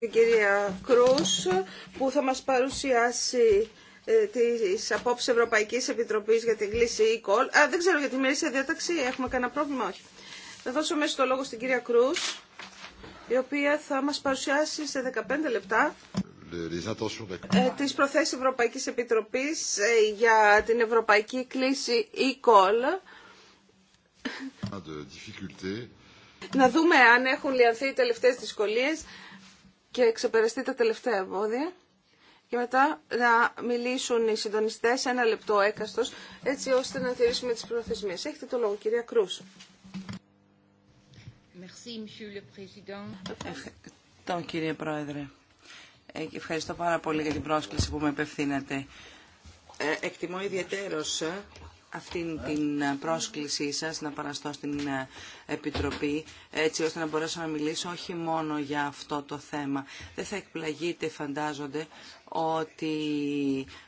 την κυρία Κρούς που θα μας παρουσιάσει ε, τις απόψεις Ευρωπαϊκής Επιτροπής για την κλίση e-call. Α, δεν ξέρω για τη μερίσια διάταξη, έχουμε κανένα πρόβλημα, όχι. Θα δώσω μέσα το λόγο στην κυρία Κρούς, η οποία θα μας παρουσιάσει σε 15 λεπτά ε, τις προθέσεις Ευρωπαϊκής Επιτροπής ε, για την Ευρωπαϊκή Κλίση e-call. Να δούμε αν έχουν λιανθεί οι τελευταίες δυσκολίες και ξεπεραστεί τα τελευταία εμπόδια και μετά να μιλήσουν οι συντονιστές ένα λεπτό έκαστος έτσι ώστε να τηρήσουμε τις προθεσμίες. Έχετε το λόγο κυρία Κρούς. Ευχαριστώ κύριε Πρόεδρε. Ε, ευχαριστώ πάρα πολύ για την πρόσκληση που με επευθύνατε. Ε, εκτιμώ ιδιαίτερο. Ε, αυτήν την ε, πρόσκλησή σας να παραστώ στην ε, Επιτροπή έτσι ώστε να μπορέσω να μιλήσω όχι μόνο για αυτό το θέμα. Δεν θα εκπλαγείτε φαντάζονται ότι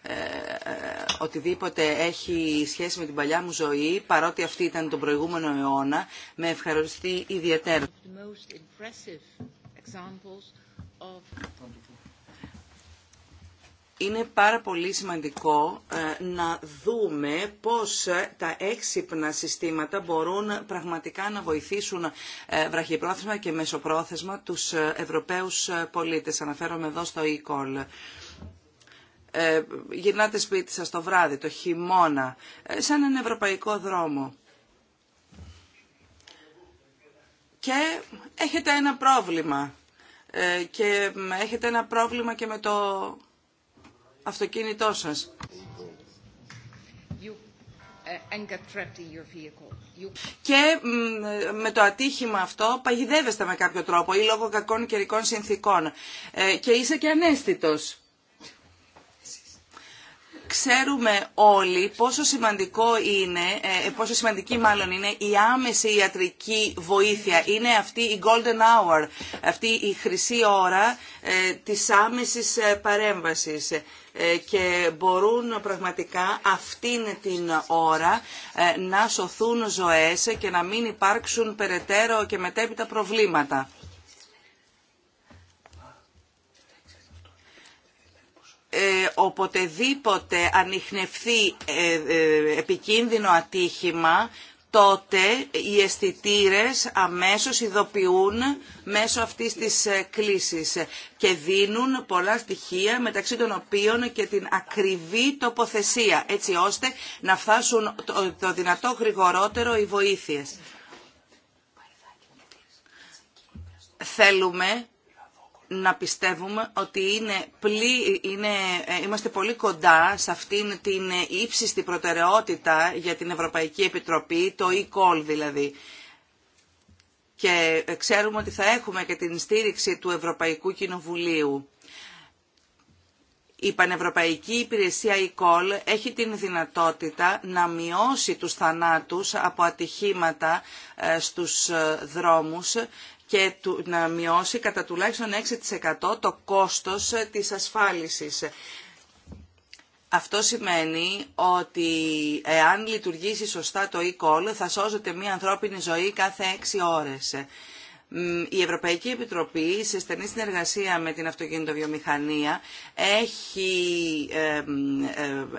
ε, ε οτιδήποτε έχει σχέση με την παλιά μου ζωή παρότι αυτή ήταν τον προηγούμενο αιώνα με ευχαριστεί ιδιαίτερα είναι πάρα πολύ σημαντικό ε, να δούμε πώς ε, τα έξυπνα συστήματα μπορούν πραγματικά να βοηθήσουν ε, βραχυπρόθεσμα και μεσοπρόθεσμα τους Ευρωπαίους πολίτες. Αναφέρομαι εδώ στο e-call. Γυρνάτε σπίτι σας το βράδυ, το χειμώνα, σαν έναν ευρωπαϊκό δρόμο. Και έχετε ένα πρόβλημα. Και έχετε ένα πρόβλημα και με το αυτοκίνητό σας. Uh, και με το ατύχημα αυτό παγιδεύεστε με κάποιο τρόπο ή λόγω κακών καιρικών συνθήκων ε, και είσαι και ανέστητος. Ξέρουμε όλοι πόσο σημαντικό είναι, ε, ε, πόσο σημαντική μάλλον είναι η άμεση ιατρική βοήθεια. Είναι αυτή η golden hour, αυτή η χρυσή ώρα της άμεσης παρέμβασης. Ε, και μπορούν πραγματικά αυτήν την ώρα ε, να σωθούν ζωές και να μην υπάρξουν περαιτέρω και μετέπειτα προβλήματα. Ε, οποτεδήποτε ανιχνευθεί επικίνδυνο ατύχημα τότε οι αισθητήρε αμέσως ειδοποιούν μέσω αυτής της ε, κλίσης και δίνουν πολλά στοιχεία μεταξύ των οποίων και την ακριβή τοποθεσία έτσι ώστε να φτάσουν το δυνατό γρηγορότερο οι βοήθειες. Θέλουμε να πιστεύουμε ότι είναι πλή, είναι, ε, είμαστε πολύ κοντά σε αυτήν την ύψιστη προτεραιότητα για την Ευρωπαϊκή Επιτροπή, το e-call δηλαδή. Και ε, ξέρουμε ότι θα έχουμε και την στήριξη του Ευρωπαϊκού Κοινοβουλίου. Η Πανευρωπαϊκή Υπηρεσία e-call έχει την δυνατότητα να μειώσει τους θανάτους από ατυχήματα ε, στους δρόμους και να μειώσει κατά τουλάχιστον 6% το κόστος ε, της ασφάλισης. Αυτό σημαίνει ότι εάν λειτουργήσει σωστά το e-call θα σώζεται μία ανθρώπινη ζωή κάθε 6 ώρες. Η Ευρωπαϊκή Επιτροπή σε στενή συνεργασία με την αυτοκινητοβιομηχανία έχει ε, ε,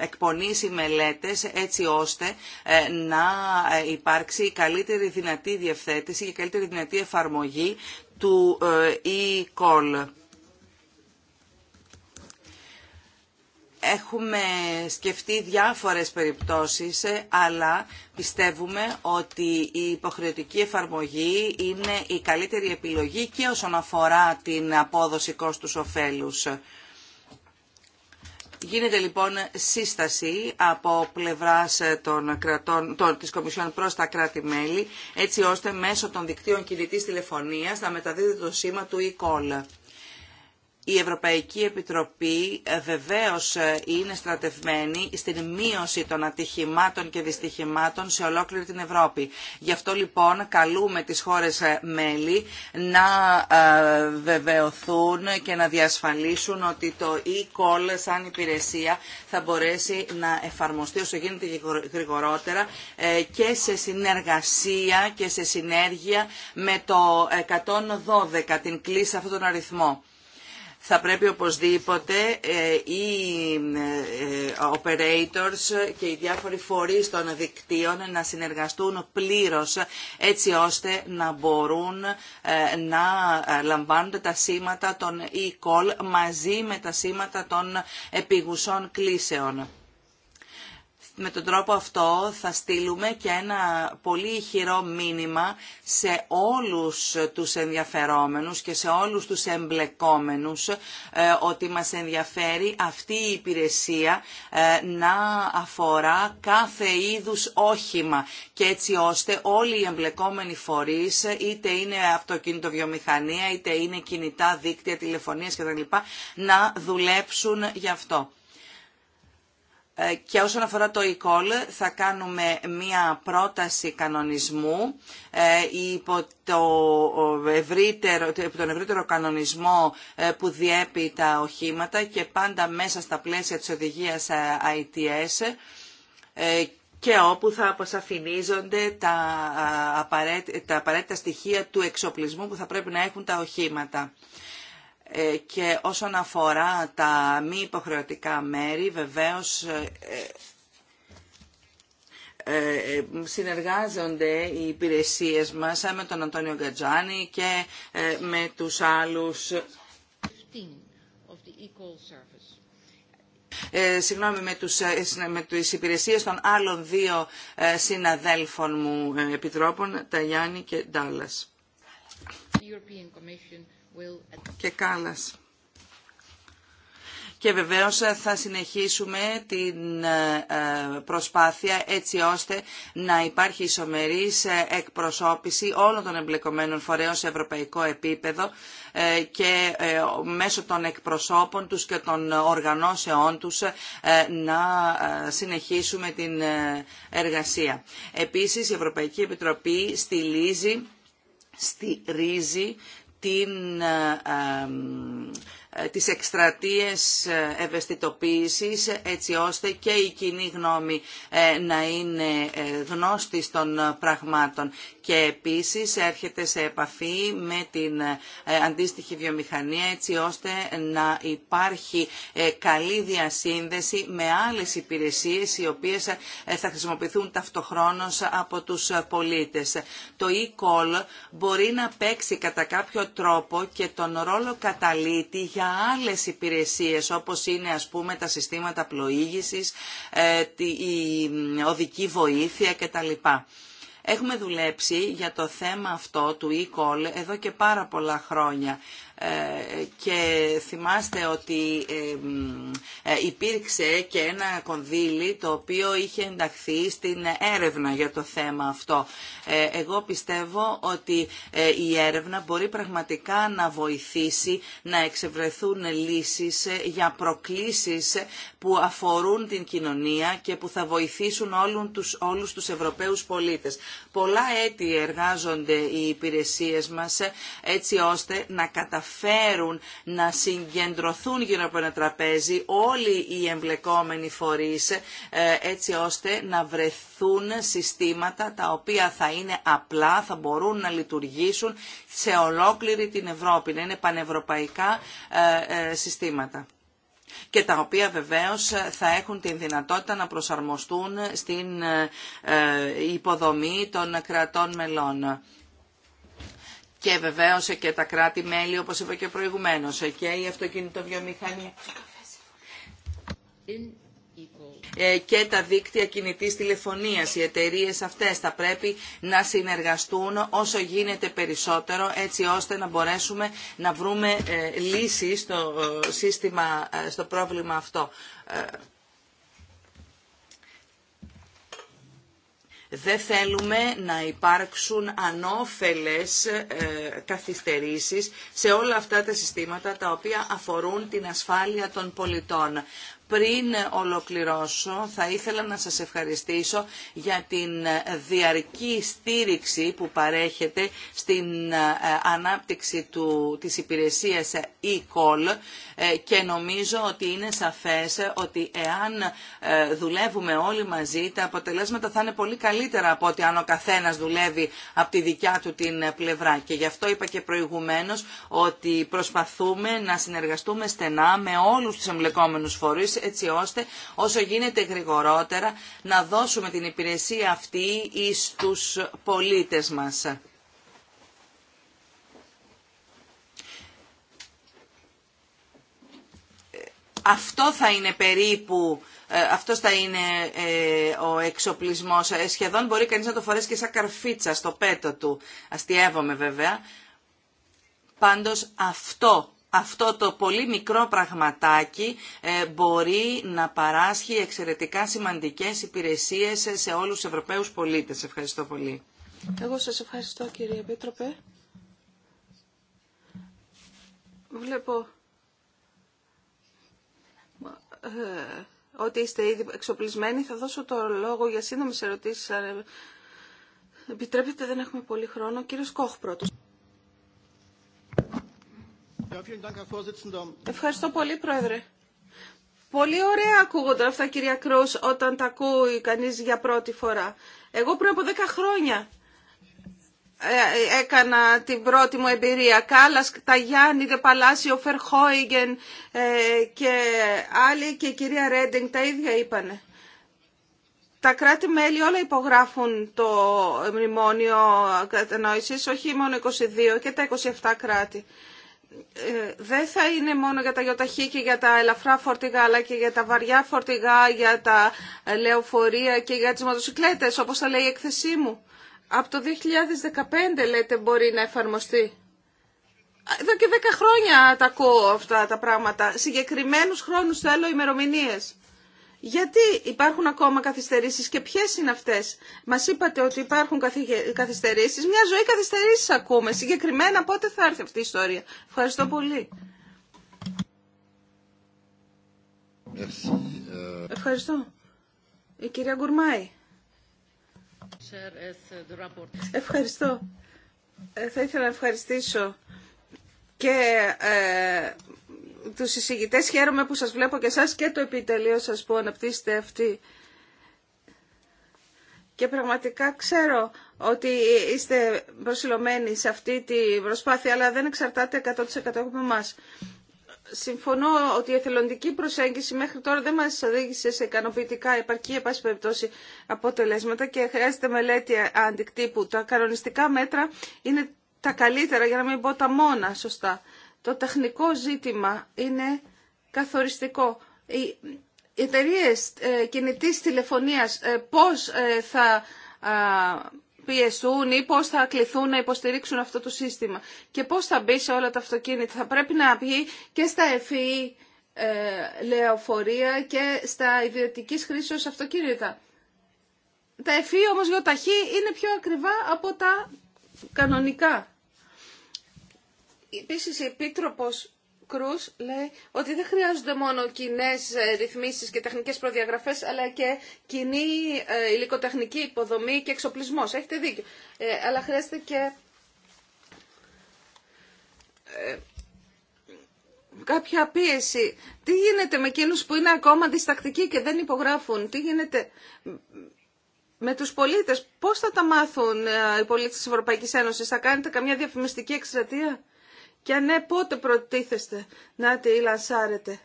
εκπονήσει μελέτες έτσι ώστε ε, να υπάρξει καλύτερη δυνατή διευθέτηση και καλύτερη δυνατή εφαρμογή του e-call. Έχουμε σκεφτεί διάφορες περιπτώσεις, ε, αλλά πιστεύουμε ότι η υποχρεωτική εφαρμογή είναι η καλύτερη επιλογή και όσον αφορά την απόδοση κόστους ωφέλους. Γίνεται λοιπόν σύσταση από πλευράς ε, των κρατών, των, της Κομισιόν προς τα κράτη-μέλη, έτσι ώστε μέσω των δικτύων κινητής τηλεφωνίας να μεταδίδεται το σήμα του e-call η Ευρωπαϊκή Επιτροπή ε, βεβαίως ε, είναι στρατευμένη στην μείωση των ατυχημάτων και δυστυχημάτων σε ολόκληρη την Ευρώπη. Γι' αυτό λοιπόν καλούμε τις χώρες ε, μέλη να βεβαιωθούν και να διασφαλίσουν ότι το e-call σαν υπηρεσία θα μπορέσει να εφαρμοστεί όσο γίνεται γρηγορότερα και σε συνεργασία και σε συνέργεια με το 112 την κλίση αυτόν τον αριθμό θα πρέπει οπωσδήποτε ε, οι ε, ε, operators και οι διάφοροι φορείς των δικτύων να συνεργαστούν πλήρως έτσι ώστε να μπορούν να λαμβάνονται τα σήματα των e-call μαζί με τα σήματα των επιγουσών κλήσεων. Με τον τρόπο αυτό θα στείλουμε και ένα πολύ ηχηρό μήνυμα σε όλους τους ενδιαφερόμενους και σε όλους τους εμπλεκόμενους ε, ότι μας ενδιαφέρει αυτή η υπηρεσία ε, να αφορά κάθε είδους όχημα και έτσι ώστε όλοι οι εμπλεκόμενοι φορείς είτε είναι αυτοκινητοβιομηχανία είτε είναι κινητά δίκτυα τηλεφωνίας κτλ να δουλέψουν γι' αυτό. Ε, και όσον αφορά το e-call θα κάνουμε μία πρόταση κανονισμού ε, υπό το ευρύτερο, τον ευρύτερο κανονισμό ε, που διέπει τα οχήματα και πάντα μέσα στα πλαίσια της οδηγίας ITS και όπου θα αποσαφηνίζονται τα απαραίτητα στοιχεία του εξοπλισμού που θα πρέπει να έχουν τα οχήματα. Ε, και όσον αφορά τα μη υποχρεωτικά μέρη, βεβαίως ε, ε, συνεργάζονται οι υπηρεσίες μας με τον Αντώνιο Γκατζάνη και με τους άλλους ε, συγγνώμη, με, τους, με τις υπηρεσίες των άλλων δύο συναδέλφων μου επιτρόπων, Ταγιάννη και Ντάλλας και Κάλλας. Και βεβαίως ε, θα συνεχίσουμε την ε, ε, προσπάθεια έτσι ώστε να υπάρχει ισομερής εκπροσώπηση όλων των εμπλεκομένων φορέων σε ευρωπαϊκό επίπεδο και μέσω των εκπροσώπων τους και των οργανώσεών τους να συνεχίσουμε την εργασία. Επίσης η Ευρωπαϊκή Επιτροπή στηρίζει, στηρίζει την ε, ε, ε, τις εκστρατείες ε, ευαισθητοποίησης έτσι ώστε και η κοινή γνώμη ε, να είναι γνώστη των πραγμάτων και επίσης έρχεται σε επαφή με την αντίστοιχη βιομηχανία έτσι ώστε να υπάρχει καλή διασύνδεση με άλλες υπηρεσίες οι οποίες θα χρησιμοποιηθούν ταυτοχρόνως από τους πολίτες. Το e-call μπορεί να παίξει κατά κάποιο τρόπο και τον ρόλο καταλήτη για άλλες υπηρεσίες όπως είναι ας πούμε τα συστήματα πλοήγησης, ε, η οδική βοήθεια κτλ. Έχουμε δουλέψει για το θέμα αυτό του e-call εδώ και πάρα πολλά χρόνια και θυμάστε ότι ε, υπήρξε και ένα κονδύλι το οποίο είχε ενταχθεί στην έρευνα για το θέμα αυτό. Ε, εγώ πιστεύω ότι ε, η έρευνα μπορεί πραγματικά να βοηθήσει να εξευρεθούν λύσεις για προκλήσεις που αφορούν την κοινωνία και που θα βοηθήσουν όλους τους, όλους τους Ευρωπαίους πολίτες. Πολλά έτη εργάζονται οι υπηρεσίες μας έτσι ώστε να καταφέρουν καταφέρουν να συγκεντρωθούν γύρω από ένα τραπέζι όλοι οι εμπλεκόμενοι φορείς ε, έτσι ώστε να βρεθούν συστήματα τα οποία θα είναι απλά, θα μπορούν να λειτουργήσουν σε ολόκληρη την Ευρώπη, να είναι πανευρωπαϊκά ε, ε, συστήματα και τα οποία βεβαίως θα έχουν την δυνατότητα να προσαρμοστούν στην υποδομή των κρατών μελών και βεβαίω και τα κράτη-μέλη, όπως είπα και προηγουμένως, και η αυτοκινητοβιομηχανία ε, και τα δίκτυα κινητής τηλεφωνίας. Οι εταιρείες αυτές θα πρέπει να συνεργαστούν όσο γίνεται περισσότερο έτσι ώστε να μπορέσουμε να βρούμε ε, λύσεις στο, ε, σύστημα, στο πρόβλημα αυτό. Δεν θέλουμε να υπάρξουν ανώφελες ε, καθυστερήσεις σε όλα αυτά τα συστήματα τα οποία αφορούν την ασφάλεια των πολιτών. Πριν ολοκληρώσω, θα ήθελα να σας ευχαριστήσω για την διαρκή στήριξη που παρέχετε στην ε, ανάπτυξη του, της υπηρεσίας e-call ε, και νομίζω ότι είναι σαφές ότι εάν ε, δουλεύουμε όλοι μαζί, τα αποτελέσματα θα είναι πολύ καλύτερα από ότι αν ο καθένας δουλεύει από τη δικιά του την πλευρά. Και γι' αυτό είπα και προηγουμένως ότι προσπαθούμε να συνεργαστούμε στενά με όλους τους εμπλεκόμενους φορείς έτσι ώστε όσο γίνεται γρηγορότερα να δώσουμε την υπηρεσία αυτή τους πολίτες μας. Αυτό θα είναι περίπου, ε, αυτός θα είναι ε, ο εξοπλισμός. Ε, σχεδόν μπορεί κανείς να το φορέσει και σαν καρφίτσα στο πέτο του. αστείευομαι βέβαια. Πάντως αυτό αυτό το πολύ μικρό πραγματάκι ε, μπορεί να παράσχει εξαιρετικά σημαντικές υπηρεσίες σε όλους τους Ευρωπαίους πολίτες. Ευχαριστώ πολύ. Εγώ σας ευχαριστώ κύριε Επίτροπε. Βλέπω ε, ότι είστε ήδη εξοπλισμένοι. Θα δώσω το λόγο για σύντομες ερωτήσεις. Επιτρέπετε, δεν έχουμε πολύ χρόνο. Κύριος Κόχ πρώτος. Ευχαριστώ πολύ, Πρόεδρε. Πολύ ωραία ακούγονται αυτά, κυρία Κρούς, όταν τα ακούει κανείς για πρώτη φορά. Εγώ πριν από 10 χρόνια ε, ε, έκανα την πρώτη μου εμπειρία. Κάλλας, Ταγιάννη, Δε Παλάσιο, Φερχόιγεν ε, και άλλοι και η κυρία Ρέντινγκ τα ίδια είπανε. Τα κράτη-μέλη όλα υπογράφουν το μνημόνιο κατανόησης, όχι μόνο 22 και τα 27 κράτη. Ε, δεν θα είναι μόνο για τα γιοταχή και για τα ελαφρά φορτηγά, αλλά και για τα βαριά φορτηγά, για τα ε, λεωφορεία και για τις μοτοσυκλέτες, όπως θα λέει η εκθεσή μου. Από το 2015 λέτε μπορεί να εφαρμοστεί. Εδώ και 10 χρόνια τα ακούω αυτά τα πράγματα. Συγκεκριμένους χρόνους θέλω ημερομηνίες. Γιατί υπάρχουν ακόμα καθυστερήσεις και ποιες είναι αυτές. Μας είπατε ότι υπάρχουν καθυστερήσεις. Μια ζωή καθυστερήσεις ακούμε. Συγκεκριμένα πότε θα έρθει αυτή η ιστορία. Ευχαριστώ πολύ. Ε. Ευχαριστώ. Η κυρία Γκουρμάη. Ευχαριστώ. Ε, θα ήθελα να ευχαριστήσω και ε, του εισηγητές. Χαίρομαι που σας βλέπω και εσά και το επιτελείο σας που αναπτύσσετε αυτή. Και πραγματικά ξέρω ότι είστε προσιλωμένοι σε αυτή τη προσπάθεια, αλλά δεν εξαρτάται 100% από εμά. Συμφωνώ ότι η εθελοντική προσέγγιση μέχρι τώρα δεν μας οδήγησε σε ικανοποιητικά επαρκή επάση περιπτώσει αποτελέσματα και χρειάζεται μελέτη αντικτύπου. Τα κανονιστικά μέτρα είναι τα καλύτερα, για να μην πω τα μόνα σωστά. Το τεχνικό ζήτημα είναι καθοριστικό. Οι εταιρείε ε, κινητής τηλεφωνίας ε, πώς ε, θα πιεστούν ή πώς θα κληθούν να υποστηρίξουν αυτό το σύστημα και πώς θα μπει σε όλα τα αυτοκίνητα. Θα πρέπει να μπει και στα FEE λεωφορεία και στα ιδιωτικής χρήσης αυτοκίνητα. Τα FEE όμως για είναι πιο ακριβά από τα κανονικά. Επίσης η Επίτροπος Κρούς λέει ότι δεν χρειάζονται μόνο κοινέ ε, ρυθμίσεις και τεχνικές προδιαγραφές αλλά και κοινή ε, υλικοτεχνική υποδομή και εξοπλισμός. Έχετε δίκιο. Ε, αλλά χρειάζεται και κάποια πίεση. Τι γίνεται με εκείνους που είναι ακόμα διστακτικοί και δεν υπογράφουν. Τι γίνεται με τους πολίτες. Πώς θα τα μάθουν οι πολίτες της Ευρωπαϊκής Ένωσης. Θα κάνετε καμιά διαφημιστική εκστρατεία. Και αν ναι, πότε προτίθεστε να τη λανσάρετε.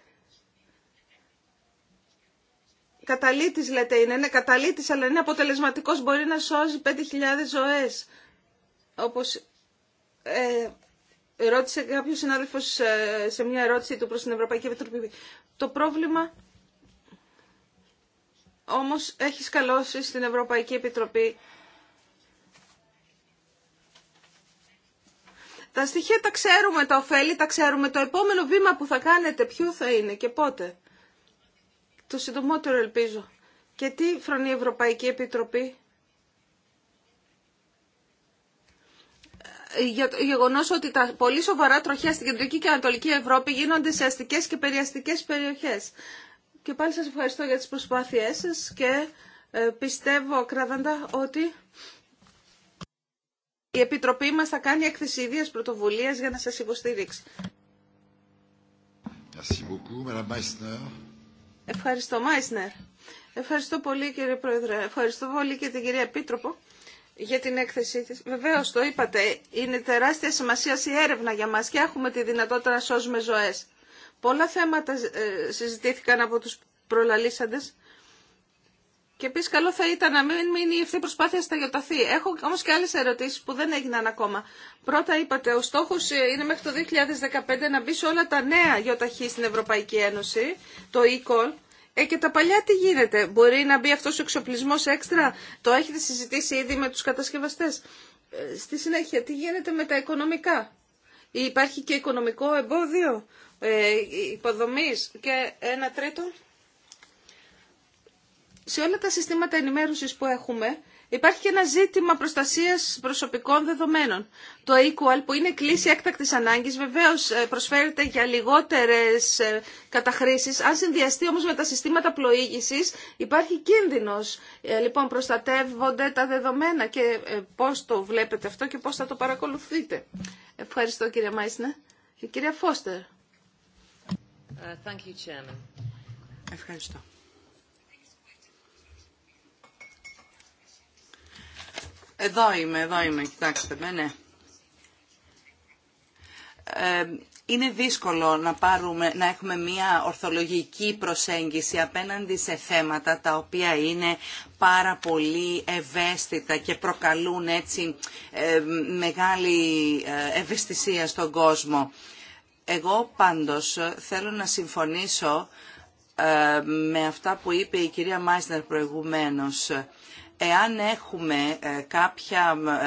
Καταλήτης λέτε είναι, είναι καταλήτης αλλά είναι αποτελεσματικός, μπορεί να σώζει 5.000 ζωές. Όπως ε, ρώτησε κάποιος συνάδελφος ε, σε μια ερώτηση του προς την Ευρωπαϊκή Επιτροπή. Το πρόβλημα όμως έχει σκαλώσει στην Ευρωπαϊκή Επιτροπή Τα στοιχεία τα ξέρουμε, τα ωφέλη τα ξέρουμε. Το επόμενο βήμα που θα κάνετε, ποιο θα είναι και πότε. Το συντομότερο ελπίζω. Και τι φρονεί η Ευρωπαϊκή Επιτροπή. Ε, για το γεγονό ότι τα πολύ σοβαρά τροχιά στην κεντρική και ανατολική Ευρώπη γίνονται σε αστικέ και περιαστικέ περιοχέ. Και πάλι σα ευχαριστώ για τι προσπάθειέ σα και ε, πιστεύω ακράδαντα ότι η Επιτροπή μας θα κάνει έκθεση ιδίας πρωτοβουλίας για να σας υποστηρίξει. Ευχαριστώ, Μάισνερ. Ευχαριστώ πολύ, κύριε Πρόεδρε. Ευχαριστώ πολύ και την κυρία Επίτροπο για την έκθεσή της. Βεβαίως, το είπατε, είναι τεράστια σημασία η έρευνα για μας και έχουμε τη δυνατότητα να σώζουμε ζωές. Πολλά θέματα ε, συζητήθηκαν από τους προλαλήσαντες και επίση καλό θα ήταν να μην μείνει αυτή η προσπάθεια γιοταθεί. Έχω όμω και άλλε ερωτήσει που δεν έγιναν ακόμα. Πρώτα είπατε, ο στόχο είναι μέχρι το 2015 να μπει σε όλα τα νέα γιοταχή στην Ευρωπαϊκή Ένωση, το ECOL, call Ε, και τα παλιά τι γίνεται, μπορεί να μπει αυτό ο εξοπλισμό έξτρα, το έχετε συζητήσει ήδη με του κατασκευαστέ. Ε, στη συνέχεια, τι γίνεται με τα οικονομικά. Υπάρχει και οικονομικό εμπόδιο ε, υποδομή και ένα τρίτο σε όλα τα συστήματα ενημέρωσης που έχουμε υπάρχει και ένα ζήτημα προστασίας προσωπικών δεδομένων. Το Equal που είναι κλίση έκτακτης ανάγκης βεβαίως ε, προσφέρεται για λιγότερες ε, καταχρήσεις. Αν συνδυαστεί όμως με τα συστήματα πλοήγησης υπάρχει κίνδυνος. Ε, λοιπόν προστατεύονται τα δεδομένα και πώς το βλέπετε αυτό και πώς θα το παρακολουθείτε. Ευχαριστώ κύριε Μάισνε. Και κυρία Φώστερ. Thank you, Ευχαριστώ. Εδώ είμαι, εδώ είμαι, κοιτάξτε με, ναι. είναι δύσκολο να, πάρουμε, να έχουμε μια ορθολογική προσέγγιση απέναντι σε θέματα τα οποία είναι πάρα πολύ ευαίσθητα και προκαλούν έτσι μεγάλη ε, ευαισθησία στον κόσμο. Εγώ πάντως θέλω να συμφωνήσω ε, με αυτά που είπε η κυρία Μάισνερ προηγουμένως εάν έχουμε ε, κάποια, ε,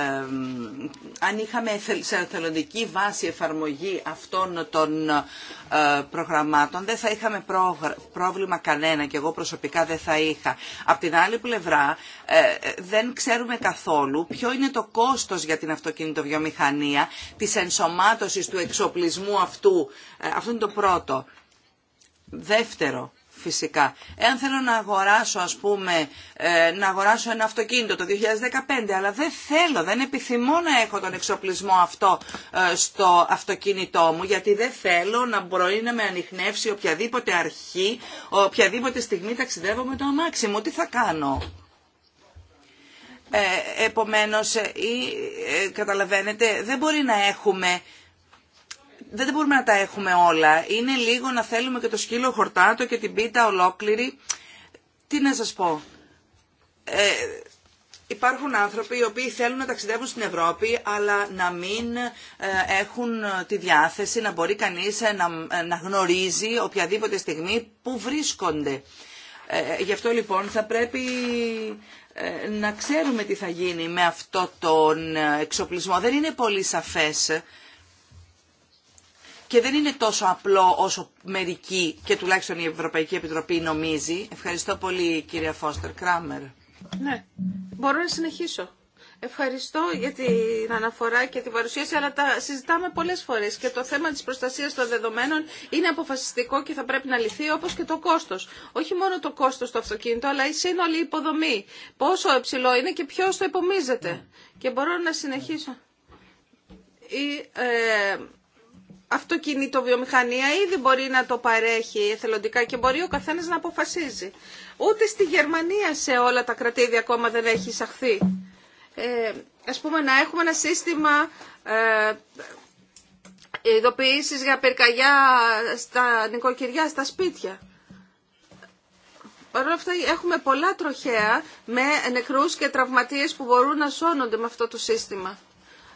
αν είχαμε σε εθελοντική βάση εφαρμογή αυτών των ε, προγραμμάτων, δεν θα είχαμε πρόβλημα κανένα και εγώ προσωπικά δεν θα είχα. Απ' την άλλη πλευρά, δεν ξέρουμε καθόλου ποιο είναι το κόστος για την αυτοκινητοβιομηχανία της ενσωμάτωσης του εξοπλισμού αυτού. Αυτό είναι το πρώτο. Δεύτερο, φυσικά. Εάν θέλω να αγοράσω, ας πούμε, ε, να αγοράσω ένα αυτοκίνητο το 2015, αλλά δεν θέλω, δεν επιθυμώ να έχω τον εξοπλισμό αυτό ε, στο αυτοκίνητό μου, γιατί δεν θέλω να μπορεί να με ανοιχνεύσει οποιαδήποτε αρχή, οποιαδήποτε στιγμή ταξιδεύω με το αμάξι μου. Τι θα κάνω. Ε, επομένως, ε, ή, καταλαβαίνετε, δεν μπορεί να έχουμε δεν μπορούμε να τα έχουμε όλα. Είναι λίγο να θέλουμε και το σκύλο χορτάτο και την πίτα ολόκληρη. Τι να σας πω. Ε, υπάρχουν άνθρωποι οι οποίοι θέλουν να ταξιδεύουν στην Ευρώπη αλλά να μην ε, έχουν ε, τη διάθεση να μπορεί κανείς να, γνωρίζει οποιαδήποτε στιγμή που βρίσκονται. Ε, γι' αυτό λοιπόν θα πρέπει να ξέρουμε τι θα γίνει με αυτό τον εξοπλισμό. Δεν είναι πολύ σαφές και δεν είναι τόσο απλό όσο μερικοί και τουλάχιστον η Ευρωπαϊκή Επιτροπή νομίζει. Ευχαριστώ πολύ κυρία Φώστερ Κράμερ. Ναι, μπορώ να συνεχίσω. Ευχαριστώ για την αναφορά και την παρουσίαση, αλλά τα συζητάμε πολλές φορές και το θέμα της προστασίας των δεδομένων είναι αποφασιστικό και θα πρέπει να λυθεί όπως και το κόστος. Όχι μόνο το κόστο του αυτοκίνητου, αλλά η σύνολη υποδομή. Πόσο υψηλό είναι και ποιο το υπομίζεται. Και μπορώ να συνεχίσω. ε, αυτοκινητοβιομηχανία ήδη μπορεί να το παρέχει εθελοντικά και μπορεί ο καθένας να αποφασίζει. Ούτε στη Γερμανία σε όλα τα κρατήδια ακόμα δεν έχει εισαχθεί. Ε, ας πούμε να έχουμε ένα σύστημα ε, για περκαγιά στα νοικοκυριά, στα σπίτια. Παρ' όλα αυτά έχουμε πολλά τροχέα με νεκρούς και τραυματίες που μπορούν να σώνονται με αυτό το σύστημα.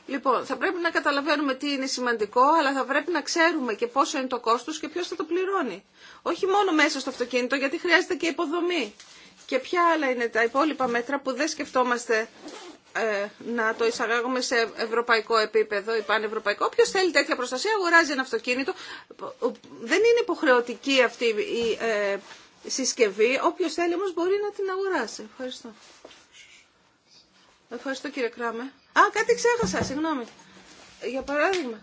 Λοιπόν, θα πρέπει να καταλαβαίνουμε τι είναι σημαντικό, αλλά θα πρέπει να ξέρουμε και πόσο είναι το κόστος και ποιος θα το πληρώνει. Όχι μόνο μέσα στο αυτοκίνητο, γιατί χρειάζεται και υποδομή. Και ποια άλλα είναι τα υπόλοιπα μέτρα που δεν σκεφτόμαστε ε, να το εισαγάγουμε σε ευρωπαϊκό επίπεδο ή πανευρωπαϊκό. Όποιο θέλει τέτοια προστασία αγοράζει ένα αυτοκίνητο. Δεν είναι υποχρεωτική αυτή η ε, συσκευή. Όποιο θέλει όμω μπορεί να την αγοράσει. Ευχαριστώ. Ευχαριστώ κύριε Κράμε. Α, κάτι ξέχασα, συγγνώμη. Για παράδειγμα,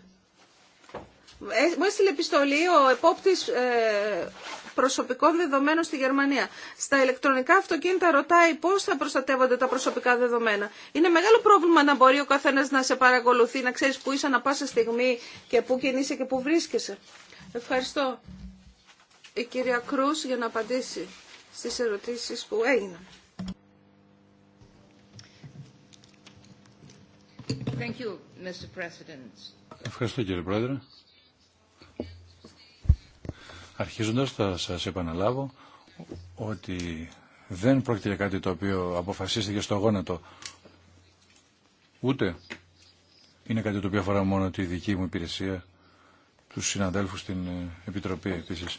ε, μου έστειλε επιστολή ο επόπτης ε, προσωπικών δεδομένων στη Γερμανία. Στα ηλεκτρονικά αυτοκίνητα ρωτάει πώς θα προστατεύονται τα προσωπικά δεδομένα. Είναι μεγάλο πρόβλημα να μπορεί ο καθένας να σε παρακολουθεί, να ξέρεις που είσαι ανα πάσα στιγμή και που κινείσαι και που βρίσκεσαι. Ευχαριστώ η κυρία Κρούς για να απαντήσει στις ερωτήσεις που έγιναν. Ευχαριστώ κύριε Πρόεδρε. Αρχίζοντας θα σας επαναλάβω ότι δεν πρόκειται για κάτι το οποίο αποφασίστηκε στο γόνατο. Ούτε είναι κάτι το οποίο αφορά μόνο τη δική μου υπηρεσία, τους συναδέλφους στην ε, Επιτροπή επίσης.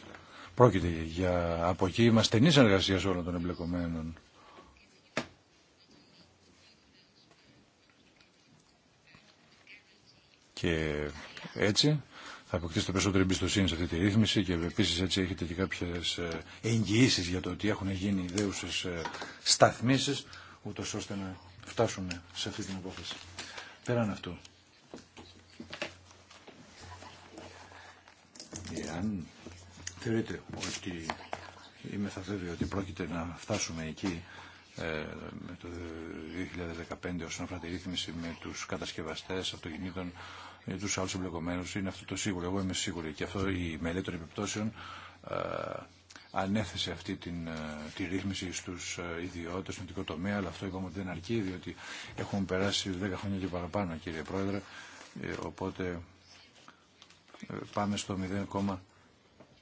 Πρόκειται για από εκεί μας στενή συνεργασία όλων των εμπλεκομένων. και έτσι θα αποκτήσετε περισσότερη εμπιστοσύνη σε αυτή τη ρύθμιση και επίσης έτσι έχετε και κάποιες ε, εγγυήσεις για το ότι έχουν γίνει ιδέουσες ε, σταθμίσεις ούτως ώστε να φτάσουμε σε αυτή την απόφαση. Πέραν αυτού. Εάν θεωρείτε ότι είμαι θα ότι πρόκειται να φτάσουμε εκεί ε, με το 2015 όσον αφορά τη ρύθμιση με τους κατασκευαστές αυτοκινήτων για του άλλου εμπλεκομένους. Είναι αυτό το σίγουρο. Εγώ είμαι σίγουρη. Και αυτό η μελέτη των επιπτώσεων ε, ανέθεσε αυτή την, ε, τη ρύθμιση στους ε, ιδιώτες, στον ειδικό τομέα, αλλά αυτό είπαμε ότι δεν αρκεί, διότι έχουν περάσει 10 χρόνια και παραπάνω, κύριε Πρόεδρε, οπότε πάμε στο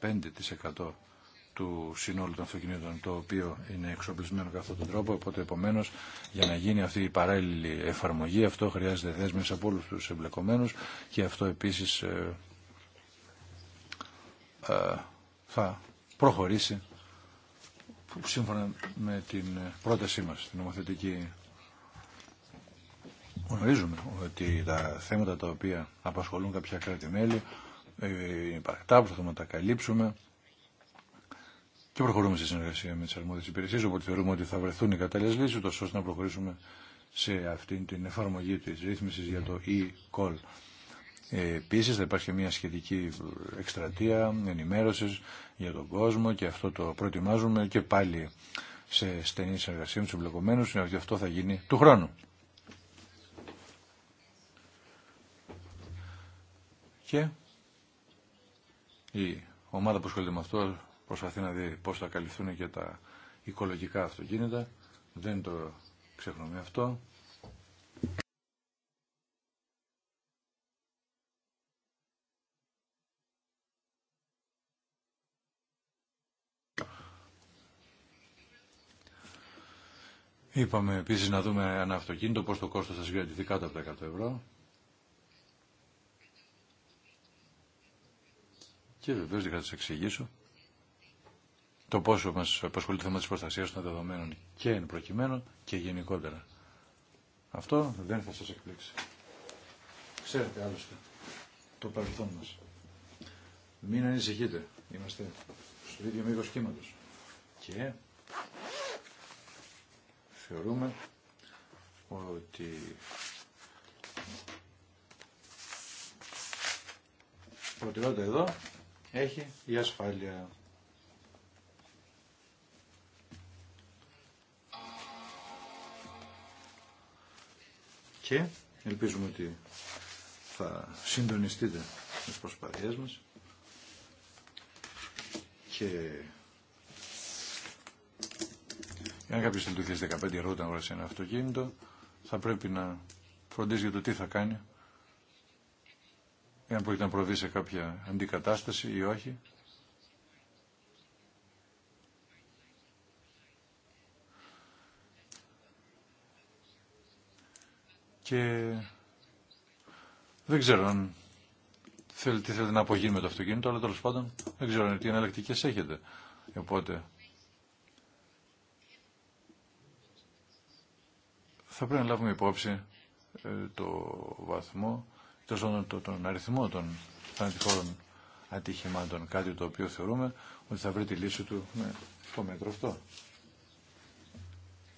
0,5% του συνόλου των αυτοκινήτων το οποίο είναι εξοπλισμένο κατά τον τρόπο οπότε επομένως για να γίνει αυτή η παράλληλη εφαρμογή αυτό χρειάζεται δέσμες από όλους τους εμπλεκομένους και αυτό επίσης ε, ε, θα προχωρήσει σύμφωνα με την πρότασή μας την νομοθετική γνωρίζουμε ότι τα θέματα τα οποία απασχολούν κάποια κράτη-μέλη ε, είναι υπαρκτά, τα καλύψουμε και προχωρούμε σε συνεργασία με τι αρμόδιε υπηρεσίε, οπότε θεωρούμε ότι θα βρεθούν οι κατάλληλε λύσει, ώστε να προχωρήσουμε σε αυτήν την εφαρμογή τη ρύθμιση για το e-call. Ε, Επίση, θα υπάρχει μια σχετική εκστρατεία ενημέρωση για τον κόσμο και αυτό το προετοιμάζουμε και πάλι σε στενή συνεργασία με του εμπλεκομένου, γιατί αυτό θα γίνει του χρόνου. Και η ομάδα που ασχολείται με αυτό προσπαθεί να δει πώς θα καλυφθούν και τα οικολογικά αυτοκίνητα. Δεν το ξεχνούμε αυτό. Είπαμε επίση να δούμε ένα αυτοκίνητο πώ το κόστο θα συγκρατηθεί κάτω από τα 100 ευρώ. Και βεβαίω δεν θα σα εξηγήσω το πόσο μας απασχολεί το θέμα της προστασία των δεδομένων και εν προκειμένου και γενικότερα. Αυτό δεν θα σας εκπλήξει. Ξέρετε άλλωστε το παρελθόν μας. Μην ανησυχείτε. Είμαστε στο ίδιο μήκο κύματο. Και θεωρούμε ότι προτεραιότητα εδώ έχει η ασφάλεια. και ελπίζουμε ότι θα συντονιστείτε με τις προσπαθειές μας και αν κάποιος θέλει το 2015 ερώτα να αγοράσει ένα αυτοκίνητο θα πρέπει να φροντίζει για το τι θα κάνει εάν πρόκειται να προβεί σε κάποια αντικατάσταση ή όχι και δεν ξέρω αν τι θέλετε να απογίνει με το αυτοκίνητο, αλλά τέλο πάντων δεν ξέρω τι εναλλακτικέ έχετε. Οπότε θα πρέπει να λάβουμε υπόψη ε, το βαθμό, τόσο το, τον αριθμό των θανατηφόρων ατυχημάτων, κάτι το οποίο θεωρούμε ότι θα βρει τη λύση του με το μέτρο αυτό.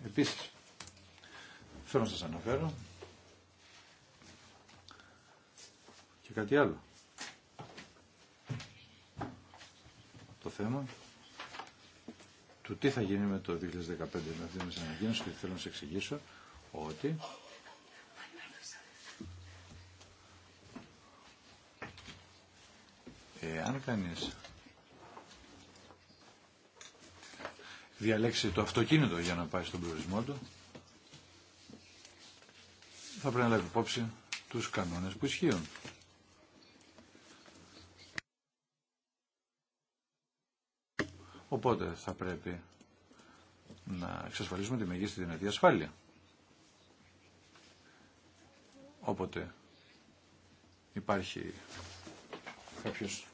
Επίσης, θέλω να σας αναφέρω και κάτι άλλο. Το θέμα του τι θα γίνει με το 2015 με αυτή τη ανακοίνωση και θέλω να σε εξηγήσω ότι εάν κανείς διαλέξει το αυτοκίνητο για να πάει στον προορισμό του θα πρέπει να λάβει υπόψη τους κανόνες που ισχύουν. Οπότε θα πρέπει να εξασφαλίσουμε τη μεγίστη δυνατή ασφάλεια. Όποτε υπάρχει κάποιος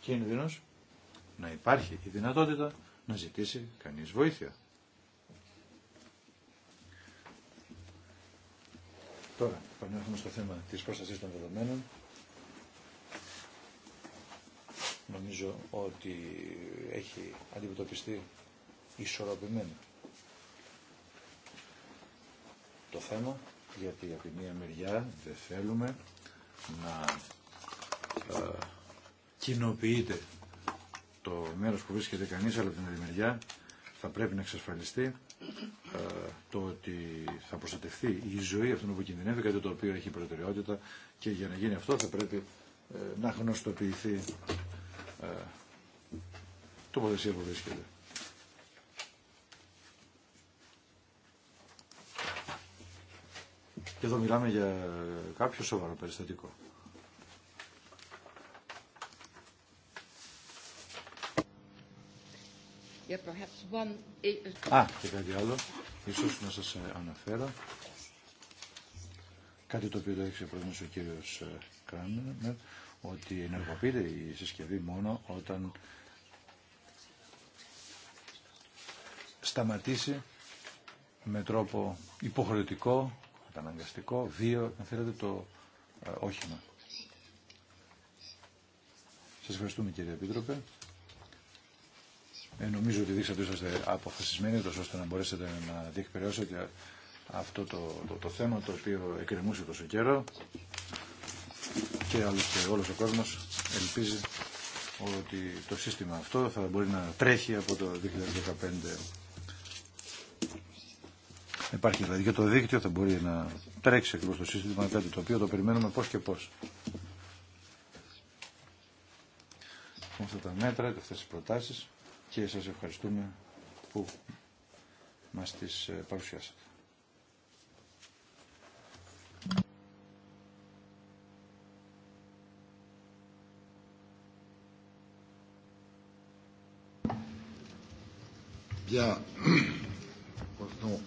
κίνδυνος, να υπάρχει η δυνατότητα να ζητήσει κανείς βοήθεια. Τώρα, επανέρχομαι στο θέμα της προστασίας των δεδομένων νομίζω ότι έχει αντιμετωπιστεί ισορροπημένα το θέμα, γιατί από τη μία μεριά δεν θέλουμε να α, ε, κοινοποιείται το μέρος που βρίσκεται κανείς, αλλά από την άλλη μεριά θα πρέπει να εξασφαλιστεί ε, το ότι θα προστατευτεί η ζωή αυτών που κινδυνεύει, κάτι το οποίο έχει προτεραιότητα και για να γίνει αυτό θα πρέπει ε, να γνωστοποιηθεί ε, τοποθεσία που βρίσκεται. Και εδώ μιλάμε για κάποιο σοβαρό περιστατικό. Α, και κάτι άλλο, ίσως να σας ε, αναφέρω. Κάτι το οποίο το έχει προτείνει ο κύριος ε, Κράμερ ότι ενεργοποιείται η συσκευή μόνο όταν σταματήσει με τρόπο υποχρεωτικό, καταναγκαστικό, βίο, αν θέλετε, το ε, όχημα. Σας ευχαριστούμε κύριε Επίτροπε. Ε, νομίζω ότι δείξατε ότι είσαστε αποφασισμένοι τόσο ώστε να μπορέσετε να διεκπαιρεώσετε αυτό το, το, το, θέμα το οποίο εκκρεμούσε τόσο καιρό και και όλος ο κόσμος ελπίζει ότι το σύστημα αυτό θα μπορεί να τρέχει από το 2015. Υπάρχει δηλαδή και το δίκτυο θα μπορεί να τρέξει ακριβώς το σύστημα, κάτι το οποίο το περιμένουμε πώς και πώς. αυτά τα μέτρα, αυτές τις προτάσεις και σας ευχαριστούμε που μας τις ε, παρουσιάσατε. Euh,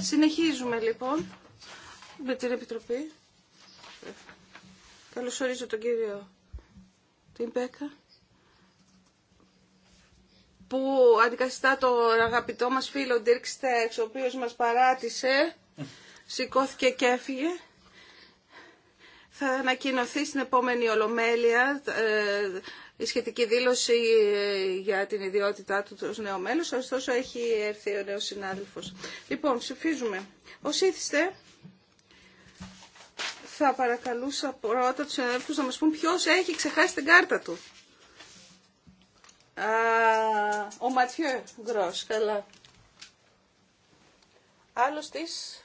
Συνεχίζουμε λοιπόν με την Επιτροπή. Καλωσορίζω τον κύριο Τιμπέκα που αντικαθιστά τον αγαπητό μας φίλο Ντίρκ Στέξ, ο οποίος μας παράτησε, σηκώθηκε και έφυγε. Θα ανακοινωθεί στην επόμενη Ολομέλεια ε, η σχετική δήλωση ε, για την ιδιότητά του ως νέο μέλος, ωστόσο έχει έρθει ο νέος συνάδελφος. Λοιπόν, ψηφίζουμε. Ως ήθιστε, θα παρακαλούσα πρώτα τους συναδέλφους να μας πούν ποιος έχει ξεχάσει την κάρτα του. ο Ματιέ Γκρός, καλά. Άλλος της...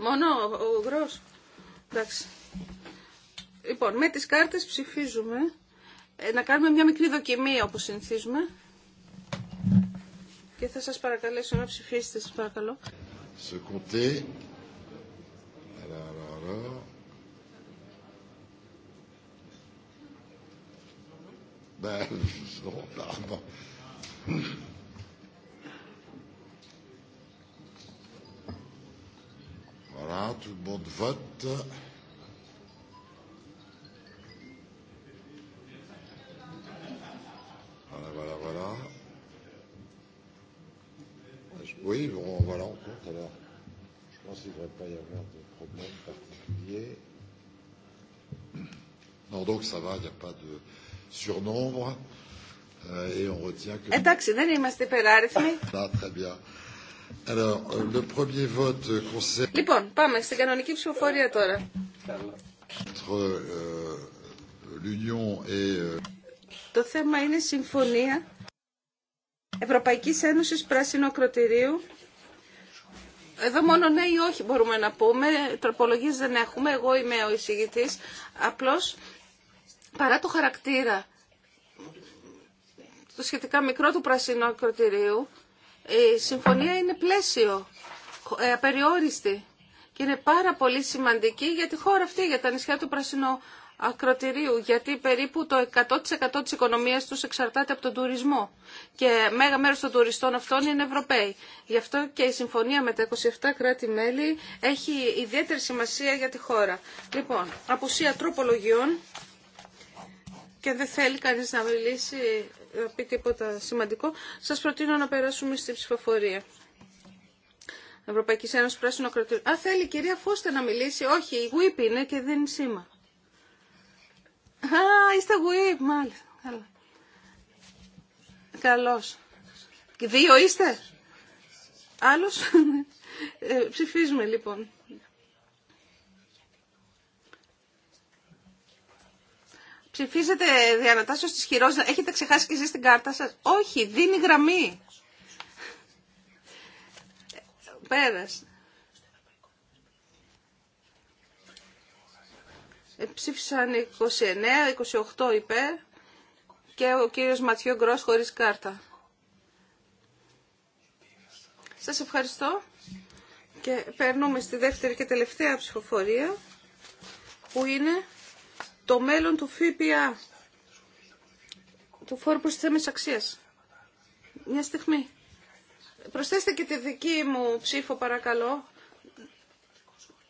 Μόνο ο Γρός. Εντάξει. Λοιπόν, με τις κάρτες ψηφίζουμε. Ε, να κάνουμε μια μικρή δοκιμή όπως συνηθίζουμε. Και θα σας παρακαλέσω να ψηφίσετε, σας παρακαλώ. Σε κοντέ. Ben, Voilà, tout le monde Voilà, voilà, voilà. Oui, bon, voilà, on compte alors. Je pense qu'il ne devrait pas y avoir de problème particulier. Non, donc ça va, il n'y a pas de surnombre. Et on retient que... Εντάξει, δεν είμαστε υπεράριθμοι. Ah, très bien. Euh, euh, λοιπόν, πάμε στην κανονική ψηφοφορία τώρα. Euh, το θέμα είναι συμφωνία Ευρωπαϊκής Ένωσης Πράσινο Ακροτηρίου. Εδώ μόνο ναι ή όχι μπορούμε να πούμε. Τροπολογίες δεν έχουμε. Εγώ είμαι ο εισηγητής. Απλώς, παρά το χαρακτήρα το σχετικά μικρό του Πράσινου Ακροτηρίου, η συμφωνία είναι πλαίσιο, ε, απεριόριστη και είναι πάρα πολύ σημαντική για τη χώρα αυτή, για τα νησιά του Πρασινού Ακροτηρίου, γιατί περίπου το 100% της οικονομίας τους εξαρτάται από τον τουρισμό και μέγα μέρος των τουριστών αυτών είναι Ευρωπαίοι. Γι' αυτό και η συμφωνία με τα 27 κράτη-μέλη έχει ιδιαίτερη σημασία για τη χώρα. Λοιπόν, απουσία τροπολογιών και δεν θέλει κανεί να μιλήσει, να πει τίποτα σημαντικό, Σα προτείνω να περάσουμε στην ψηφοφορία. Ευρωπαϊκή Ένωση Πράσινο Κρατήριο. Α, θέλει η κυρία φώστε να μιλήσει. Όχι, η ΓΟΥΙΠ είναι και δεν είναι σήμα. Α, είστε ΓΟΥΙΠ, μάλιστα. Καλά. Καλώς. Δύο είστε. Άλλος. ε, ψηφίζουμε λοιπόν. Ψηφίζετε διανατάσσεω τη χειρό. Έχετε ξεχάσει και εσεί την κάρτα σα. Όχι, δίνει γραμμή. Πέρας. Ε, ψήφισαν 29, 28 υπέρ και ο κύριος Ματιό Γκρός χωρίς κάρτα. Σας ευχαριστώ και περνούμε στη δεύτερη και τελευταία ψηφοφορία που είναι το μέλλον του ΦΠΑ, του φόρου θέμες αξίας. Μια στιγμή. Προσθέστε και τη δική μου ψήφο παρακαλώ.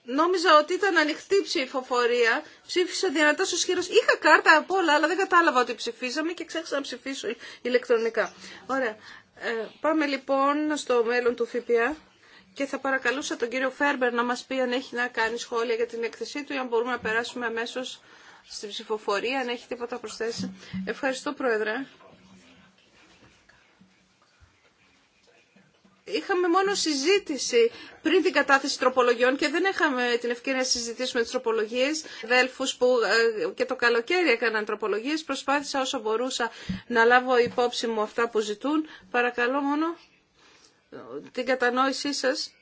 Νόμιζα ότι ήταν ανοιχτή ψηφοφορία. Ψήφισα δυνατά στους χείρους. Είχα κάρτα από όλα, αλλά δεν κατάλαβα ότι ψηφίζαμε και ξέχασα να ψηφίσω ηλεκτρονικά. Ωραία. Ε, πάμε λοιπόν στο μέλλον του ΦΠΑ και θα παρακαλούσα τον κύριο Φέρμπερ να μας πει αν έχει να κάνει σχόλια για την έκθεσή του ή αν μπορούμε να περάσουμε αμέσως στην ψηφοφορία, αν έχει τίποτα προσθέσει. Ευχαριστώ, Πρόεδρε. Είχαμε μόνο συζήτηση πριν την κατάθεση τροπολογιών και δεν είχαμε την ευκαιρία να συζητήσουμε τις τροπολογίες. Δέλφους που ε, και το καλοκαίρι έκαναν τροπολογίες, προσπάθησα όσο μπορούσα να λάβω υπόψη μου αυτά που ζητούν. Παρακαλώ μόνο την κατανόησή σας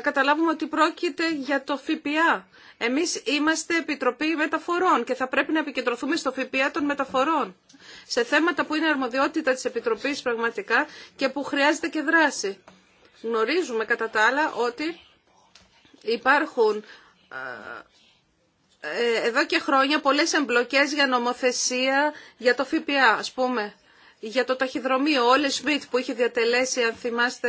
να καταλάβουμε ότι πρόκειται για το ΦΠΑ. Εμείς είμαστε Επιτροπή Μεταφορών και θα πρέπει να επικεντρωθούμε στο ΦΠΑ των μεταφορών. Σε θέματα που είναι αρμοδιότητα της Επιτροπής πραγματικά και που χρειάζεται και δράση. Γνωρίζουμε κατά τα άλλα ότι υπάρχουν ε, ε, εδώ και χρόνια πολλές εμπλοκές για νομοθεσία για το ΦΠΑ, ας πούμε. Για το ταχυδρομείο, όλες Σμιτ που είχε διατελέσει, αν θυμάστε,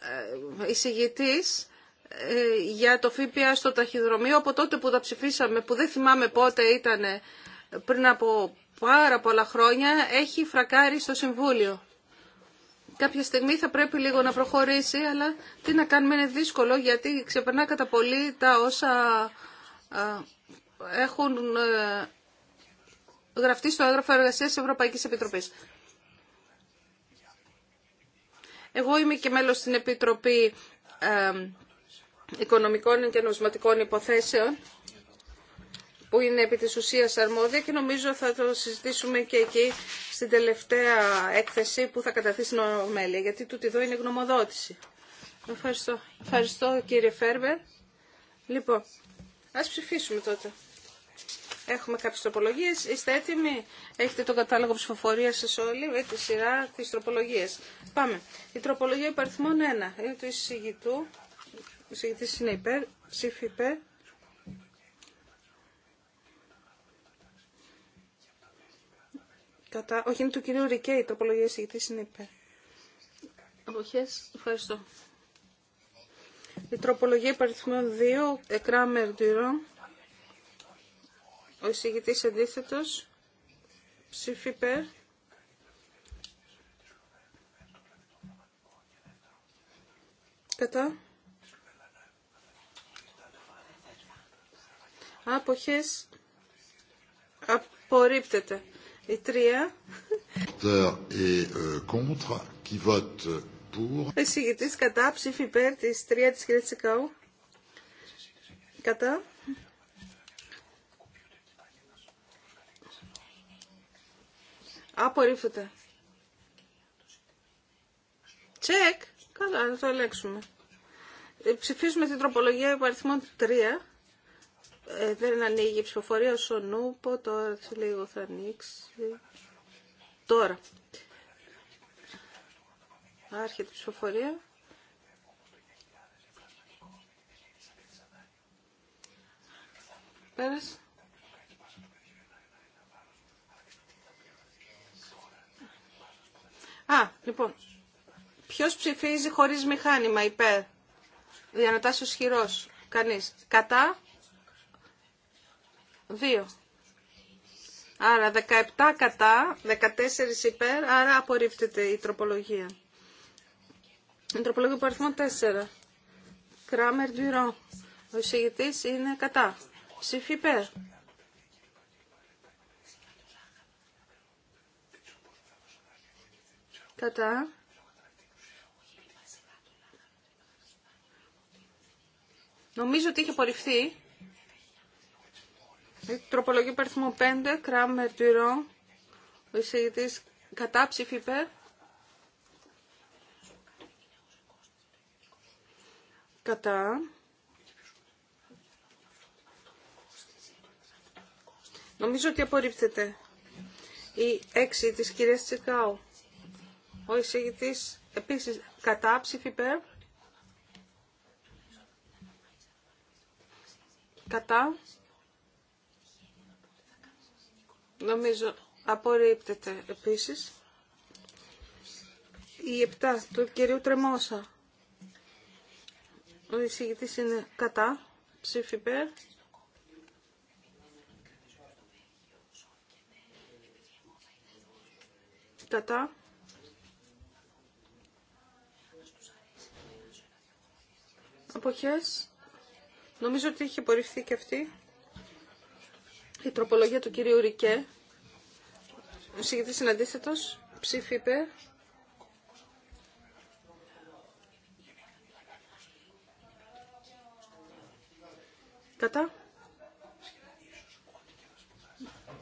ε, εισηγητής ε, για το ΦΠΑ στο ταχυδρομείο από τότε που τα ψηφίσαμε, που δεν θυμάμαι πότε ήταν ε, πριν από πάρα πολλά χρόνια, έχει φρακάρει στο Συμβούλιο. Κάποια στιγμή θα πρέπει λίγο να προχωρήσει, αλλά τι να κάνουμε είναι δύσκολο γιατί ξεπερνά κατά πολύ τα όσα έχουν γραφτεί στο έγγραφο εργασίας της Ευρωπαϊκής Επιτροπής. Εγώ είμαι και μέλος στην Επιτροπή Οικονομικών και Νομισματικών Υποθέσεων που είναι επί της ουσίας αρμόδια και νομίζω θα το συζητήσουμε και εκεί στην τελευταία έκθεση που θα καταθεί στην Ομέλεια, γιατί τούτη εδώ είναι γνωμοδότηση. Ευχαριστώ. Ευχαριστώ κύριε Φέρβερ. Λοιπόν, ας ψηφίσουμε τότε. Έχουμε κάποιες τροπολογίες. Είστε έτοιμοι. Έχετε τον κατάλογο ψηφοφορίας σας όλοι με τη σειρά της τροπολογίας. Πάμε. Η τροπολογία υπαριθμών 1 είναι του εισηγητού. Ο εισηγητής είναι υπέρ. Ψήφι υπέρ. Κατά... Όχι, είναι του κυρίου Ρικέ. Η τροπολογία εισηγητής είναι υπέρ. Αποχές. Ευχαριστώ. Η τροπολογία υπαριθμών 2, εκράμερ ο εισηγητής αντίθετος. Ψήφι υπέρ. Κατά. Άποχες. Απορρίπτεται. Η τρία. Euh, εισηγητής κατά ψήφι υπέρ της τρία της κυρίας Τσικαού. Κατά. Απορρίφεται. Τσεκ. Καλά, θα το ελέγξουμε. Ε, ψηφίζουμε την τροπολογία υπαριθμών 3. Ε, δεν ανοίγει η ψηφοφορία ο νούπο, τώρα λίγο θα ανοίξει. Τώρα. Άρχεται η ψηφοφορία. Πέρασε. Α, λοιπόν, Ποιο ψηφίζει χωρίς μηχάνημα υπέρ. ο χειρό. Κανείς. Κατά. Δύο. Άρα 17 κατά, 14 υπέρ, άρα απορρίπτεται η τροπολογία. Η τροπολογία που αριθμό 4. Κράμερ Ντυρό. Ο εισηγητή είναι κατά. Ψήφι υπέρ. κατά νομίζω ότι είχε απορριφθεί ε, τροπολογία παριθμό 5 κράμερ τυρό ο εισηγητή κατά ψήφιπε. κατά νομίζω ότι απορρίπτεται η έξι της κυρίας Τσικάου ο εισηγητής επίσης κατά ψήφι υπέρ. Κατά. Νομίζω απορρίπτεται επίσης. Η επτά του κυρίου Τρεμόσα. Ο εισηγητής είναι κατά ψήφι υπέρ. Κατά. εποχές. Νομίζω ότι είχε απορριφθεί και αυτή η τροπολογία του κυρίου Ρικέ. Ο συγκεκριτής είναι αντίθετος. Ψήφι Κατά.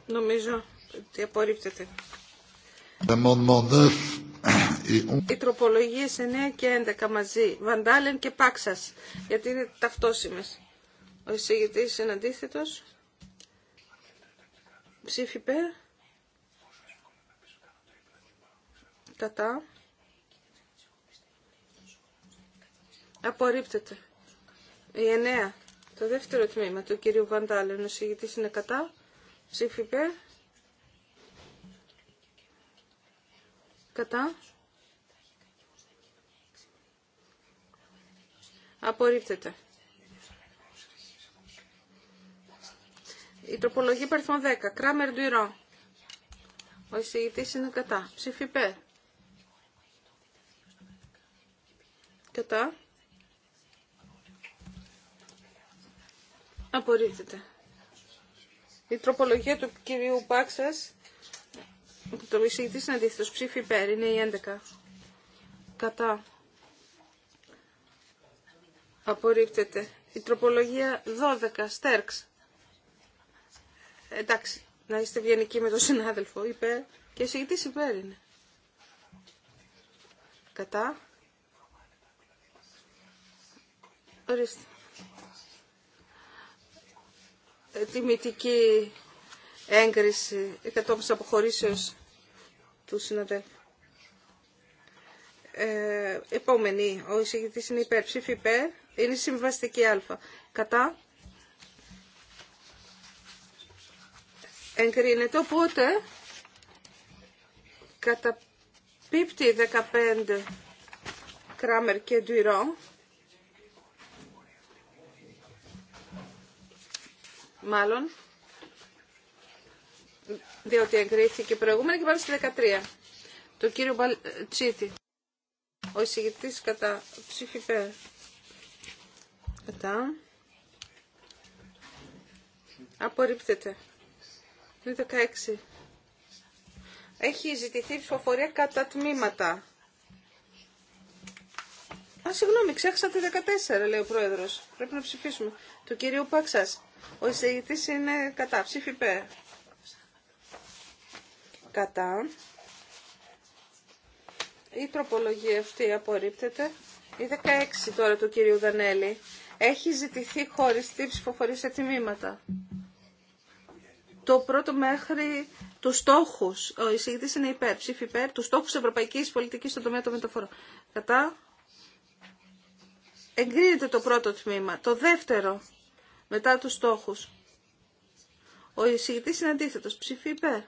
Νομίζω ότι απορρίπτεται. Οι τροπολογίες 9 και 11 μαζί, Βαντάλεν και Πάξας, γιατί είναι ταυτόσιμες. Ο εισηγητής είναι αντίθετος. Ψήφι πέρ. Κατά. Απορρίπτεται. Η 9. Το δεύτερο τμήμα του κυρίου Βαντάλεν. Ο εισηγητής είναι κατά. Ψήφι Κατά. Απορρίπτεται. Η τροπολογία παρθών 10. Κράμερ Ντουιρό. Ο εισηγητής είναι κατά. Ψήφι Πέρ. Κατά. Απορρίπτεται. Η τροπολογία του κυρίου Πάξας, το εισηγητής είναι αντίθετος. Ψήφι Πέρ. Είναι η 11. Κατά. Απορρίπτεται. Η τροπολογία 12. Στέρξ. Εντάξει, να είστε βιανικοί με τον συνάδελφο. Υπέρ. Και η υπέρ είναι. Κατά. Ορίστε. Ε, τιμητική έγκριση κατόπιν αποχωρήσεως του συναδέλφου. Ε, επόμενη, ο εισηγητής είναι υπέρ. Ψήφι υπέρ. Είναι συμβαστική α. Κατά. Εγκρίνεται. Οπότε κατά πίπτη 15 Κράμερ και Ντουιρό. Μάλλον. Διότι εγκρίθηκε προηγούμενα και πάλι στη 13. Το κύριο Μπαλτσίτη. Ο εισηγητής κατά ψήφι Κατά. Απορρίπτεται. 16. Έχει ζητηθεί ψηφοφορία κατά τμήματα. Α, συγγνώμη, ξέχασα τη 14, λέει ο πρόεδρο. Πρέπει να ψηφίσουμε. Του κυρίου Παξά. Ο εισηγητή είναι κατά. Ψήφι Κατά. Η τροπολογία αυτή απορρίπτεται. Η 16 τώρα του κυρίου Δανέλη έχει ζητηθεί χωριστή ψηφοφορία σε τμήματα. Το πρώτο μέχρι του στόχου, ο εισηγητή είναι υπέρ, ψήφι υπέρ, του στόχου ευρωπαϊκή πολιτική στον τομέα των μεταφορών. Κατά. Εγκρίνεται το πρώτο τμήμα. Το δεύτερο, μετά του στόχου. Ο εισηγητή είναι αντίθετο, ψήφι υπέρ.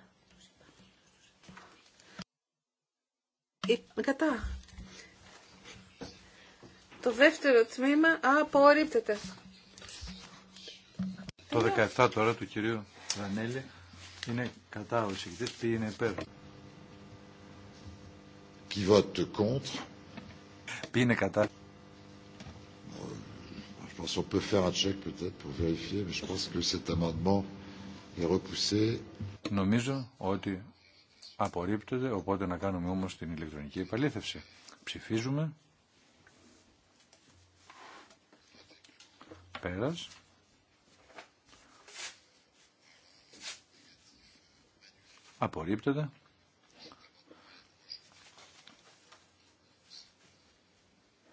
Ε, κατά. Το δεύτερο τμήμα απορρίπτεται. Το 17 τώρα του κυρίου Ρανέλη είναι κατά ο συγκεκριτής, ποιοι είναι υπέρ. Qui vote contre. Ποιοι είναι κατά. Euh, je pense qu'on peut faire un check peut-être pour vérifier, mais je pense que cet amendement est repoussé. Νομίζω ότι απορρίπτεται, οπότε να κάνουμε όμως την ηλεκτρονική επαλήθευση. Ψηφίζουμε. Πέρας. Απορρίπτεται.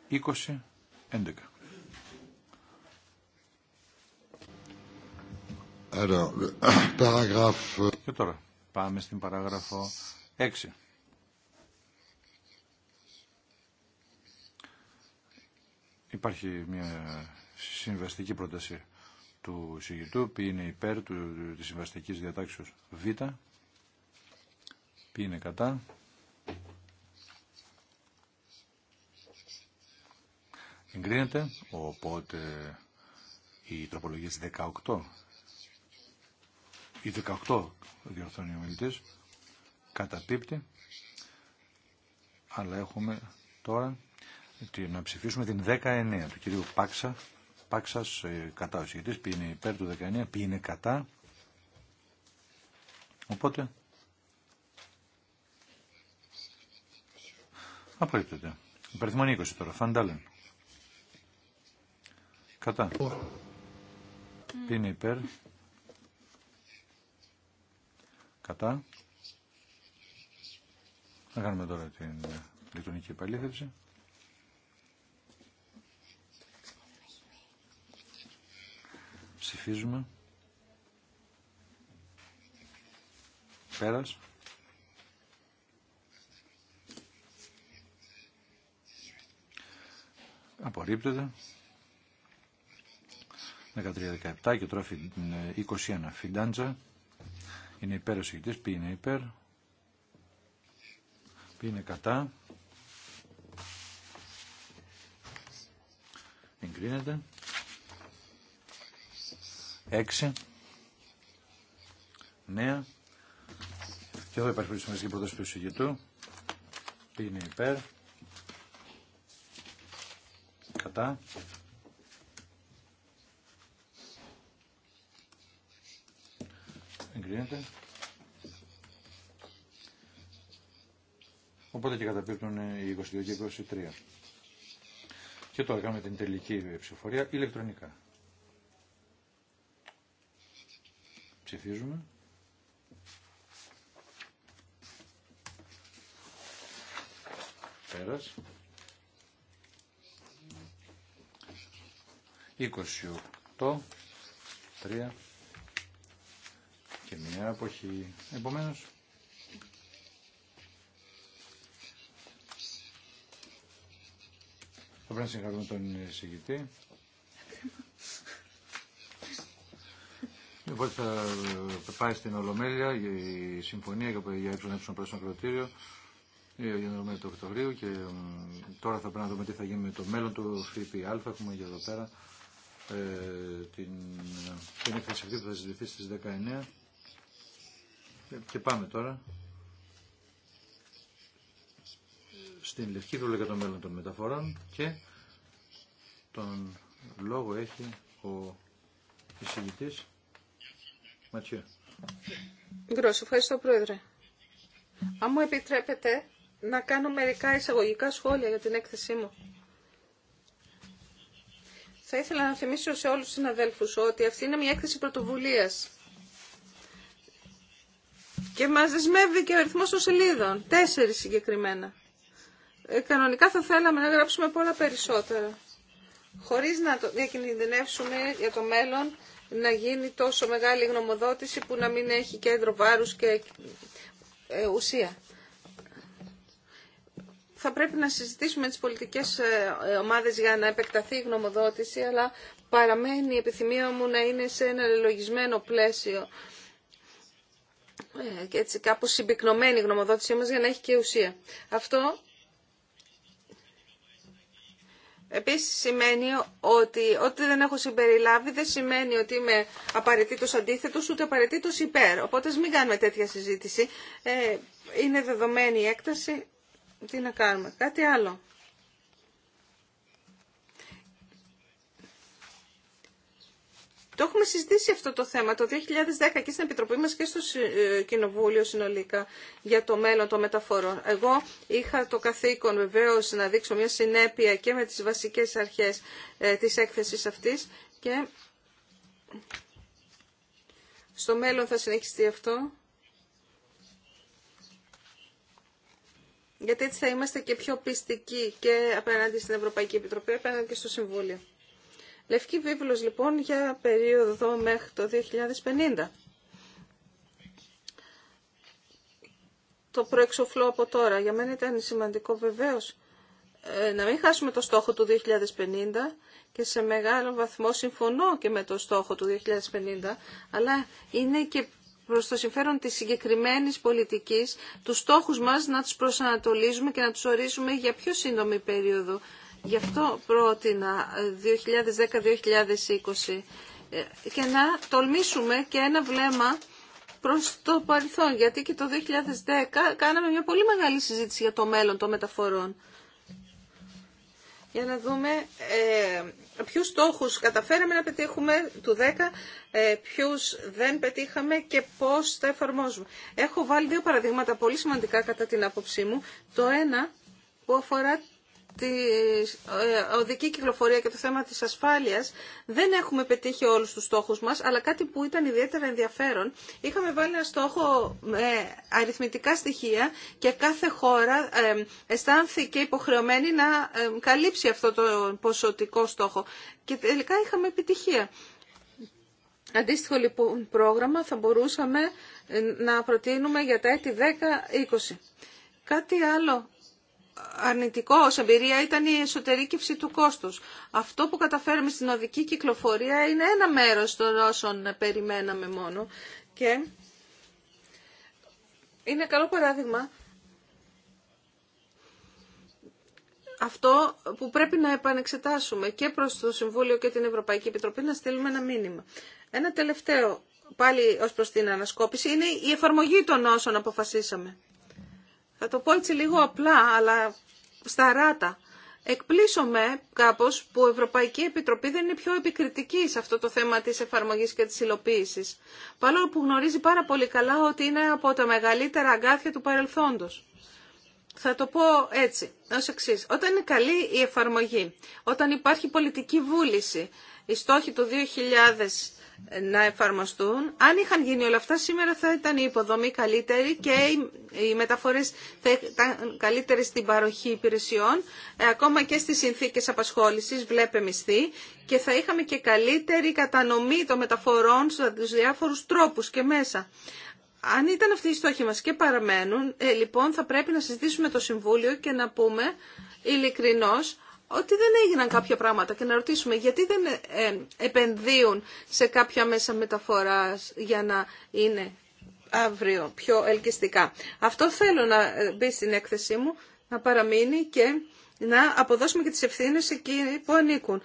Είκοσι, έντεκα. Euh, Και τώρα πάμε στην παράγραφο 6. Υπάρχει μια συμβαστική πρόταση του συγητού, ποιοι είναι υπέρ του, της συμβαστικής διατάξεως Β, ποιοι είναι κατά. Εγκρίνεται, οπότε η τροπολογία 18, η 18 διορθώνει ο μιλητής, καταπίπτει, αλλά έχουμε τώρα να ψηφίσουμε την 19 του κυρίου Πάξα Πάξας ε, κατά ο συγκεκριτής, ποιοι είναι υπέρ του 19, ποιοι είναι κατά. Οπότε, απορρίπτεται. Υπαριθμόν 20 τώρα, Φαντάλεν. Κατά. Mm. Ποιοι είναι υπέρ. Κατά. Να κάνουμε τώρα την λειτουργική επαλήθευση. Ψηφίζουμε. Πέρας. Απορρίπτεται. 18-17 και τώρα 21 ε, φιντάντζα είναι υπέρ ο συγκητής Ποιοι είναι υπέρ Ποιοι είναι κατά εγκρίνεται Έξι, νέα, Και εδώ υπάρχει πολύ σημαντική πρόταση του εισηγητού. Είναι υπέρ. Κατά. Εγκρίνεται. Οπότε και καταπίπτουν οι 22 και 23. Και τώρα κάνουμε την τελική ψηφοφορία ηλεκτρονικά. Ψηφίζουμε. Πέρας. 28, 3 και μια αποχή. Επομένως, θα πρέπει να συγχαρούμε τον εισηγητή. Οπότε θα πάει στην Ολομέλεια η συμφωνία για προς στο κρατήριο ε, για την Ολομέλεια του Οκτωβρίου και τώρα θα πρέπει να δούμε τι θα γίνει με το μέλλον του ΦΠΑ. Έχουμε για εδώ πέρα ε, την, την έκθεση αυτή που θα συζητηθεί στις 19 ε, και πάμε τώρα στην Λευκή δουλειά για το μέλλον των μεταφορών και τον λόγο έχει ο εισηγητής ευχαριστώ Πρόεδρε. Αν μου επιτρέπετε να κάνω μερικά εισαγωγικά σχόλια για την έκθεσή μου. Θα ήθελα να θυμίσω σε όλους τους συναδέλφους ότι αυτή είναι μια έκθεση πρωτοβουλίας. Και μας δεσμεύει και ο αριθμό των σελίδων, τέσσερις συγκεκριμένα. Ε, κανονικά θα θέλαμε να γράψουμε πολλά περισσότερα, χωρίς να το διακινδυνεύσουμε για το μέλλον να γίνει τόσο μεγάλη γνωμοδότηση που να μην έχει κέντρο βάρους και ε, ουσία. Θα πρέπει να συζητήσουμε τις πολιτικές ε, ομάδες για να επεκταθεί η γνωμοδότηση, αλλά παραμένει η επιθυμία μου να είναι σε ένα λελογισμένο πλαίσιο ε, και έτσι κάπως συμπυκνωμένη η γνωμοδότησή μας για να έχει και ουσία. Αυτό Επίσης σημαίνει ότι ό,τι δεν έχω συμπεριλάβει δεν σημαίνει ότι είμαι απαραίτητος αντίθετος ούτε απαραίτητος υπέρ. Οπότε μην κάνουμε τέτοια συζήτηση. Ε, είναι δεδομένη η έκταση. Τι να κάνουμε. Κάτι άλλο. Το έχουμε συζητήσει αυτό το θέμα το 2010 και στην Επιτροπή μας και στο ε, Κοινοβούλιο συνολικά για το μέλλον των μεταφορών. Εγώ είχα το καθήκον βεβαίως να δείξω μια συνέπεια και με τις βασικές αρχές ε, της έκθεσης αυτής και στο μέλλον θα συνεχιστεί αυτό. Γιατί έτσι θα είμαστε και πιο πιστικοί και απέναντι στην Ευρωπαϊκή Επιτροπή, απέναντι και στο Συμβούλιο. Λευκή βίβλος λοιπόν για περίοδο μέχρι το 2050. Το προεξοφλώ από τώρα. Για μένα ήταν σημαντικό βεβαίως ε, να μην χάσουμε το στόχο του 2050 και σε μεγάλο βαθμό συμφωνώ και με το στόχο του 2050, αλλά είναι και προς το συμφέρον της συγκεκριμένης πολιτικής, του στόχους μας να τους προσανατολίζουμε και να τους ορίζουμε για πιο σύντομη περίοδο Γι' αυτό πρότεινα 2010-2020 ε, ε, και να τολμήσουμε και ένα βλέμμα προς το παρελθόν, γιατί και το 2010 κάναμε μια πολύ μεγάλη συζήτηση για το μέλλον των μεταφορών. Για να δούμε ε, ποιους στόχους καταφέραμε να πετύχουμε του 10, ε, ποιους δεν πετύχαμε και πώς τα εφαρμόζουμε. Έχω βάλει δύο παραδείγματα πολύ σημαντικά κατά την άποψή μου. Το ένα που αφορά τη ε, οδική κυκλοφορία και το θέμα της ασφάλειας δεν έχουμε πετύχει όλους τους στόχους μας, αλλά κάτι που ήταν ιδιαίτερα ενδιαφέρον. Είχαμε βάλει ένα στόχο με αριθμητικά στοιχεία και κάθε χώρα ε, αισθάνθηκε υποχρεωμένη να ε, καλύψει αυτό το ποσοτικό στόχο. Και τελικά είχαμε επιτυχία. Αντίστοιχο λοιπόν πρόγραμμα θα μπορούσαμε να προτείνουμε για τα έτη 10-20. Κάτι άλλο αρνητικό ως εμπειρία ήταν η εσωτερήκευση του κόστους. Αυτό που καταφέρουμε στην οδική κυκλοφορία είναι ένα μέρος των όσων περιμέναμε μόνο και είναι καλό παράδειγμα αυτό που πρέπει να επανεξετάσουμε και προς το Συμβούλιο και την Ευρωπαϊκή Επιτροπή να στείλουμε ένα μήνυμα. Ένα τελευταίο πάλι ως προς την ανασκόπηση είναι η εφαρμογή των όσων αποφασίσαμε θα το πω έτσι λίγο απλά, αλλά στα ράτα. Εκπλήσωμαι κάπως που η Ευρωπαϊκή Επιτροπή δεν είναι πιο επικριτική σε αυτό το θέμα της εφαρμογής και της υλοποίησης, παρόλο που γνωρίζει πάρα πολύ καλά ότι είναι από τα μεγαλύτερα αγκάθια του παρελθόντος. Θα το πω έτσι, ως εξής. Όταν είναι καλή η εφαρμογή, όταν υπάρχει πολιτική βούληση, οι στόχοι του 2000 να εφαρμοστούν. Αν είχαν γίνει όλα αυτά, σήμερα θα ήταν η υποδομή καλύτερη και οι μεταφορές θα ήταν καλύτερες στην παροχή υπηρεσιών, ε, ακόμα και στις συνθήκες απασχόλησης, βλέπε μισθή, και θα είχαμε και καλύτερη κατανομή των μεταφορών στους διάφορους τρόπους και μέσα. Αν ήταν αυτοί οι στόχοι μας και παραμένουν, ε, λοιπόν θα πρέπει να συζητήσουμε το Συμβούλιο και να πούμε ειλικρινώς ότι δεν έγιναν κάποια πράγματα και να ρωτήσουμε γιατί δεν ε, ε, επενδύουν σε κάποια μέσα μεταφοράς για να είναι αύριο πιο ελκυστικά. Αυτό θέλω να ε, μπει στην έκθεσή μου, να παραμείνει και να αποδώσουμε και τις ευθύνε εκεί που ανήκουν.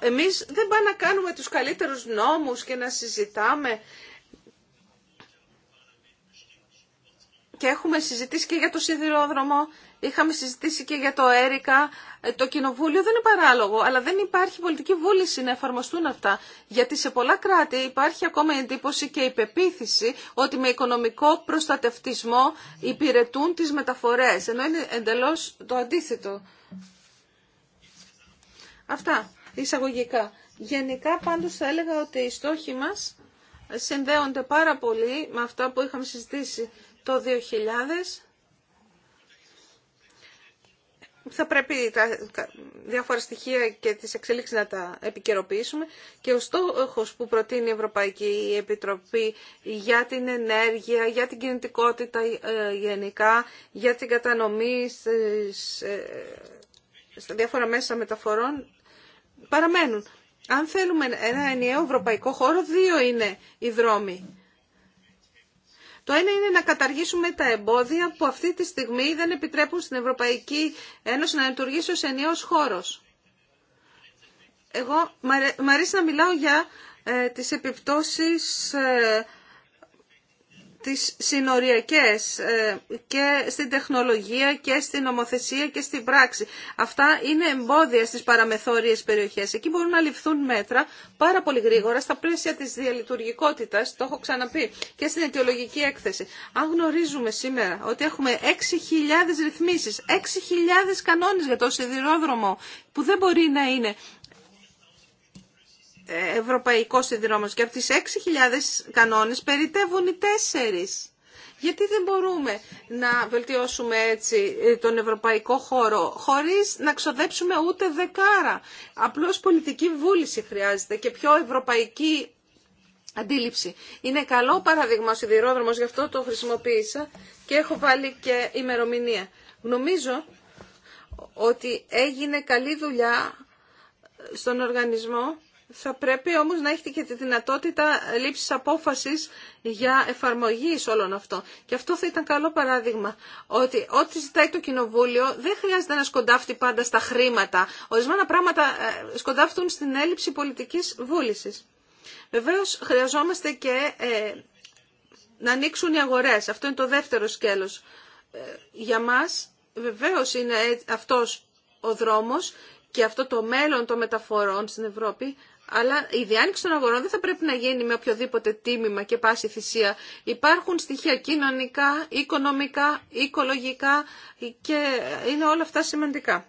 Εμείς δεν πάμε να κάνουμε τους καλύτερους νόμους και να συζητάμε και έχουμε συζητήσει και για το σιδηρόδρομο, είχαμε συζητήσει και για το ΕΡΙΚΑ. Ε, το κοινοβούλιο δεν είναι παράλογο, αλλά δεν υπάρχει πολιτική βούληση να εφαρμοστούν αυτά. Γιατί σε πολλά κράτη υπάρχει ακόμα εντύπωση και η πεποίθηση ότι με οικονομικό προστατευτισμό υπηρετούν τις μεταφορές, ενώ είναι εντελώς το αντίθετο. Αυτά, εισαγωγικά. Γενικά πάντως θα έλεγα ότι οι στόχοι μας συνδέονται πάρα πολύ με αυτά που είχαμε συζητήσει το 2000 θα πρέπει τα διάφορα στοιχεία και τις εξελίξεις να τα επικαιροποιήσουμε και ο στόχος που προτείνει η Ευρωπαϊκή Επιτροπή για την ενέργεια, για την κινητικότητα ε, γενικά, για την κατανομή στις, ε, στα διάφορα μέσα μεταφορών παραμένουν. Αν θέλουμε ένα ενιαίο ευρωπαϊκό χώρο, δύο είναι οι δρόμοι το ένα είναι να καταργήσουμε τα εμπόδια που αυτή τη στιγμή δεν επιτρέπουν στην Ευρωπαϊκή Ένωση να λειτουργήσει ως ενιαίος χώρος. Εγώ μ' αρέσει να μιλάω για ε, τις επιπτώσεις ε, τις συνοριακές ε, και στην τεχνολογία και στην νομοθεσία και στην πράξη. Αυτά είναι εμπόδια στις παραμεθόριες περιοχές. Εκεί μπορούν να ληφθούν μέτρα πάρα πολύ γρήγορα στα πλαίσια της διαλειτουργικότητας, το έχω ξαναπεί, και στην αιτιολογική έκθεση. Αν γνωρίζουμε σήμερα ότι έχουμε 6.000 ρυθμίσεις, 6.000 κανόνες για το σιδηρόδρομο που δεν μπορεί να είναι ευρωπαϊκό συνδρόμος και από τις 6.000 κανόνες περιτεύουν οι 4. Γιατί δεν μπορούμε να βελτιώσουμε έτσι ε, τον ευρωπαϊκό χώρο χωρίς να ξοδέψουμε ούτε δεκάρα. Απλώς πολιτική βούληση χρειάζεται και πιο ευρωπαϊκή αντίληψη. Είναι καλό παραδείγμα ο σιδηρόδρομος, γι' αυτό το χρησιμοποίησα και έχω βάλει και ημερομηνία. Νομίζω ότι έγινε καλή δουλειά στον οργανισμό θα πρέπει όμως να έχετε και τη δυνατότητα λήψης απόφασης για εφαρμογή σε όλων αυτών. Και αυτό θα ήταν καλό παράδειγμα, ότι ό,τι ζητάει το Κοινοβούλιο δεν χρειάζεται να σκοντάφτει πάντα στα χρήματα. Ορισμένα πράγματα ε, σκοντάφτουν στην έλλειψη πολιτικής βούλησης. Βεβαίως χρειαζόμαστε και ε, να ανοίξουν οι αγορές. Αυτό είναι το δεύτερο σκέλος. Ε, για μας βεβαίως είναι αυτός ο δρόμος και αυτό το μέλλον των μεταφορών στην Ευρώπη, αλλά η διάνοιξη των αγορών δεν θα πρέπει να γίνει με οποιοδήποτε τίμημα και πάση θυσία. Υπάρχουν στοιχεία κοινωνικά, οικονομικά, οικολογικά και είναι όλα αυτά σημαντικά.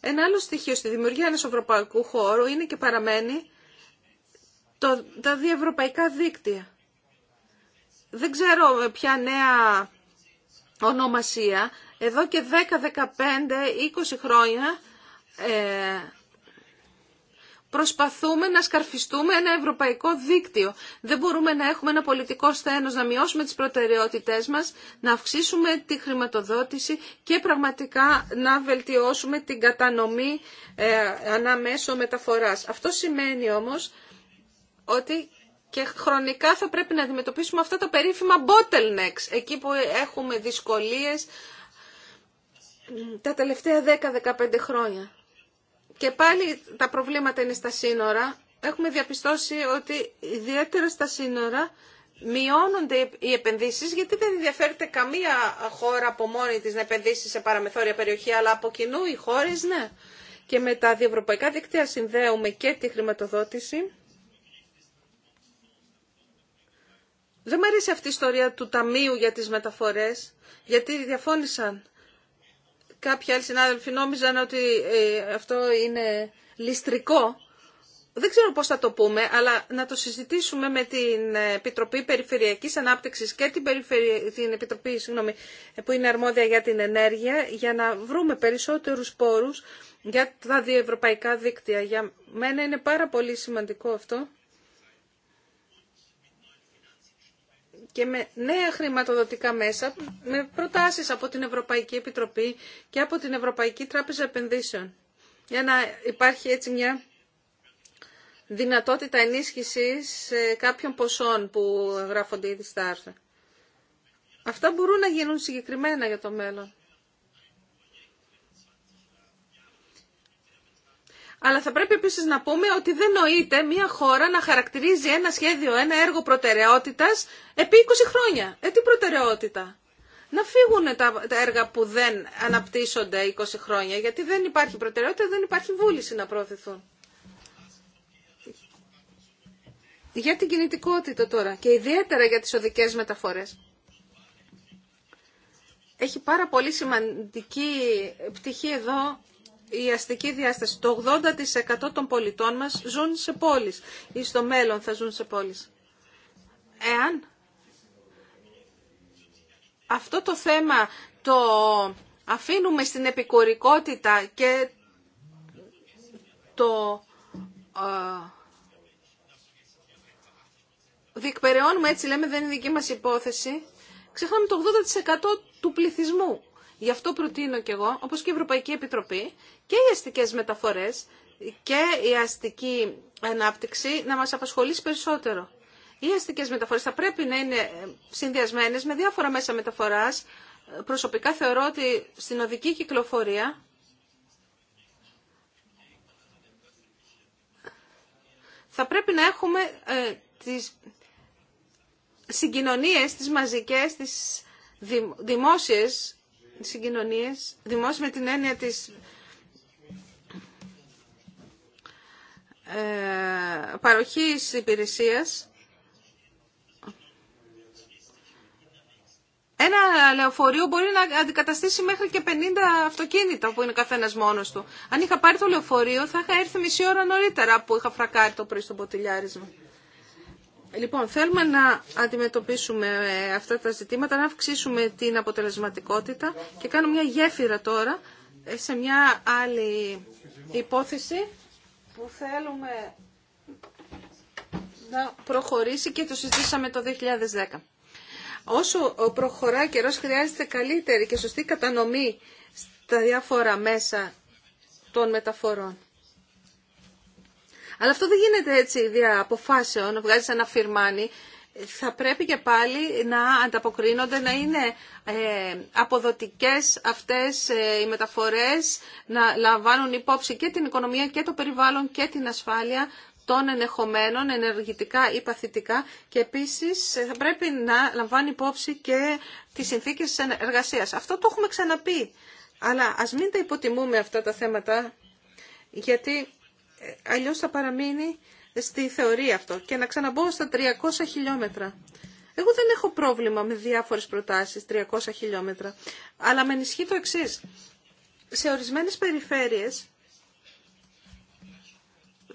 Ένα άλλο στοιχείο στη δημιουργία ενός ευρωπαϊκού χώρου είναι και παραμένει το, τα διευρωπαϊκά δίκτυα. Δεν ξέρω ποια νέα ονομασία. Εδώ και 10, 15, 20 χρόνια ε, προσπαθούμε να σκαρφιστούμε ένα ευρωπαϊκό δίκτυο. Δεν μπορούμε να έχουμε ένα πολιτικό σθένος, να μειώσουμε τις προτεραιότητές μας, να αυξήσουμε τη χρηματοδότηση και πραγματικά να βελτιώσουμε την κατανομή ε, αναμέσω μεταφοράς. Αυτό σημαίνει όμως ότι και χρονικά θα πρέπει να αντιμετωπίσουμε αυτά τα περίφημα bottlenecks, εκεί που έχουμε δυσκολίες τα τελευταία 10-15 χρόνια. Και πάλι τα προβλήματα είναι στα σύνορα. Έχουμε διαπιστώσει ότι ιδιαίτερα στα σύνορα μειώνονται οι επενδύσεις γιατί δεν ενδιαφέρεται καμία χώρα από μόνη της να επενδύσει σε παραμεθόρια περιοχή αλλά από κοινού οι χώρες ναι. Και με τα διευρωπαϊκά δικτύα συνδέουμε και τη χρηματοδότηση. Δεν μου αρέσει αυτή η ιστορία του Ταμείου για τις μεταφορές, γιατί διαφώνησαν Κάποιοι άλλοι συνάδελφοι νόμιζαν ότι ε, αυτό είναι ληστρικό. Δεν ξέρω πώς θα το πούμε, αλλά να το συζητήσουμε με την Επιτροπή Περιφερειακής Ανάπτυξης και την, Επιτροπή συγγνώμη, που είναι αρμόδια για την ενέργεια, για να βρούμε περισσότερους πόρους για τα ευρωπαϊκά δίκτυα. Για μένα είναι πάρα πολύ σημαντικό αυτό. και με νέα χρηματοδοτικά μέσα, με προτάσεις από την Ευρωπαϊκή Επιτροπή και από την Ευρωπαϊκή Τράπεζα Επενδύσεων. Για να υπάρχει έτσι μια δυνατότητα ενίσχυσης ε, κάποιων ποσών που γράφονται ήδη στα άρθρα. Αυτά μπορούν να γίνουν συγκεκριμένα για το μέλλον. Αλλά θα πρέπει επίση να πούμε ότι δεν νοείται μια χώρα να χαρακτηρίζει ένα σχέδιο, ένα έργο προτεραιότητας επί 20 χρόνια. Ε, τι προτεραιότητα. Να φύγουν τα έργα που δεν αναπτύσσονται 20 χρόνια, γιατί δεν υπάρχει προτεραιότητα, δεν υπάρχει βούληση να προωθηθούν. Για την κινητικότητα τώρα και ιδιαίτερα για τις οδικές μεταφορές. Έχει πάρα πολύ σημαντική πτυχή εδώ η αστική διάσταση. Το 80% των πολιτών μας ζουν σε πόλεις ή στο μέλλον θα ζουν σε πόλεις. Εάν αυτό το θέμα το αφήνουμε στην επικουρικότητα και το ε, διεκπεραιώνουμε, έτσι λέμε δεν είναι δική μας υπόθεση, ξεχνάμε το 80% του πληθυσμού. Γι' αυτό προτείνω κι εγώ, όπως και η Ευρωπαϊκή Επιτροπή και οι αστικές μεταφορές και η αστική ανάπτυξη να μας απασχολήσει περισσότερο. Οι αστικές μεταφορές θα πρέπει να είναι ε, συνδυασμένες με διάφορα μέσα μεταφοράς. Προσωπικά θεωρώ ότι στην οδική κυκλοφορία θα πρέπει να έχουμε ε, τις συγκοινωνίες, τις μαζικές, τις δημόσιες συγκοινωνίες, δημόσια με την έννοια της ε, παροχής υπηρεσίας, Ένα λεωφορείο μπορεί να αντικαταστήσει μέχρι και 50 αυτοκίνητα που είναι ο καθένας μόνος του. Αν είχα πάρει το λεωφορείο θα είχα έρθει μισή ώρα νωρίτερα που είχα φρακάρει το πρωί στο ποτηλιάρισμα. Λοιπόν, θέλουμε να αντιμετωπίσουμε ε, αυτά τα ζητήματα, να αυξήσουμε την αποτελεσματικότητα και κάνω μια γέφυρα τώρα ε, σε μια άλλη υπόθεση που θέλουμε να προχωρήσει και το συζητήσαμε το 2010. Όσο προχωράει καιρό χρειάζεται καλύτερη και σωστή κατανομή στα διάφορα μέσα των μεταφορών. Αλλά αυτό δεν γίνεται έτσι δια αποφάσεων, να βγάζεις ένα φυρμάνι. Θα πρέπει και πάλι να ανταποκρίνονται, να είναι ε, αποδοτικές αυτές ε, οι μεταφορές, να λαμβάνουν υπόψη και την οικονομία και το περιβάλλον και την ασφάλεια των ενεχομένων ενεργητικά ή παθητικά και επίσης ε, θα πρέπει να λαμβάνει υπόψη και τις συνθήκες εργασίας. Αυτό το έχουμε ξαναπεί. Αλλά ας μην τα υποτιμούμε αυτά τα θέματα γιατί αλλιώς θα παραμείνει στη θεωρία αυτό και να ξαναμπώ στα 300 χιλιόμετρα. Εγώ δεν έχω πρόβλημα με διάφορες προτάσεις 300 χιλιόμετρα, αλλά με ενισχύει το εξής. Σε ορισμένες περιφέρειες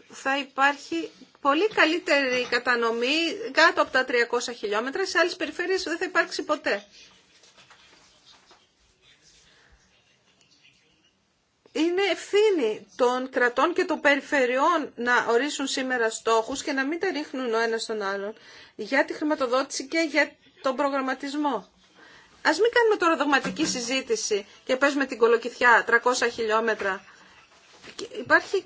θα υπάρχει πολύ καλύτερη κατανομή κάτω από τα 300 χιλιόμετρα, σε άλλες περιφέρειες δεν θα υπάρξει ποτέ. είναι ευθύνη των κρατών και των περιφερειών να ορίσουν σήμερα στόχους και να μην τα ρίχνουν ο ένας τον άλλον για τη χρηματοδότηση και για τον προγραμματισμό. Ας μην κάνουμε τώρα δογματική συζήτηση και παίζουμε την κολοκυθιά 300 χιλιόμετρα. Υπάρχει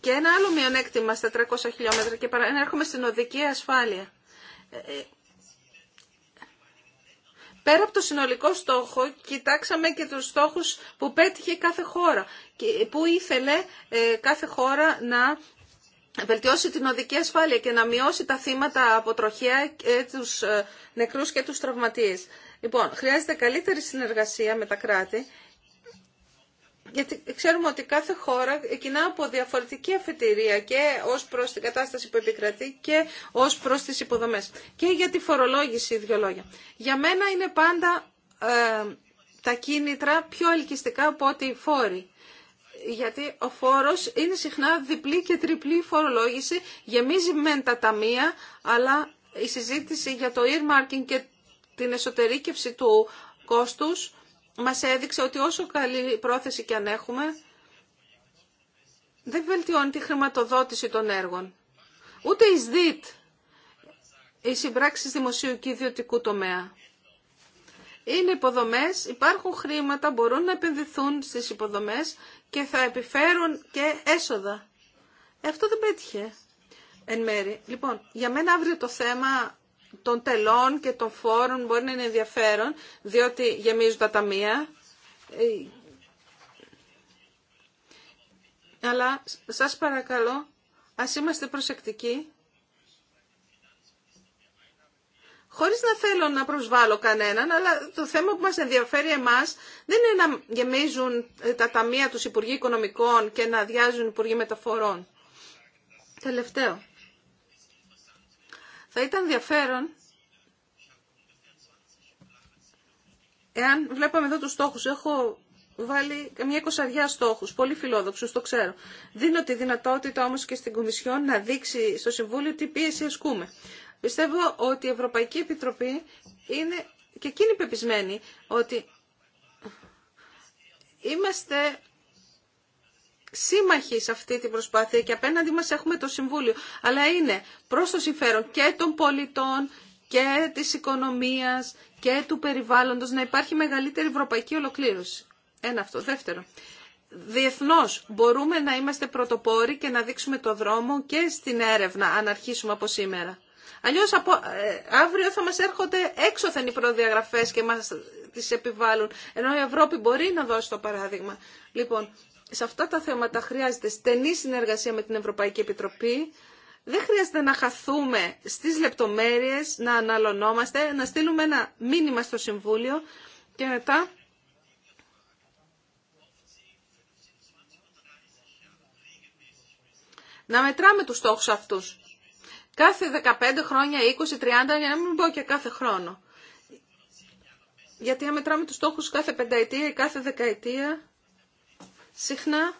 και ένα άλλο μειονέκτημα στα 300 χιλιόμετρα και παραέρχομαι στην οδική ασφάλεια. Ε, ε, Πέρα από το συνολικό στόχο, κοιτάξαμε και τους στόχους που πέτυχε κάθε χώρα, που ήθελε ε, κάθε χώρα να βελτιώσει την οδική ασφάλεια και να μειώσει τα θύματα από τροχέα, τους ε, νεκρούς και τους τραυματίες. Λοιπόν, χρειάζεται καλύτερη συνεργασία με τα κράτη γιατί ξέρουμε ότι κάθε χώρα κοινά από διαφορετική αφετηρία και ως προς την κατάσταση που επικρατεί και ως προς τις υποδομές. Και για τη φορολόγηση, δύο λόγια. Για μένα είναι πάντα ε, τα κίνητρα πιο ελκυστικά από ό,τι οι φόροι. Γιατί ο φόρος είναι συχνά διπλή και τριπλή φορολόγηση, γεμίζει μεν τα ταμεία, αλλά η συζήτηση για το earmarking και την εσωτερήκευση του κόστους μας έδειξε ότι όσο καλή πρόθεση και αν έχουμε, δεν βελτιώνει τη χρηματοδότηση των έργων. Ούτε εις δίτ, οι συμπράξεις δημοσίου και ιδιωτικού τομέα. Είναι υποδομές, υπάρχουν χρήματα, μπορούν να επενδυθούν στις υποδομές και θα επιφέρουν και έσοδα. Ε, αυτό δεν πέτυχε εν μέρη. Λοιπόν, για μένα αύριο το θέμα των τελών και των φόρων μπορεί να είναι ενδιαφέρον, διότι γεμίζουν τα ταμεία. Αλλά σας παρακαλώ, ας είμαστε προσεκτικοί. Χωρίς να θέλω να προσβάλλω κανέναν, αλλά το θέμα που μας ενδιαφέρει εμάς δεν είναι να γεμίζουν ε, τα ταμεία τους Υπουργοί Οικονομικών και να αδειάζουν Υπουργοί Μεταφορών. Τελευταίο. Θα ήταν ενδιαφέρον εάν βλέπαμε εδώ τους στόχους. Έχω βάλει μια εικοσαριά στόχους, πολύ φιλόδοξους, το ξέρω. Δίνω τη δυνατότητα όμως και στην Κομισιόν να δείξει στο Συμβούλιο τι πίεση ασκούμε. Πιστεύω ότι η Ευρωπαϊκή Επιτροπή είναι και εκείνη πεπισμένη ότι είμαστε σύμμαχοι σε αυτή την προσπάθεια και απέναντι μας έχουμε το Συμβούλιο. Αλλά είναι προς το συμφέρον και των πολιτών και της οικονομίας και του περιβάλλοντος να υπάρχει μεγαλύτερη ευρωπαϊκή ολοκλήρωση. Ένα αυτό. Δεύτερο. Διεθνώς μπορούμε να είμαστε πρωτοπόροι και να δείξουμε το δρόμο και στην έρευνα αν αρχίσουμε από σήμερα. Αλλιώς ε, αύριο θα μας έρχονται έξωθεν οι προδιαγραφές και μας τις επιβάλλουν, ενώ η Ευρώπη μπορεί να δώσει το παράδειγμα. Λοιπόν, σε αυτά τα θέματα χρειάζεται στενή συνεργασία με την Ευρωπαϊκή Επιτροπή. Δεν χρειάζεται να χαθούμε στις λεπτομέρειες, να αναλωνόμαστε, να στείλουμε ένα μήνυμα στο Συμβούλιο και μετά να μετράμε τους στόχους αυτούς. Κάθε 15 χρόνια, 20, 30, για να μην πω και κάθε χρόνο. Γιατί αν μετράμε τους στόχους κάθε πενταετία ή κάθε δεκαετία, Συχνά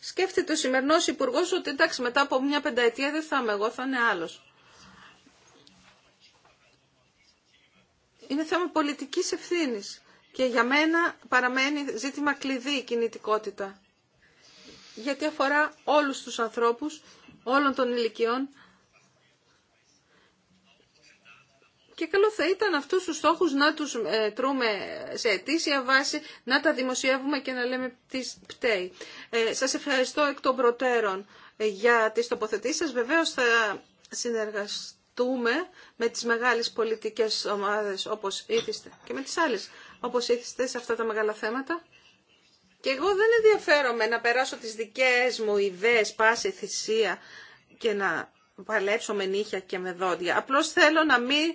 σκέφτεται ο σημερινό υπουργό ότι εντάξει μετά από μια πενταετία δεν θα είμαι εγώ, θα είναι άλλος. Είναι θέμα πολιτικής ευθύνης και για μένα παραμένει ζήτημα κλειδί η κινητικότητα. Γιατί αφορά όλους τους ανθρώπους, όλων των ηλικιών και καλό θα ήταν αυτούς τους στόχους να τους ε, τρούμε σε αιτήσια βάση, να τα δημοσιεύουμε και να λέμε τι πταίει. Ε, σας ευχαριστώ εκ των προτέρων ε, για τις τοποθετήσεις σας. Βεβαίως θα συνεργαστούμε με τις μεγάλες πολιτικές ομάδες όπως ήθιστε και με τις άλλες όπως ήθιστε σε αυτά τα μεγάλα θέματα. Και εγώ δεν ενδιαφέρομαι να περάσω τις δικές μου ιδέες, πάση θυσία και να παλέψω με νύχια και με δόντια. Απλώς θέλω να μην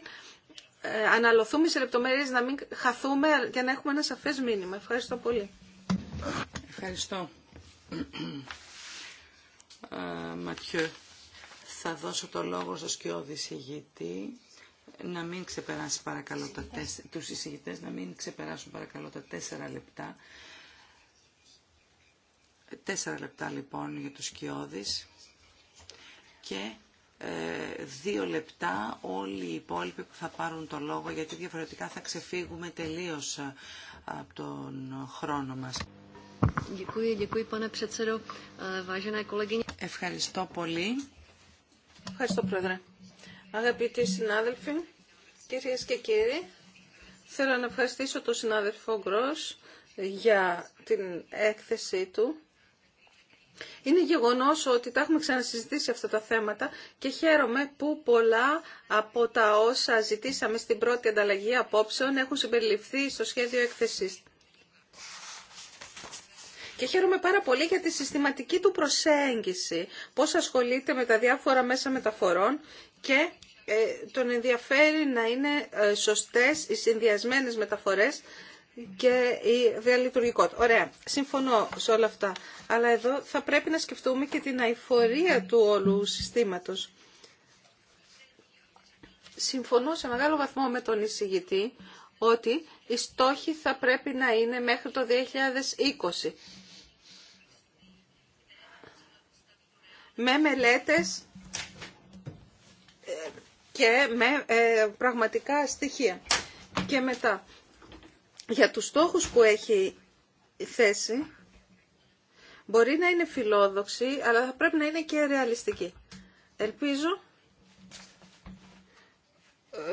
ε, αναλωθούμε σε λεπτομέρειες, να μην χαθούμε και να έχουμε ένα σαφές μήνυμα. Ευχαριστώ πολύ. Ευχαριστώ. Ε, ματιού θα δώσω το λόγο στο σκιώδη συγητή να μην ξεπεράσει παρακαλώ τα τέσσερα, τους να μην ξεπεράσουν παρακαλώ τα τέσσερα λεπτά. Τέσσερα λεπτά λοιπόν για τους σκιώδης και ε, δύο λεπτά όλοι οι υπόλοιποι που θα πάρουν το λόγο γιατί διαφορετικά θα ξεφύγουμε τελείως ε, από τον χρόνο μας. Ε, Ευχαριστώ πολύ. Ευχαριστώ Πρόεδρε. Αγαπητοί συνάδελφοι, κυρίες και κύριοι, θέλω να ευχαριστήσω τον συνάδελφο Γκρός για την έκθεσή του είναι γεγονός ότι τα έχουμε ξανασυζητήσει αυτά τα θέματα και χαίρομαι που πολλά από τα όσα ζητήσαμε στην πρώτη ανταλλαγή απόψεων έχουν συμπεριληφθεί στο σχέδιο εκθεσής. Και χαίρομαι πάρα πολύ για τη συστηματική του προσέγγιση, πώς ασχολείται με τα διάφορα μέσα μεταφορών και ε, τον ενδιαφέρει να είναι ε, σωστές οι συνδυασμένες μεταφορές και η διαλειτουργικότητα. Ωραία, συμφωνώ σε όλα αυτά. Αλλά εδώ θα πρέπει να σκεφτούμε και την αηφορία του όλου συστήματος. Συμφωνώ σε μεγάλο βαθμό με τον εισηγητή ότι οι στόχοι θα πρέπει να είναι μέχρι το 2020. Με μελέτες ε, και με ε, πραγματικά στοιχεία. Και μετά για τους στόχους που έχει θέσει μπορεί να είναι φιλόδοξη, αλλά θα πρέπει να είναι και ρεαλιστική. Ελπίζω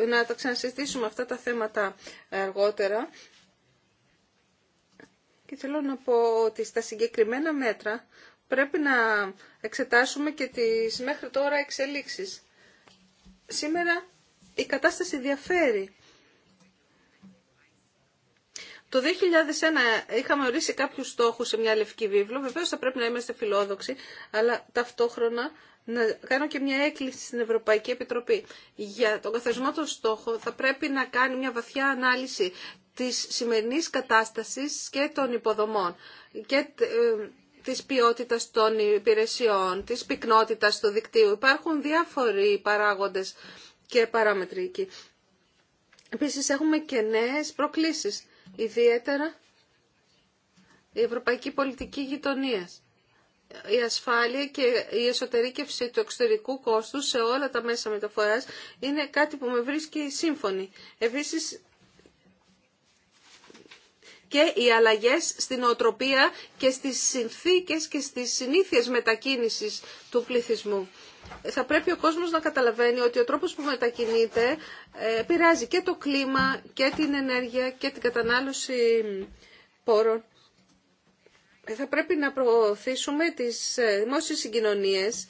να τα ξανασυστήσουμε αυτά τα θέματα αργότερα. Και θέλω να πω ότι στα συγκεκριμένα μέτρα πρέπει να εξετάσουμε και τις μέχρι τώρα εξελίξεις. Σήμερα η κατάσταση διαφέρει το 2001 είχαμε ορίσει κάποιους στόχους σε μια λευκή βίβλο. Βεβαίως θα πρέπει να είμαστε φιλόδοξοι, αλλά ταυτόχρονα να κάνω και μια έκκληση στην Ευρωπαϊκή Επιτροπή. Για τον καθορισμό των στόχων θα πρέπει να κάνει μια βαθιά ανάλυση της σημερινής κατάστασης και των υποδομών και ε, της ποιότητας των υπηρεσιών, της πυκνότητας του δικτύου. Υπάρχουν διάφοροι παράγοντες και παραμετρικοί. Επίσης έχουμε και νέες προκλήσεις Ιδιαίτερα η ευρωπαϊκή πολιτική γειτονίας. Η ασφάλεια και η εσωτερήκευση του εξωτερικού κόστου σε όλα τα μέσα μεταφοράς είναι κάτι που με βρίσκει σύμφωνη. Επίσης, και οι αλλαγές στην οτροπία και στις συνθήκες και στις συνήθειες μετακίνησης του πληθυσμού θα πρέπει ο κόσμος να καταλαβαίνει ότι ο τρόπος που μετακινείται ε, πειράζει και το κλίμα και την ενέργεια και την κατανάλωση πόρων. Ε, θα πρέπει να προωθήσουμε τις ε, δημόσιες συγκοινωνίες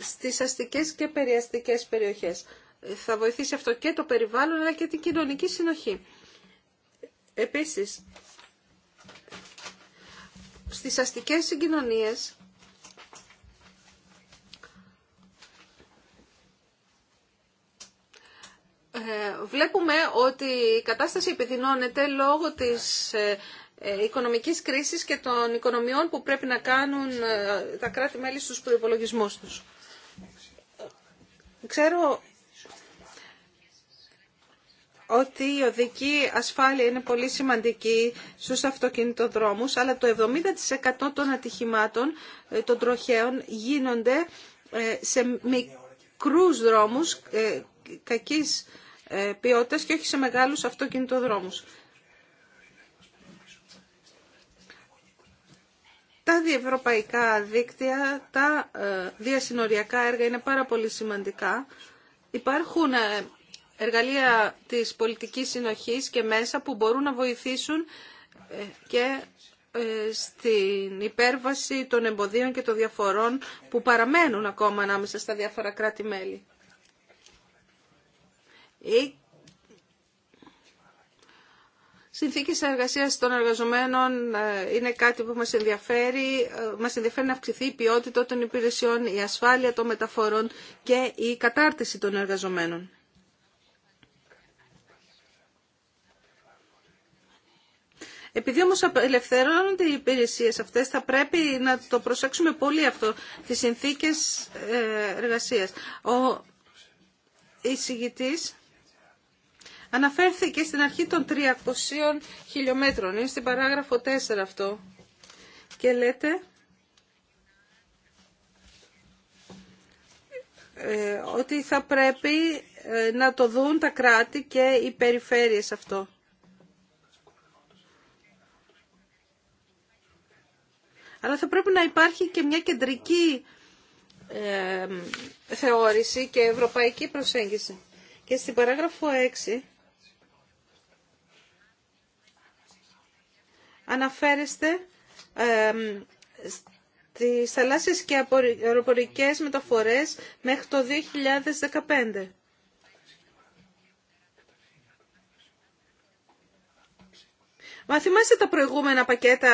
στις αστικές και περιαστικές περιοχές. Θα βοηθήσει αυτό και το περιβάλλον αλλά και την κοινωνική συνοχή. Επίσης, στις αστικές συγκοινωνίες Ε, βλέπουμε ότι η κατάσταση επιδεινώνεται λόγω της ε, ε, οικονομικής κρίσης και των οικονομιών που πρέπει να κάνουν τα κράτη-μέλη στους προϋπολογισμούς τους. Ξέρω ότι η οδική ασφάλεια είναι πολύ σημαντική στους αυτοκινητοδρόμους, αλλά το 70% των ατυχημάτων των τροχαίων γίνονται σε μικρούς δρόμους κακής ε, και όχι σε μεγάλου αυτοκινητοδρόμους. Τα διευρωπαϊκά δίκτυα, τα ε, διασυνοριακά έργα είναι πάρα πολύ σημαντικά. Υπάρχουν ε, εργαλεία της πολιτικής συνοχής και μέσα που μπορούν να βοηθήσουν και στην υπέρβαση των εμποδίων και των διαφορών που παραμένουν ακόμα ανάμεσα στα διάφορα κράτη-μέλη. Οι συνθήκες των εργαζομένων ε, είναι κάτι που μα ενδιαφέρει. Ε, μα ενδιαφέρει να αυξηθεί η ποιότητα των υπηρεσιών, η ασφάλεια των μεταφορών και η κατάρτιση των εργαζομένων. Επειδή όμως απελευθερώνονται οι υπηρεσίες αυτές, θα πρέπει να το προσέξουμε πολύ αυτό, τις συνθήκες ε, εργασίας. Ο εισηγητής Αναφέρθηκε στην αρχή των 300 χιλιόμετρων. Είναι στην παράγραφο 4 αυτό. Και λέτε ε, ότι θα πρέπει ε, να το δουν τα κράτη και οι περιφέρειες αυτό. Αλλά θα πρέπει να υπάρχει και μια κεντρική ε, θεώρηση και ευρωπαϊκή προσέγγιση. Και στην παράγραφο 6 αναφέρεστε στις θαλάσσιες και αεροπορικές μεταφορές μέχρι το 2015. Μα θυμάστε τα προηγούμενα πακέτα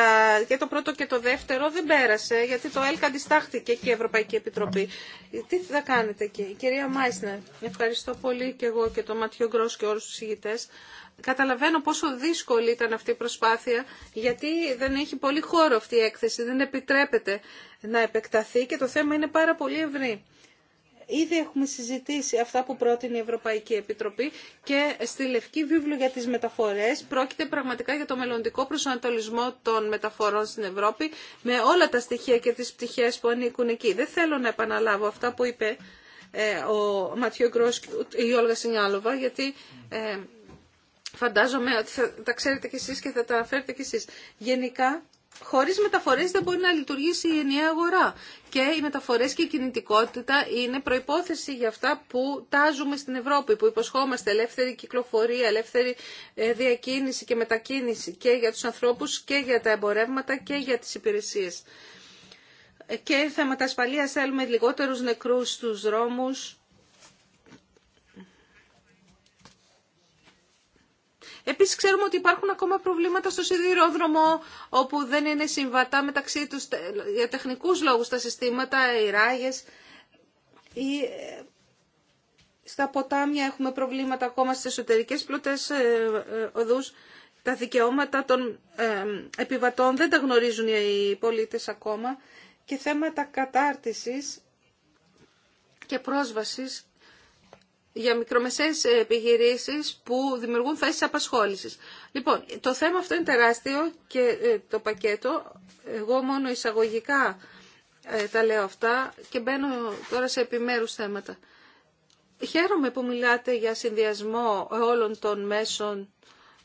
και το πρώτο και το δεύτερο δεν πέρασε γιατί το ΕΛΚ αντιστάχθηκε και η Ευρωπαϊκή Επιτροπή. Τι θα κάνετε εκεί. κυρία Μάισνερ, ευχαριστώ πολύ και εγώ και το Ματιό Γκρό και όλους τους ηγητές. Καταλαβαίνω πόσο δύσκολη ήταν αυτή η προσπάθεια γιατί δεν έχει πολύ χώρο αυτή η έκθεση, δεν επιτρέπεται να επεκταθεί και το θέμα είναι πάρα πολύ ευρύ. Ήδη έχουμε συζητήσει αυτά που πρότεινε η Ευρωπαϊκή Επιτροπή και στη Λευκή Βίβλο για τις μεταφορές πρόκειται πραγματικά για το μελλοντικό προσανατολισμό των μεταφορών στην Ευρώπη με όλα τα στοιχεία και τις πτυχές που ανήκουν εκεί. Δεν θέλω να επαναλάβω αυτά που είπε ε, ο Ματιό Γκρός και η Όλγα Σινιάλοβα γιατί ε, φαντάζομαι ότι θα τα ξέρετε κι εσείς και θα τα αναφέρετε κι εσείς. Γενικά χωρίς μεταφορές δεν μπορεί να λειτουργήσει η ενιαία αγορά. Και οι μεταφορές και η κινητικότητα είναι προϋπόθεση για αυτά που τάζουμε στην Ευρώπη, που υποσχόμαστε ελεύθερη κυκλοφορία, ελεύθερη ε, διακίνηση και μετακίνηση και για τους ανθρώπους και για τα εμπορεύματα και για τις υπηρεσίες. Ε, και θέματα ασφαλείας θέλουμε λιγότερους νεκρούς στους δρόμους ξέρουμε ότι υπάρχουν ακόμα προβλήματα στο σιδηρόδρομο όπου δεν είναι συμβατά μεταξύ του για τεχνικούς λόγου, τα συστήματα, οι ράγες. Ή... Ε, στα ποτάμια έχουμε προβλήματα ακόμα στις εσωτερικές πλωτές ε, ε, οδούς. Τα δικαιώματα των επιβατών δεν τα γνωρίζουν οι πολίτες ακόμα και θέματα κατάρτισης και πρόσβασης για μικρομεσαίες ε, επιχειρήσεις που δημιουργούν θέσεις απασχόλησης. Λοιπόν, το θέμα αυτό είναι τεράστιο και ε, το πακέτο, εγώ μόνο εισαγωγικά ε, τα λέω αυτά και μπαίνω τώρα σε επιμέρους θέματα. Χαίρομαι που μιλάτε για συνδυασμό όλων των μέσων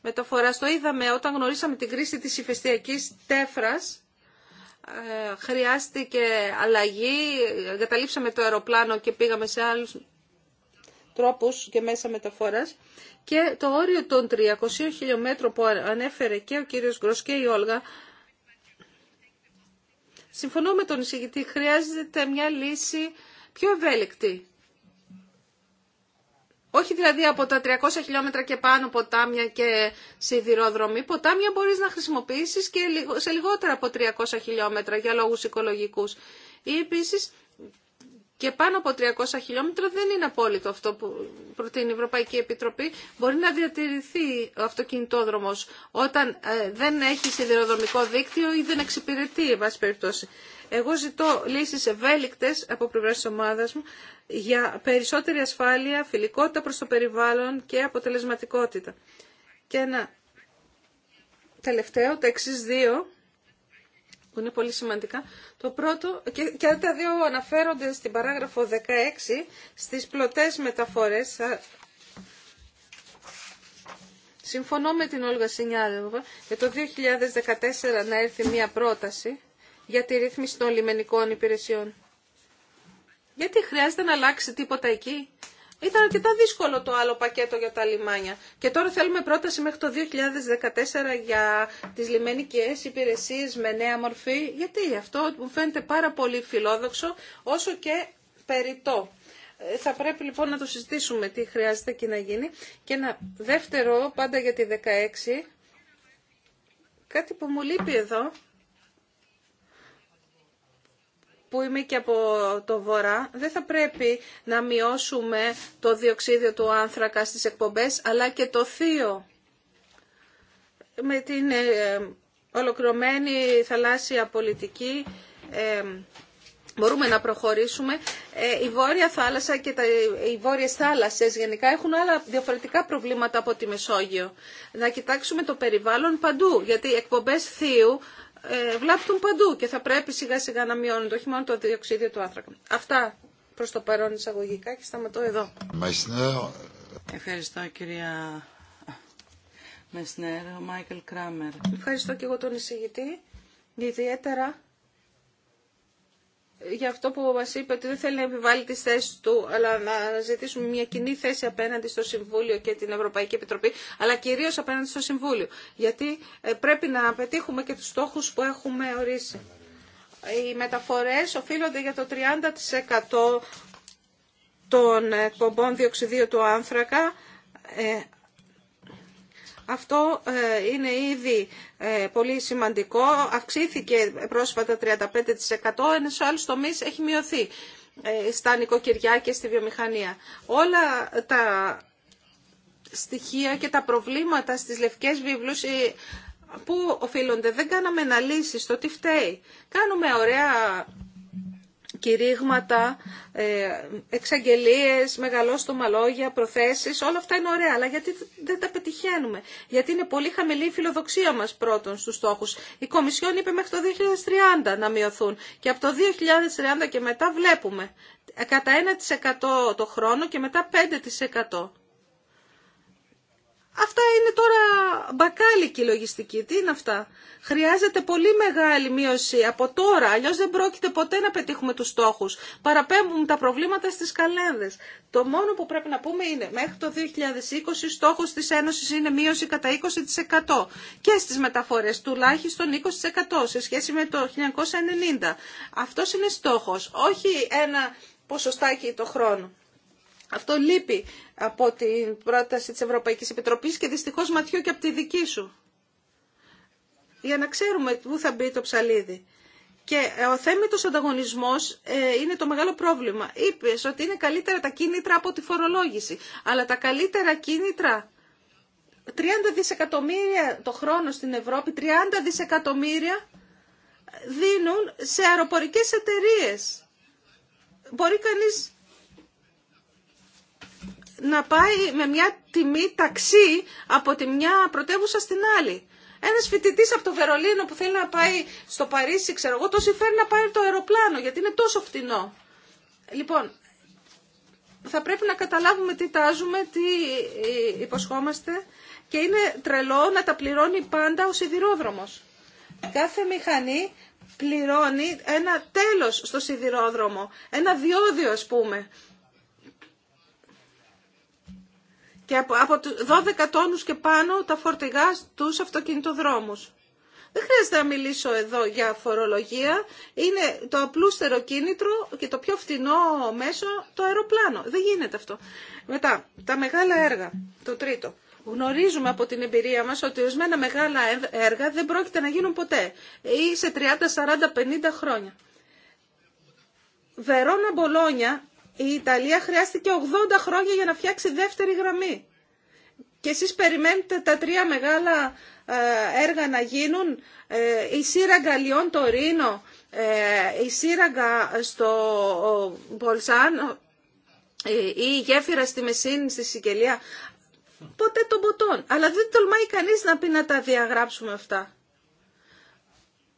μεταφοράς. Το είδαμε όταν γνωρίσαμε την κρίση της ηφαιστειακής τέφρας, χρειάστηκε αλλαγή, εγκαταλείψαμε το αεροπλάνο και πήγαμε σε άλλους τρόπους και μέσα μεταφοράς και το όριο των 300 χιλιόμετρων που ανέφερε και ο κύριος Γκρος και η Όλγα συμφωνώ με τον εισηγητή χρειάζεται μια λύση πιο ευέλικτη όχι δηλαδή από τα 300 χιλιόμετρα και πάνω ποτάμια και σιδηρόδρομοι. Ποτάμια μπορείς να χρησιμοποιήσεις και σε λιγότερα από 300 χιλιόμετρα για λόγους οικολογικούς. Ή επίσης και πάνω από 300 χιλιόμετρα δεν είναι απόλυτο αυτό που προτείνει η Ευρωπαϊκή Επιτροπή. Μπορεί να διατηρηθεί ο αυτοκινητόδρομος όταν ε, δεν έχει σιδηροδρομικό δίκτυο ή δεν εξυπηρετεί, εν πάση περιπτώσει. Εγώ ζητώ λύσεις ευέλικτε από πλευρά τη ομάδα μου για περισσότερη ασφάλεια, φιλικότητα προς το περιβάλλον και αποτελεσματικότητα. Και ένα τελευταίο, τα εξής δύο, που είναι πολύ σημαντικά. Το πρώτο, και, και τα δύο αναφέρονται στην παράγραφο 16, στις πλωτές μεταφορές. Συμφωνώ με την Όλγα Σινιάδευα για το 2014 να έρθει μια πρόταση για τη ρύθμιση των λιμενικών υπηρεσιών. Γιατί χρειάζεται να αλλάξει τίποτα εκεί. Ήταν αρκετά δύσκολο το άλλο πακέτο για τα λιμάνια. Και τώρα θέλουμε πρόταση μέχρι το 2014 για τις λιμενικές υπηρεσίες με νέα μορφή. Γιατί αυτό μου φαίνεται πάρα πολύ φιλόδοξο όσο και περιττό. Ε, θα πρέπει λοιπόν να το συζητήσουμε τι χρειάζεται και να γίνει. Και ένα δεύτερο, πάντα για τη 16, κάτι που μου λείπει εδώ, που είμαι και από το Βορρά, δεν θα πρέπει να μειώσουμε το διοξίδιο του άνθρακα στις εκπομπές, αλλά και το θείο. Με την ε, ολοκληρωμένη θαλάσσια πολιτική ε, μπορούμε να προχωρήσουμε. Ε, η Βόρεια Θάλασσα και οι Βόρειες Θάλασσες γενικά έχουν άλλα διαφορετικά προβλήματα από τη Μεσόγειο. Να κοιτάξουμε το περιβάλλον παντού, γιατί οι εκπομπές θείου ε, βλάπτουν παντού και θα πρέπει σιγά σιγά να μειώνουν όχι μόνο το διοξίδιο του άνθρακα. Αυτά προς το παρόν εισαγωγικά και σταματώ εδώ. Ευχαριστώ κυρία Μεσνέρ, ο Μάικλ Κράμερ. Ευχαριστώ και εγώ τον εισηγητή, ιδιαίτερα για αυτό που μα είπε ότι δεν θέλει να επιβάλλει τι θέσεις του, αλλά να ζητήσουμε μια κοινή θέση απέναντι στο Συμβούλιο και την Ευρωπαϊκή Επιτροπή, αλλά κυρίως απέναντι στο Συμβούλιο, γιατί ε, πρέπει να πετύχουμε και τους στόχους που έχουμε ορίσει. Οι μεταφορές οφείλονται για το 30% των εκπομπών διοξιδίου του άνθρακα, ε, αυτό ε, είναι ήδη ε, πολύ σημαντικό. Αυξήθηκε πρόσφατα 35%, ενώ σε άλλους τομείς έχει μειωθεί ε, στα νοικοκυριά και στη βιομηχανία. Όλα τα στοιχεία και τα προβλήματα στις λευκές βίβλους που οφείλονται δεν κάναμε αναλύσεις στο τι φταίει. Κάνουμε ωραία κηρύγματα, ε, εξαγγελίες, μεγαλόστομα λόγια, προθέσεις, όλα αυτά είναι ωραία, αλλά γιατί δεν τα πετυχαίνουμε. Γιατί είναι πολύ χαμηλή η φιλοδοξία μας πρώτον στους στόχους. Η Κομισιόν είπε μέχρι το 2030 να μειωθούν και από το 2030 και μετά βλέπουμε ε, κατά 1% το χρόνο και μετά 5%. Αυτά είναι τώρα μπακάλικη λογιστική. Τι είναι αυτά. Χρειάζεται πολύ μεγάλη μείωση από τώρα, αλλιώ δεν πρόκειται ποτέ να πετύχουμε του στόχου. Παραπέμπουν τα προβλήματα στι καλένδε. Το μόνο που πρέπει να πούμε είναι μέχρι το 2020 στόχο τη Ένωση είναι μείωση κατά 20% και στι μεταφορέ τουλάχιστον 20% σε σχέση με το 1990. Αυτό είναι στόχο, όχι ένα ποσοστάκι το χρόνο. Αυτό λείπει από την πρόταση της Ευρωπαϊκής Επιτροπής και δυστυχώς ματιού και από τη δική σου. Για να ξέρουμε πού θα μπει το ψαλίδι. Και ε, ο θέμητος ανταγωνισμός ε, είναι το μεγάλο πρόβλημα. Είπες ότι είναι καλύτερα τα κίνητρα από τη φορολόγηση. Αλλά τα καλύτερα κίνητρα 30 δισεκατομμύρια το χρόνο στην Ευρώπη, 30 δισεκατομμύρια δίνουν σε αεροπορικές εταιρείες. Μπορεί κανείς να πάει με μια τιμή ταξί από τη μια πρωτεύουσα στην άλλη. Ένα φοιτητή από το Βερολίνο που θέλει να πάει στο Παρίσι, ξέρω εγώ, το να πάει το αεροπλάνο γιατί είναι τόσο φτηνό. Λοιπόν, θα πρέπει να καταλάβουμε τι τάζουμε, τι υποσχόμαστε και είναι τρελό να τα πληρώνει πάντα ο σιδηρόδρομος. Κάθε μηχανή πληρώνει ένα τέλος στο σιδηρόδρομο, ένα διόδιο ας πούμε, και από, από 12 τόνους και πάνω τα φορτηγά στους αυτοκινητοδρόμους. Δεν χρειάζεται να μιλήσω εδώ για φορολογία. Είναι το απλούστερο κίνητρο και το πιο φθηνό μέσο το αεροπλάνο. Δεν γίνεται αυτό. Μετά, τα μεγάλα έργα. Το τρίτο. Γνωρίζουμε από την εμπειρία μας ότι ορισμένα μεγάλα έργα δεν πρόκειται να γίνουν ποτέ. Ή σε 30, 40, 50 χρόνια. Βερόνα Μπολόνια η Ιταλία χρειάστηκε 80 χρόνια για να φτιάξει δεύτερη γραμμή. Και εσείς περιμένετε τα τρία μεγάλα ε, έργα να γίνουν. Ε, η σύραγγα Λιών το Ρίνο, ε, η σύραγγα στο Πολσάν, η γέφυρα στη Μεσίνη, στη Σικελία. Ποτέ τον ποτόν. Αλλά δεν τολμάει κανείς να πει να τα διαγράψουμε αυτά.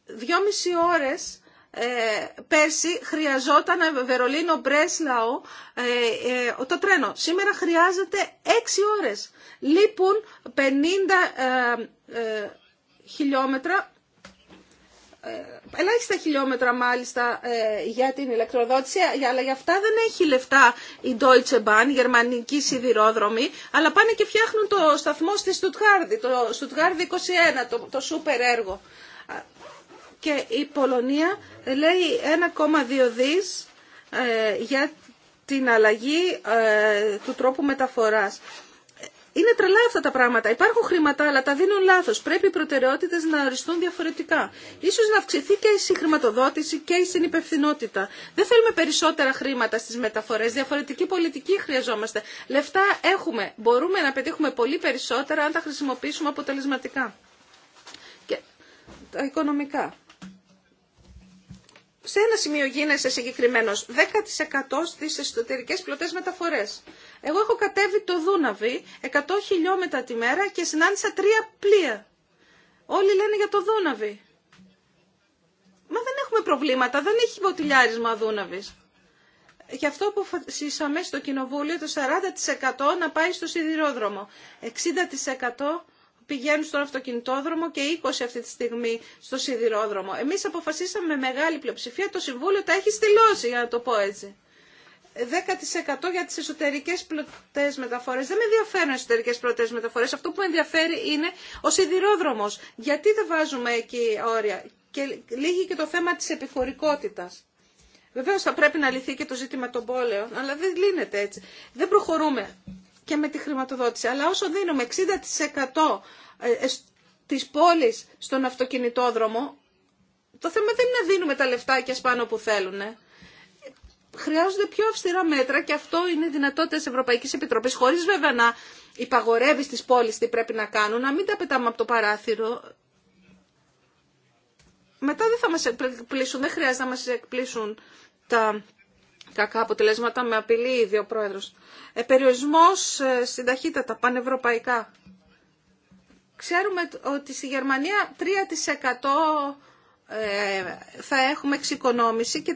Δυόμιση ώρες ε, πέρσι χρειαζόταν Βερολίνο Μπρέσλαο ε, ε, το τρένο. Σήμερα χρειάζεται 6 ώρες. Λείπουν 50 χιλιόμετρα ελάχιστα χιλιόμετρα μάλιστα για την ηλεκτροδότηση, αλλά για αυτά δεν έχει λεφτά η Deutsche Bahn, η γερμανική σιδηρόδρομη, αλλά πάνε και φτιάχνουν το σταθμό στη Στουτγάρδη, το Στουτγάρδη 21, το, το σούπερ έργο και η Πολωνία λέει 1,2 δις ε, για την αλλαγή ε, του τρόπου μεταφοράς. Είναι τρελά αυτά τα πράγματα. Υπάρχουν χρήματα, αλλά τα δίνουν λάθο. Πρέπει οι προτεραιότητε να οριστούν διαφορετικά. σω να αυξηθεί και η συγχρηματοδότηση και η συνυπευθυνότητα. Δεν θέλουμε περισσότερα χρήματα στι μεταφορέ. Διαφορετική πολιτική χρειαζόμαστε. Λεφτά έχουμε. Μπορούμε να πετύχουμε πολύ περισσότερα αν τα χρησιμοποιήσουμε αποτελεσματικά. Και τα οικονομικά σε ένα σημείο γίνεσαι συγκεκριμένο 10% στι εσωτερικέ πλωτέ μεταφορέ. Εγώ έχω κατέβει το Δούναβι 100 χιλιόμετρα τη μέρα και συνάντησα τρία πλοία. Όλοι λένε για το Δούναβι. Μα δεν έχουμε προβλήματα, δεν έχει ποτηλιάρισμα Δούναβη. Γι' αυτό αποφασίσαμε στο Κοινοβούλιο το 40% να πάει στο σιδηρόδρομο. 60% πηγαίνουν στον αυτοκινητόδρομο και 20 αυτή τη στιγμή στο σιδηρόδρομο. Εμείς αποφασίσαμε με μεγάλη πλειοψηφία, το Συμβούλιο τα έχει στελώσει, για να το πω έτσι. 10% για τις εσωτερικές πλωτές μεταφορές. Δεν με ενδιαφέρουν εσωτερικές πλωτές μεταφορές. Αυτό που με ενδιαφέρει είναι ο σιδηρόδρομος. Γιατί δεν βάζουμε εκεί όρια. Και λύγει και το θέμα της επιχωρικότητας. Βεβαίως θα πρέπει να λυθεί και το ζήτημα των πόλεων, αλλά δεν λύνεται έτσι. Δεν προχωρούμε και με τη χρηματοδότηση. Αλλά όσο δίνουμε 60% ε, ε, της πόλης στον αυτοκινητόδρομο, το θέμα δεν είναι να δίνουμε τα λεφτάκια σπάνω που θέλουν. Ε. Χρειάζονται πιο αυστηρά μέτρα και αυτό είναι δυνατότητα της Ευρωπαϊκής Επιτροπής, χωρίς βέβαια να υπαγορεύει στις πόλεις τι πρέπει να κάνουν, να μην τα πετάμε από το παράθυρο. Μετά δεν θα μας εκπλήσουν, δεν χρειάζεται να μας εκπλήσουν τα κακά αποτελέσματα με απειλή ήδη ο πρόεδρος. Ε, περιορισμός ε, στην τα πανευρωπαϊκά. Ξέρουμε ότι στη Γερμανία 3% ε, θα έχουμε εξοικονόμηση και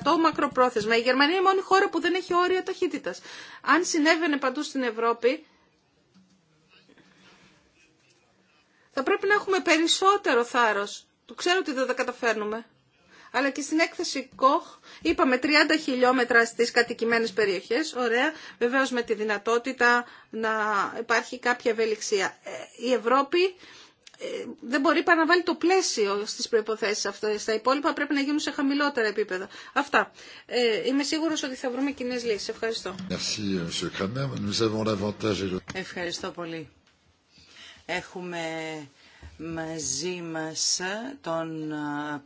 30% μακροπρόθεσμα. Η Γερμανία είναι η μόνη χώρα που δεν έχει όρια ταχύτητας. Αν συνέβαινε παντού στην Ευρώπη, θα πρέπει να έχουμε περισσότερο θάρρος. Το ξέρω ότι δεν τα καταφέρνουμε αλλά και στην έκθεση ΚΟΧ είπαμε 30 χιλιόμετρα στις κατοικημένες περιοχές, ωραία, βεβαίως με τη δυνατότητα να υπάρχει κάποια ευελιξία. Ε, η Ευρώπη ε, δεν μπορεί παρά να βάλει το πλαίσιο στις προϋποθέσεις αυτές. Τα υπόλοιπα πρέπει να γίνουν σε χαμηλότερα επίπεδα. Αυτά. Ε, είμαι σίγουρος ότι θα βρούμε κοινέ λύσεις. Ευχαριστώ. Euh, Ευχαριστώ πολύ. Έχουμε μαζί μας τον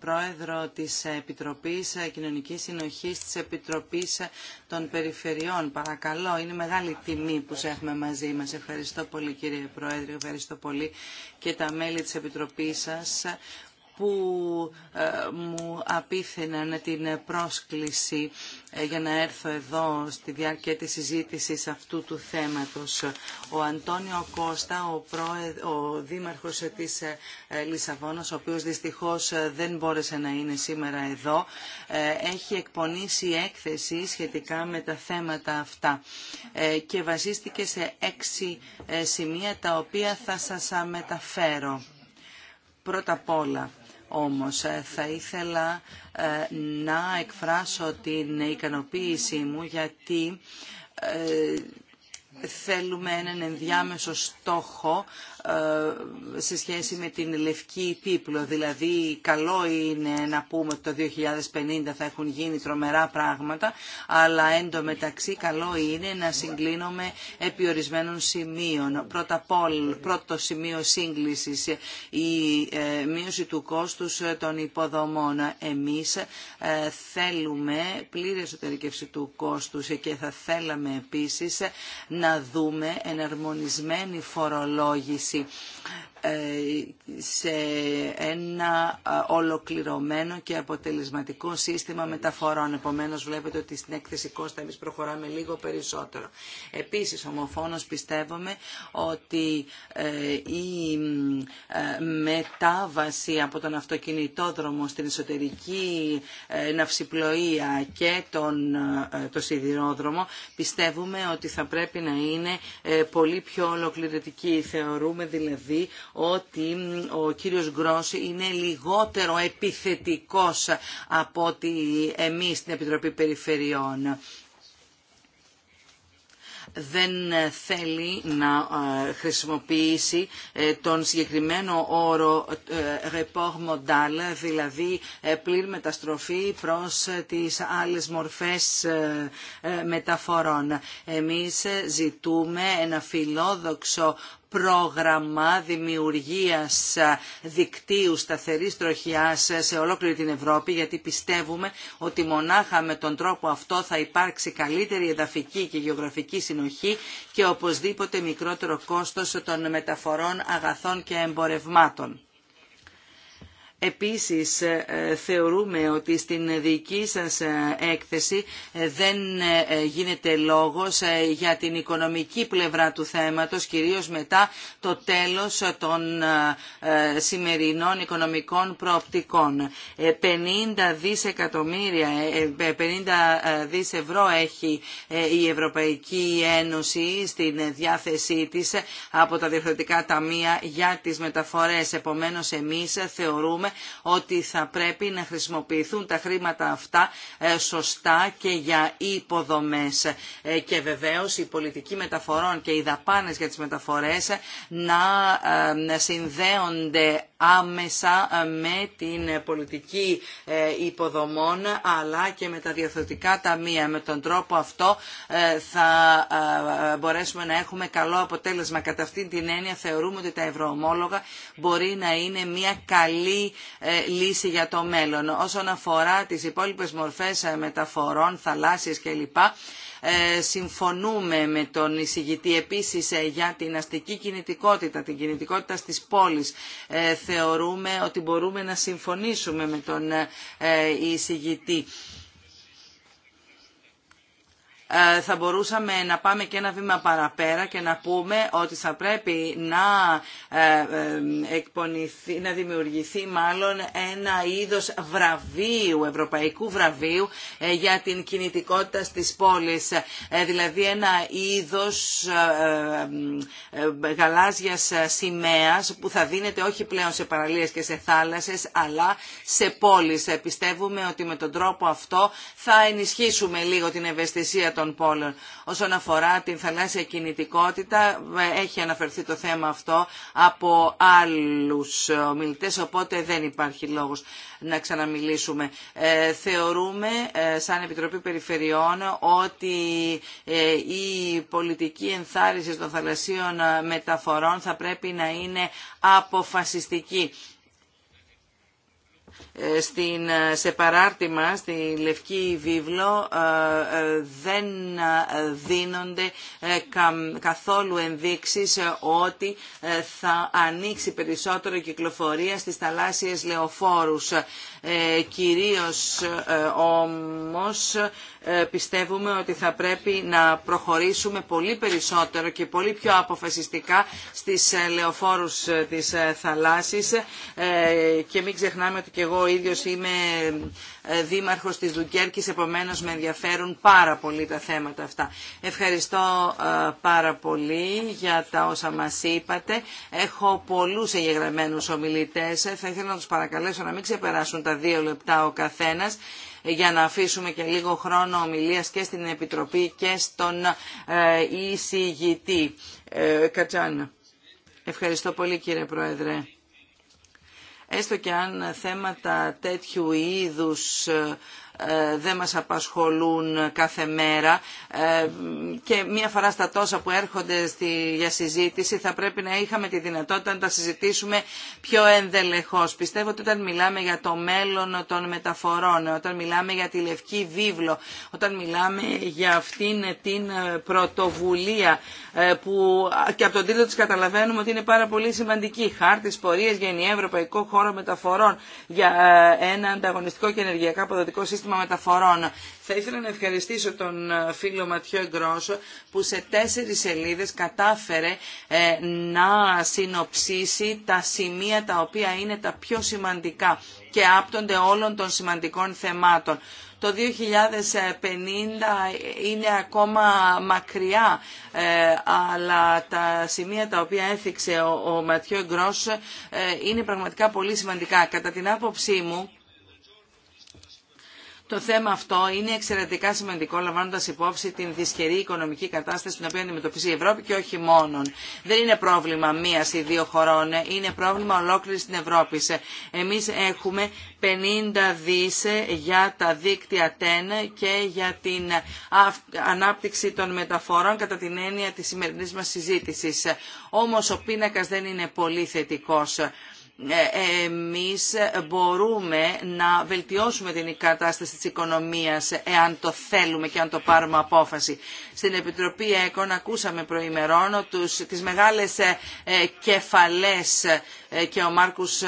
πρόεδρο της Επιτροπής Κοινωνικής Συνοχής της Επιτροπής των Περιφερειών. Παρακαλώ, είναι μεγάλη τιμή που σε έχουμε μαζί μας. Ευχαριστώ πολύ κύριε Πρόεδρε, ευχαριστώ πολύ και τα μέλη της Επιτροπής σας που ε, μου απίθυναν την πρόσκληση ε, για να έρθω εδώ στη διάρκεια της συζήτησης αυτού του θέματος. Ο Αντώνιο Κώστα, ο, ο δήμαρχος της ε, Λισαβόνας, ο οποίος δυστυχώς δεν μπόρεσε να είναι σήμερα εδώ, έχει εκπονήσει έκθεση σχετικά με τα θέματα αυτά και βασίστηκε σε έξι σημεία τα οποία θα σας μεταφέρω. Πρώτα απ' όλα, όμως ε, θα ήθελα ε, να εκφράσω την ικανοποίησή μου γιατί ε, θέλουμε έναν ενδιάμεσο στόχο ε, σε σχέση με την λευκή πίπλο. Δηλαδή, καλό είναι να πούμε ότι το 2050 θα έχουν γίνει τρομερά πράγματα, αλλά εντωμεταξύ καλό είναι να συγκλίνουμε επί ορισμένων σημείων. Πρώτα απ' πρώτο σημείο σύγκλησης, η ε, μείωση του κόστους ε, των υποδομών. Εμείς θέλουμε πλήρη εσωτερικεύση του κόστους και θα θέλαμε επίσης να δούμε εναρμονισμένη φορολόγηση σε ένα ολοκληρωμένο και αποτελεσματικό σύστημα μεταφορών. Επομένως βλέπετε ότι στην έκθεση Κώστα εμείς προχωράμε λίγο περισσότερο. Επίσης ομοφόνος πιστεύουμε ότι ε, η ε, μετάβαση από τον αυτοκινητόδρομο στην εσωτερική ε, ναυσιπλοεία και τον, το σιδηρόδρομο πιστεύουμε ότι θα πρέπει να είναι πολύ πιο ολοκληρωτική. Θεωρούμε δηλαδή ότι ο κύριος Γκρός είναι λιγότερο επιθετικός από ότι εμείς στην Επιτροπή Περιφερειών δεν θέλει να ε, χρησιμοποιήσει ε, τον συγκεκριμένο όρο ε, «report modal», δηλαδή πλήρη μεταστροφή προς τις άλλες μορφές μεταφορών. Εμείς ζητούμε ένα φιλόδοξο πρόγραμμα δημιουργίας δικτύου σταθερής τροχιάς σε ολόκληρη την Ευρώπη γιατί πιστεύουμε ότι μονάχα με τον τρόπο αυτό θα υπάρξει καλύτερη εδαφική και γεωγραφική συνοχή και οπωσδήποτε μικρότερο κόστος των μεταφορών αγαθών και εμπορευμάτων. Επίσης ε, θεωρούμε ότι στην δική σας ε, έκθεση ε, δεν γίνεται λόγος για την οικονομική πλευρά του θέματος, κυρίως μετά το τέλος των σημερινών οικονομικών προοπτικών. 50 δισεκατομμύρια, 50 δις ευρώ έχει η Ευρωπαϊκή Ένωση στην διάθεσή της από τα διευθυντικά ταμεία για τις μεταφορές. Επομένως εμείς θεωρούμε ότι θα πρέπει να χρησιμοποιηθούν τα χρήματα αυτά ε, σωστά και για υποδομές. Ε, και βεβαίως η πολιτική μεταφορών και οι δαπάνες για τις μεταφορές ε, να συνδέονται άμεσα ε, με την πολιτική ε, υποδομών αλλά και με τα διαθωτικά ταμεία. Με τον τρόπο αυτό ε, θα μπορέσουμε να έχουμε καλό αποτέλεσμα. Κατά αυτήν την έννοια θεωρούμε ότι τα ευρωομόλογα μπορεί να είναι μια καλή λύση για το μέλλον. Όσον αφορά τις υπόλοιπες μορφές μεταφορών, θαλάσσιες κλπ. Ε, συμφωνούμε με τον εισηγητή επίσης ε, για την αστική κινητικότητα, την κινητικότητα στις πόλεις. Ε, θεωρούμε ότι μπορούμε να συμφωνήσουμε με τον εισηγητή. Ε, θα μπορούσαμε να πάμε και ένα βήμα παραπέρα και να πούμε ότι θα πρέπει να ε, ε, εκπονηθεί, να δημιουργηθεί μάλλον ένα είδος βραβείου, ευρωπαϊκού βραβείου για την κινητικότητα στις πόλεις. Δηλαδή ένα είδος γαλάζιας σημαίας που θα δίνεται όχι πλέον σε παραλίες και σε θάλασσες αλλά σε πόλεις. Πιστεύουμε ότι με τον τρόπο αυτό θα ενισχύσουμε λίγο την ευαισθησία Όσον αφορά την θαλάσσια κινητικότητα, ε, έχει αναφερθεί το θέμα αυτό από άλλους ομιλητές, οπότε δεν υπάρχει λόγος να ξαναμιλήσουμε. Ε, θεωρούμε, ε, σαν Επιτροπή Περιφερειών, ότι η πολιτική ενθάρρυνση των θαλασσίων μεταφορών θα πρέπει να είναι αποφασιστική ε, στην, ε, σε παράρτημα στη Λευκή Βίβλο ε, δεν δίνονται καθόλου ενδείξεις ότι θα ανοίξει περισσότερο κυκλοφορία στις θαλάσσιες λεωφόρους. Κυρίως όμως ε, πιστεύουμε ότι θα πρέπει να προχωρήσουμε πολύ περισσότερο και πολύ πιο αποφασιστικά στις ε, λεωφόρους ε, της θαλάσσης και μην ξεχνάμε ότι και εγώ ίδιος είμαι δήμαρχος της Δουκέρκης, επομένως με ενδιαφέρουν πάρα πολύ τα θέματα αυτά. Ευχαριστώ πάρα πολύ για τα όσα μας είπατε. Έχω πολλούς εγγεγραμμένους ομιλητές. Θα ήθελα να τους παρακαλέσω να μην ξεπεράσουν τα δύο λεπτά ο καθένας για να αφήσουμε και λίγο χρόνο ομιλίας και στην Επιτροπή και στον ε, εισηγητή ε, Κατσάν. Ευχαριστώ πολύ κύριε Πρόεδρε. Έστω και αν θέματα τέτοιου είδους ε, ε, δεν μας απασχολούν κάθε μέρα ε, και μία φορά στα τόσα που έρχονται στη, για συζήτηση θα πρέπει να είχαμε τη δυνατότητα να τα συζητήσουμε πιο ενδελεχώς. Πιστεύω ότι όταν μιλάμε για το μέλλον των μεταφορών, όταν μιλάμε για τη Λευκή Βίβλο, όταν μιλάμε για αυτήν την πρωτοβουλία ε, που και από τον τίτλο της καταλαβαίνουμε ότι είναι πάρα πολύ σημαντική. Χάρτης πορεία για ενιαίο ευρωπαϊκό χώρο μεταφορών, για ένα ανταγωνιστικό και ενεργειακά αποδοτικό σύστημα μεταφορών. Θα ήθελα να ευχαριστήσω τον ε, φίλο Ματιό Γκρόσο που σε τέσσερις σελίδες κατάφερε ε, να συνοψίσει τα σημεία τα οποία είναι τα πιο σημαντικά και άπτονται όλων των σημαντικών θεμάτων. Το 2050 είναι ακόμα μακριά, ε, αλλά τα σημεία τα οποία έθιξε ο Ματιό Γκρός είναι πραγματικά πολύ σημαντικά. Κατά την άποψή μου, το θέμα αυτό είναι εξαιρετικά σημαντικό, λαμβάνοντα υπόψη την δυσχερή οικονομική κατάσταση στην οποία αντιμετωπίζει η Ευρώπη και όχι μόνον. Δεν είναι πρόβλημα μία ή δύο χωρών, είναι πρόβλημα ολόκληρη την Ευρώπη. Εμεί έχουμε 50 δι για τα δίκτυα TEN και για την ανάπτυξη των μεταφορών κατά την έννοια τη σημερινή μα συζήτηση. Όμω ο πίνακα δεν είναι πολύ θετικό. Ε, εμείς μπορούμε να βελτιώσουμε την κατάσταση της οικονομίας εάν το θέλουμε και αν το πάρουμε απόφαση. Στην Επιτροπή ΕΚΟΝ ακούσαμε προημερών τους, τις μεγάλες ε, ε, κεφαλές και ο Μάρκους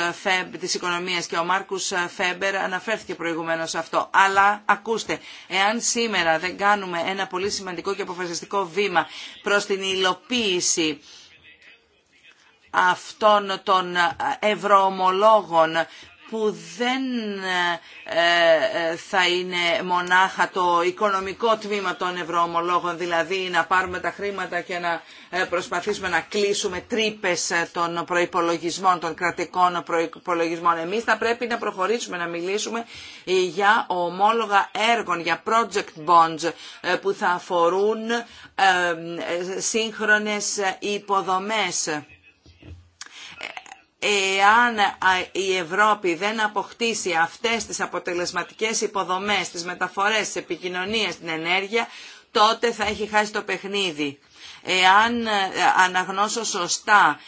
της οικονομίας και ο Μάρκους Φέμπερ αναφέρθηκε προηγουμένως αυτό. Αλλά ακούστε, εάν σήμερα δεν κάνουμε ένα πολύ σημαντικό και αποφασιστικό βήμα προς την υλοποίηση αυτών των ευρωομολόγων που δεν ε, ε, θα είναι μονάχα το οικονομικό τμήμα των ευρωομολόγων, δηλαδή να πάρουμε τα χρήματα και να ε, προσπαθήσουμε να κλείσουμε τρύπε των προϋπολογισμών, των κρατικών προϋπολογισμών. Εμείς θα πρέπει να προχωρήσουμε να μιλήσουμε για ομόλογα έργων, για project bonds που θα αφορούν σύγχρονες υποδομές εάν η Ευρώπη δεν αποκτήσει αυτές τις αποτελεσματικές υποδομές, τις μεταφορές, τις επικοινωνίες, την ενέργεια, τότε θα έχει χάσει το παιχνίδι. Εάν ε, αναγνώσω σωστά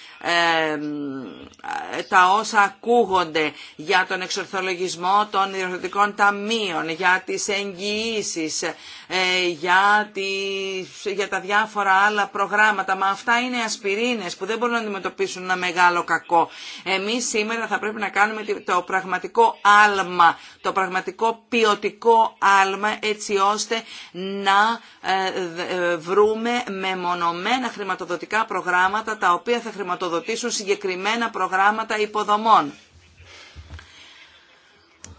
τα όσα ακούγονται για τον εξορθολογισμό των ιδιωτικών ταμείων, για τις εγγυήσει, ε, για, για τα διάφορα άλλα προγράμματα. Μα αυτά είναι ασπιρίνες που δεν μπορούν να αντιμετωπίσουν ένα μεγάλο κακό. Εμείς σήμερα θα πρέπει να κάνουμε το πραγματικό άλμα, το πραγματικό ποιοτικό άλμα έτσι ώστε να ε, ε, βρούμε μεμονωμένα χρηματοδοτικά προγράμματα τα οποία θα χρηματοδοτήσουν χρηματοδοτήσουν συγκεκριμένα προγράμματα υποδομών.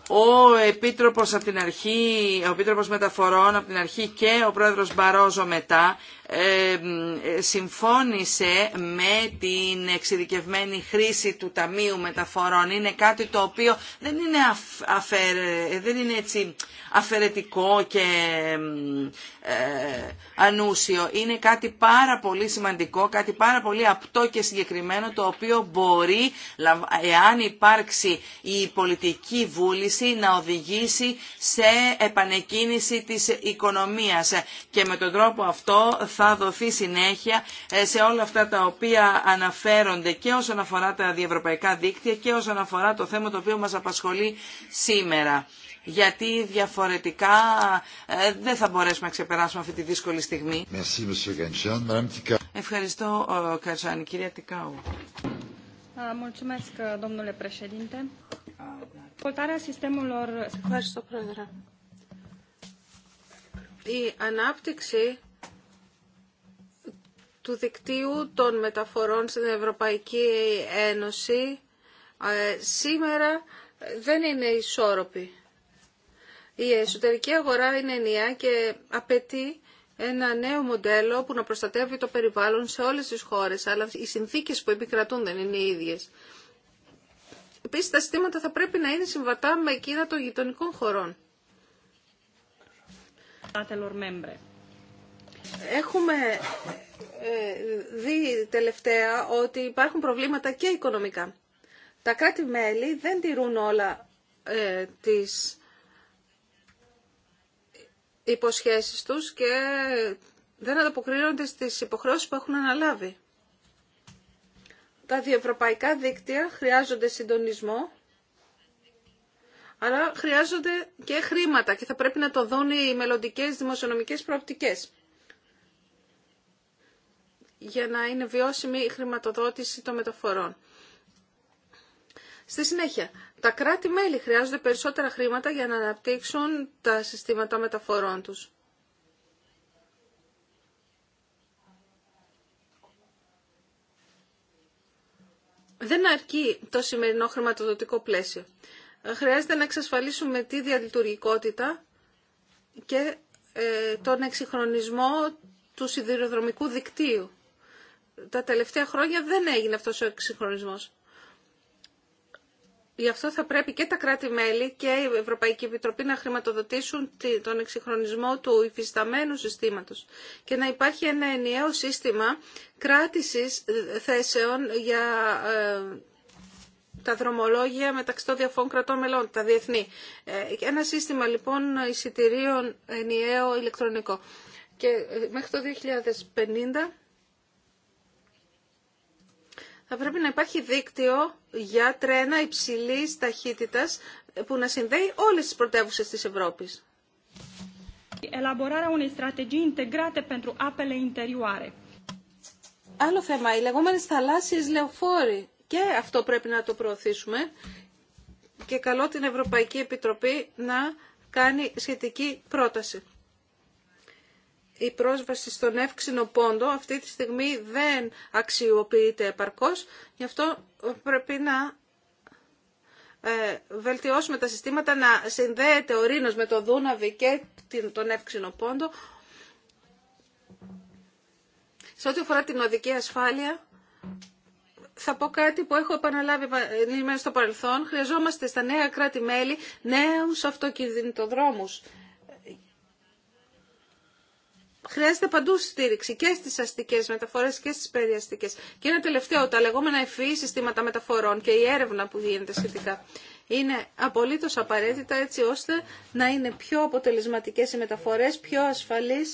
Ο Επίτροπος, από την αρχή, ο Επίτροπος Μεταφορών από την αρχή και ο Πρόεδρος Μπαρόζο μετά ε, συμφώνησε με την εξειδικευμένη χρήση του Ταμείου Μεταφορών. Είναι κάτι το οποίο δεν είναι, αφαιρε, δεν είναι έτσι αφαιρετικό και ε, ανούσιο. Είναι κάτι πάρα πολύ σημαντικό, κάτι πάρα πολύ απτό και συγκεκριμένο το οποίο μπορεί, εάν υπάρξει η πολιτική βούληση, να οδηγήσει σε επανεκκίνηση της οικονομίας. Και με τον τρόπο αυτό θα δοθεί συνέχεια ε, σε όλα αυτά τα οποία αναφέρονται και όσον αφορά τα διευρωπαϊκά δίκτυα και όσον αφορά το θέμα το οποίο μας απασχολεί σήμερα. Γιατί διαφορετικά ε, δεν θα μπορέσουμε να ξεπεράσουμε αυτή τη δύσκολη στιγμή. Ευχαριστώ, ε, Καρσάνη. Κυρία Τικάου. Η ανάπτυξη του δικτύου των μεταφορών στην Ευρωπαϊκή Ένωση ε, σήμερα δεν είναι ισόρροπη. Η εσωτερική αγορά είναι ενιαία και απαιτεί ένα νέο μοντέλο που να προστατεύει το περιβάλλον σε όλες τις χώρες, αλλά οι συνθήκες που επικρατούν δεν είναι οι ίδιες. Επίσης τα συστήματα θα πρέπει να είναι συμβατά με εκείνα των γειτονικών χωρών. Έχουμε ε, δει τελευταία ότι υπάρχουν προβλήματα και οικονομικά. Τα κράτη-μέλη δεν τηρούν όλα ε, τις υποσχέσεις τους και δεν ανταποκρίνονται στις υποχρεώσεις που έχουν αναλάβει. Τα διευρωπαϊκά δίκτυα χρειάζονται συντονισμό, αλλά χρειάζονται και χρήματα και θα πρέπει να το δουν οι μελλοντικές δημοσιονομικές προοπτικές για να είναι βιώσιμη η χρηματοδότηση των μεταφορών. Στη συνέχεια, τα κράτη-μέλη χρειάζονται περισσότερα χρήματα για να αναπτύξουν τα συστήματα μεταφορών τους. Δεν αρκεί το σημερινό χρηματοδοτικό πλαίσιο. Χρειάζεται να εξασφαλίσουμε τη διαλειτουργικότητα και ε, τον εξυγχρονισμό του σιδηροδρομικού δικτύου τα τελευταία χρόνια δεν έγινε αυτός ο εξυγχρονισμός. Γι' αυτό θα πρέπει και τα κράτη-μέλη και η Ευρωπαϊκή Επιτροπή να χρηματοδοτήσουν τον εξυγχρονισμό του υφισταμένου συστήματος και να υπάρχει ένα ενιαίο σύστημα κράτησης ε, θέσεων για ε, τα δρομολόγια μεταξύ των διαφόρων κρατών μελών, τα διεθνή. Ε, ένα σύστημα λοιπόν εισιτηρίων ενιαίο ηλεκτρονικό. Και μέχρι το 2050 θα πρέπει να υπάρχει δίκτυο για τρένα υψηλής ταχύτητας που να συνδέει όλες τις πρωτεύουσες της Ευρώπης. Άλλο θέμα, οι λεγόμενες θαλάσσιες λεωφόροι. Και αυτό πρέπει να το προωθήσουμε και καλό την Ευρωπαϊκή Επιτροπή να κάνει σχετική πρόταση η πρόσβαση στον εύξηνο πόντο αυτή τη στιγμή δεν αξιοποιείται επαρκώς, γι' αυτό πρέπει να ε, βελτιώσουμε τα συστήματα, να συνδέεται ο με το Δούναβι και τον εύξηνο πόντο. Σε ό,τι αφορά την οδική ασφάλεια, θα πω κάτι που έχω επαναλάβει μέσα στο παρελθόν. Χρειαζόμαστε στα νέα κράτη-μέλη νέους αυτοκινητοδρόμους Χρειάζεται παντού στήριξη και στις αστικές μεταφορές και στις περιαστικές. Και ένα τελευταίο, τα λεγόμενα ευφυή e συστήματα μεταφορών και η έρευνα που γίνεται σχετικά είναι απολύτω απαραίτητα έτσι ώστε να είναι πιο αποτελεσματικές οι μεταφορές, πιο ασφαλεί.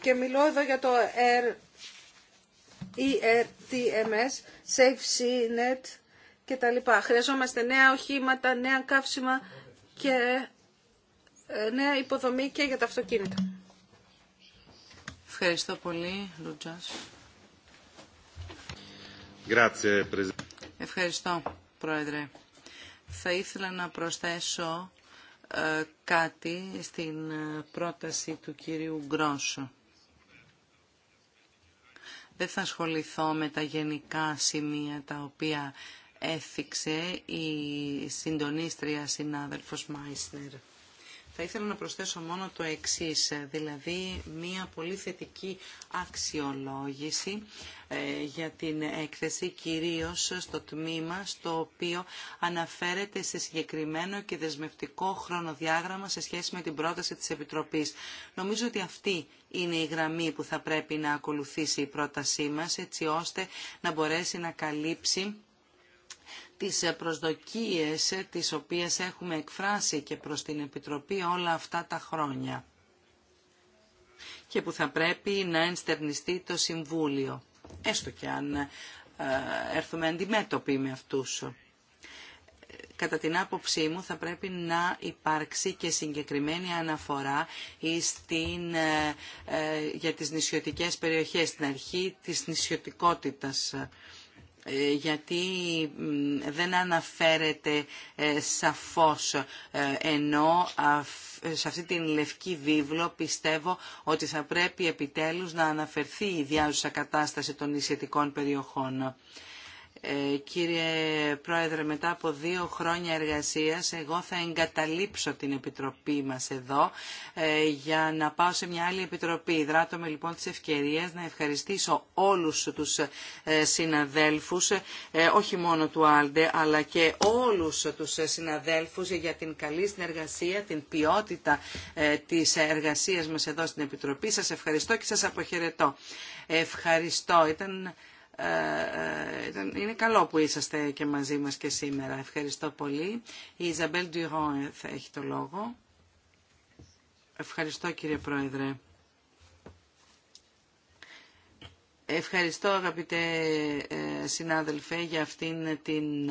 Και μιλώ εδώ για το R, ERTMS, Safe Sea Net και τα λοιπά. Χρειαζόμαστε νέα οχήματα, νέα καύσιμα και ε, νέα υποδομή και για τα αυτοκίνητα. Ευχαριστώ πολύ, Λουτζάς. Ευχαριστώ, Πρόεδρε. Θα ήθελα να προσθέσω ε, κάτι στην ε, πρόταση του κυρίου Γκρόσο. Δεν θα ασχοληθώ με τα γενικά σημεία τα οποία έθιξε η συντονίστρια συνάδελφος Μάισνερ. Θα ήθελα να προσθέσω μόνο το εξής, ε, δηλαδή μία πολύ θετική αξιολόγηση ε, για την έκθεση κυρίως στο τμήμα στο οποίο αναφέρεται σε συγκεκριμένο και δεσμευτικό χρονοδιάγραμμα σε σχέση με την πρόταση της Επιτροπής. Νομίζω ότι αυτή είναι η γραμμή που θα πρέπει να ακολουθήσει η πρότασή μας έτσι ώστε να μπορέσει να καλύψει τις ε, προσδοκίες ε, τις οποίες έχουμε εκφράσει και προς την Επιτροπή όλα αυτά τα χρόνια και που θα πρέπει να ενστερνιστεί το Συμβούλιο, έστω και αν ε, έρθουμε αντιμέτωποι με αυτούς. Κατά την άποψή μου θα πρέπει να υπάρξει και συγκεκριμένη αναφορά στην, για τις νησιωτικές περιοχές, στην αρχή της νησιωτικότητας. Ε, γιατί δεν αναφέρεται ε, σαφώς ε, ενώ σε αυτή την λευκή βίβλο πιστεύω ότι θα πρέπει επιτέλους να αναφερθεί η διάζουσα κατάσταση των νησιωτικών περιοχών. Ε, κύριε Πρόεδρε, μετά από δύο χρόνια εργασίας, εγώ θα εγκαταλείψω την Επιτροπή μας εδώ ε, για να πάω σε μια άλλη Επιτροπή. Δράτομαι με λοιπόν τις ευκαιρίες να ευχαριστήσω όλους τους ε, συναδέλφους, όχι μόνο του Άλντε, αλλά και όλους τους συναδέλφους για την καλή συνεργασία, την ποιότητα της εργασίας μας εδώ στην Επιτροπή. Σας ευχαριστώ και σας αποχαιρετώ. Ευχαριστώ. Ε, ε, είναι καλό που είσαστε και μαζί μας και σήμερα. Ευχαριστώ πολύ. Η Ιζαμπέλ Ντουιρόν θα έχει το λόγο. Ευχαριστώ κύριε Πρόεδρε. Ευχαριστώ αγαπητέ ε, συνάδελφε για αυτήν την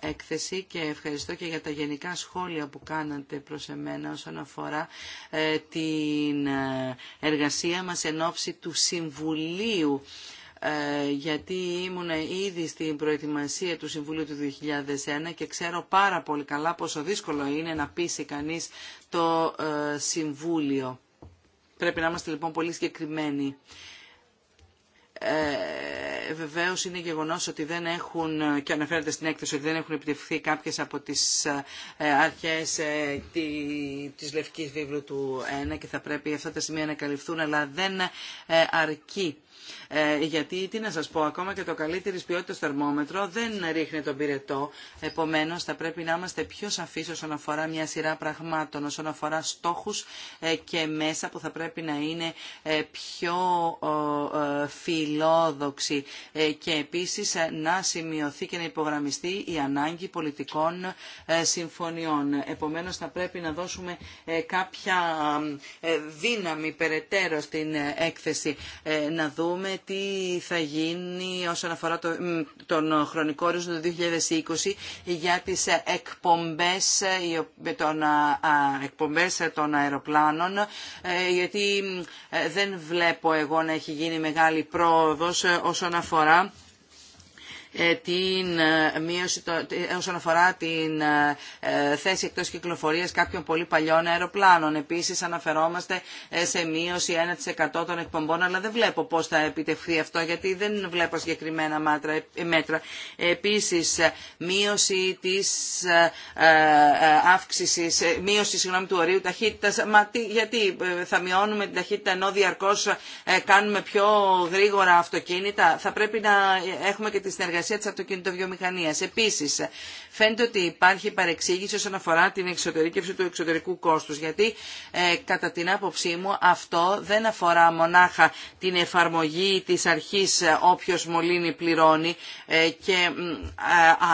έκθεση και ευχαριστώ και για τα γενικά σχόλια που κάνατε προς εμένα όσον αφορά την εργασία μας εν ώψη του Συμβουλίου ε, γιατί ήμουν ήδη στην προετοιμασία του Συμβουλίου του 2001 και ξέρω πάρα πολύ καλά πόσο δύσκολο είναι να πείσει κανείς το ε, Συμβούλιο. Πρέπει να είμαστε λοιπόν πολύ συγκεκριμένοι. Ε, βεβαίως είναι γεγονός ότι δεν έχουν, και αναφέρεται στην έκθεση, ότι δεν έχουν επιτευχθεί κάποιες από τις ε, αρχές της Λευκής Βίβλου του 1 και θα πρέπει αυτά τα σημεία να καλυφθούν, αλλά δεν αρκεί ε, γιατί, τι να σας πω, ακόμα και το καλύτερη ποιότητα θερμόμετρο δεν ρίχνει τον πυρετό. Επομένως, θα πρέπει να είμαστε πιο σαφείς όσον αφορά μια σειρά πραγμάτων, όσον αφορά στόχους ε, και μέσα που θα πρέπει να είναι ε, πιο φιλόδοξοι και επίσης να σημειωθεί και να υπογραμμιστεί η ανάγκη πολιτικών συμφωνιών. Επομένως, θα πρέπει να δώσουμε κάποια δύναμη περαιτέρω στην έκθεση, να δούμε δούμε τι θα γίνει όσον αφορά το, τον χρονικό όριο του 2020 για τις εκπομπές των, εκπομπές των αεροπλάνων ε, γιατί ε, δεν βλέπω εγώ να έχει γίνει μεγάλη πρόοδος ε, όσον αφορά ε, την ε, μείωση όσον αφορά την ε, θέση εκτός κυκλοφορίας κάποιων πολύ παλιών αεροπλάνων. Επίσης αναφερόμαστε σε μείωση 1% των εκπομπών, αλλά δεν βλέπω πώς θα επιτευχθεί αυτό, γιατί δεν βλέπω συγκεκριμένα μέτρα. Επίσης, μείωση της αύξησης, μείωση συγγνώμη, του ορίου ταχύτητας, μα γιατί θα μειώνουμε την ταχύτητα ενώ διαρκώς κάνουμε πιο γρήγορα αυτοκίνητα. Θα πρέπει να έχουμε και τη συνεργασία εργασία της αυτοκινητοβιομηχανίας. Επίσης, φαίνεται ότι υπάρχει παρεξήγηση όσον αφορά την εξωτερήκευση του εξωτερικού κόστους, γιατί ε, κατά την άποψή μου αυτό δεν αφορά μονάχα την εφαρμογή της αρχής ε, όποιος μολύνει πληρώνει, ε, και,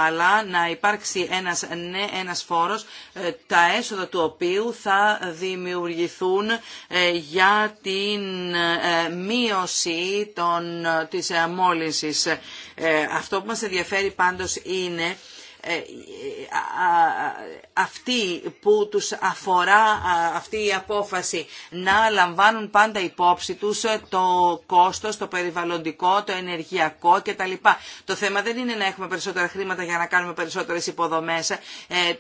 αλλά να υπάρξει ένας, ναι, ένας φόρος, τα έσοδα του οποίου θα δημιουργηθούν για την μείωση των, της μόλυνσης. Αυτό που μας ενδιαφέρει πάντως είναι ε, ε, αυτή που τους αφορά αυτή η απόφαση να λαμβάνουν πάντα υπόψη τους ε, το κόστος, το περιβαλλοντικό, το ενεργειακό κτλ. Το θέμα δεν είναι να έχουμε περισσότερα χρήματα για να κάνουμε περισσότερες υποδομές.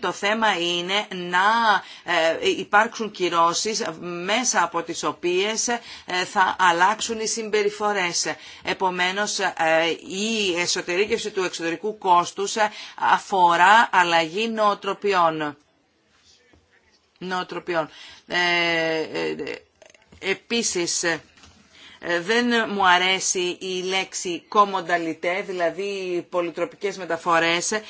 Το θέμα είναι να υπάρξουν κυρώσεις μέσα από τις οποίες θα αλλάξουν οι συμπεριφορές. Επομένως, η εσωτερήκευση του εξωτερικού κόστους αφορά αλλαγή νοοτροπιών. νοοτροπιών. Ε, ε, ε επίσης, ε, δεν μου αρέσει η λέξη commodalité, δηλαδή πολυτροπικές μεταφορές. Ε,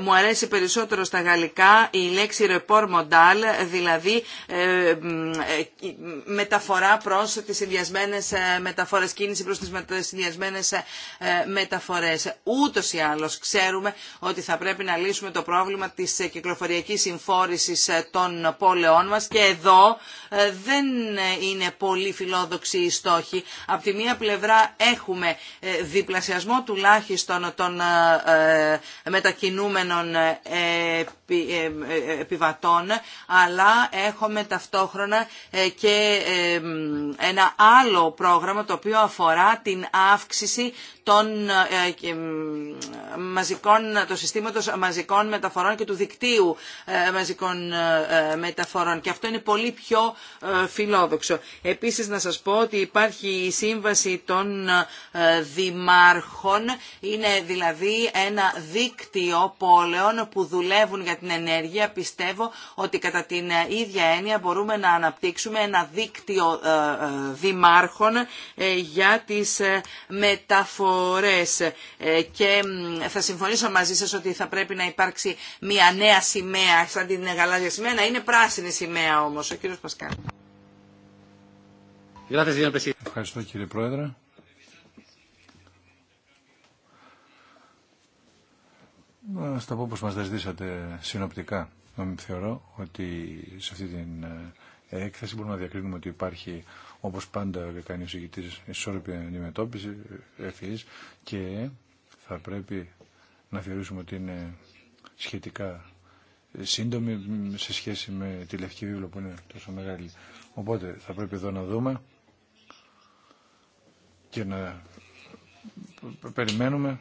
μου αρέσει περισσότερο στα γαλλικά η λέξη report modal, δηλαδή ε, μεταφορά προς τις συνδυασμένες μεταφορές, κίνηση προς τις συνδυασμένες μεταφορές. Ούτως ή άλλως ξέρουμε ότι θα πρέπει να λύσουμε το πρόβλημα της κυκλοφοριακής συμφόρησης των πόλεων μας και εδώ δεν είναι πολύ φιλόδοξη η στόχη από τη μία πλευρά έχουμε ε, διπλασιασμό τουλάχιστον των ε, ε, μετακινούμενων επιβατών, αλλά έχουμε ταυτόχρονα και ένα άλλο πρόγραμμα το οποίο αφορά την αύξηση των, μαζικών, το συστήματος μαζικών μεταφορών και του δικτύου μαζικών μεταφορών. Και αυτό είναι πολύ πιο φιλόδοξο. Επίσης να σας πω ότι υπάρχει η σύμβαση των ε, δημάρχων είναι δηλαδή ένα δίκτυο πόλεων που δουλεύουν για την ενέργεια. Πιστεύω ότι κατά την ε, ίδια έννοια μπορούμε να αναπτύξουμε ένα δίκτυο ε, δημάρχων για τις μεταφορές και θα συμφωνήσω μαζί σας ότι θα πρέπει να υπάρξει μια νέα σημαία σαν την γαλάζια σημαία να είναι πράσινη σημαία όμως ο κύριος Πασκάλ. Ευχαριστώ κύριε Πρόεδρε. Στα πω όπως μας δεσδίσατε συνοπτικά. συνοπτικά. Θεωρώ ότι σε αυτή την ε, έκθεση μπορούμε να διακρίνουμε ότι υπάρχει όπως πάντα κάνει ο συγκητής ισόρροπη αντιμετώπιση ευφυής και θα πρέπει να θεωρήσουμε ότι είναι σχετικά σύντομη σε σχέση με τη Λευκή Βίβλο που είναι τόσο μεγάλη. Οπότε θα πρέπει εδώ να δούμε και να περιμένουμε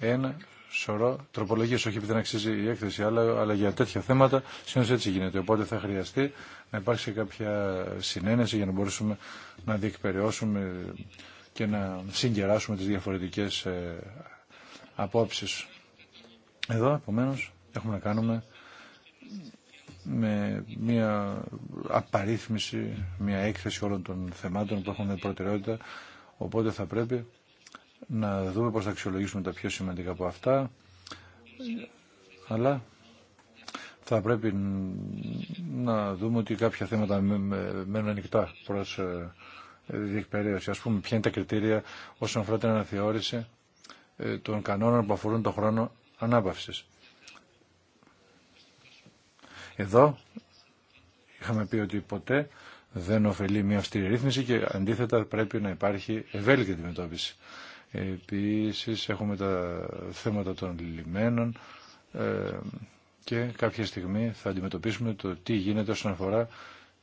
ένα σωρό τροπολογίες, όχι επειδή δεν αξίζει η έκθεση, αλλά, αλλά για τέτοια θέματα συνήθως έτσι γίνεται. Οπότε θα χρειαστεί να υπάρξει κάποια συνένεση για να μπορέσουμε να διεκπεριώσουμε και να συγκεράσουμε τις διαφορετικές ε, απόψεις. Εδώ, επομένω, έχουμε να κάνουμε με μια απαρίθμηση, μια έκθεση όλων των θεμάτων που έχουν προτεραιότητα Οπότε θα πρέπει να δούμε πώς θα αξιολογήσουμε τα πιο σημαντικά από αυτά, αλλά θα πρέπει να δούμε ότι κάποια θέματα μένουν ανοιχτά προς ε, διεκπαιρέωση. Ας πούμε, ποια είναι τα κριτήρια όσον αφορά την αναθεώρηση ε, των κανόνων που αφορούν τον χρόνο ανάπαυσης. Εδώ είχαμε πει ότι ποτέ δεν ωφελεί μια αυστηρή ρύθμιση και αντίθετα πρέπει να υπάρχει ευέλικτη αντιμετώπιση. Επίσης έχουμε τα θέματα των λιμένων ε, και κάποια στιγμή θα αντιμετωπίσουμε το τι γίνεται όσον αφορά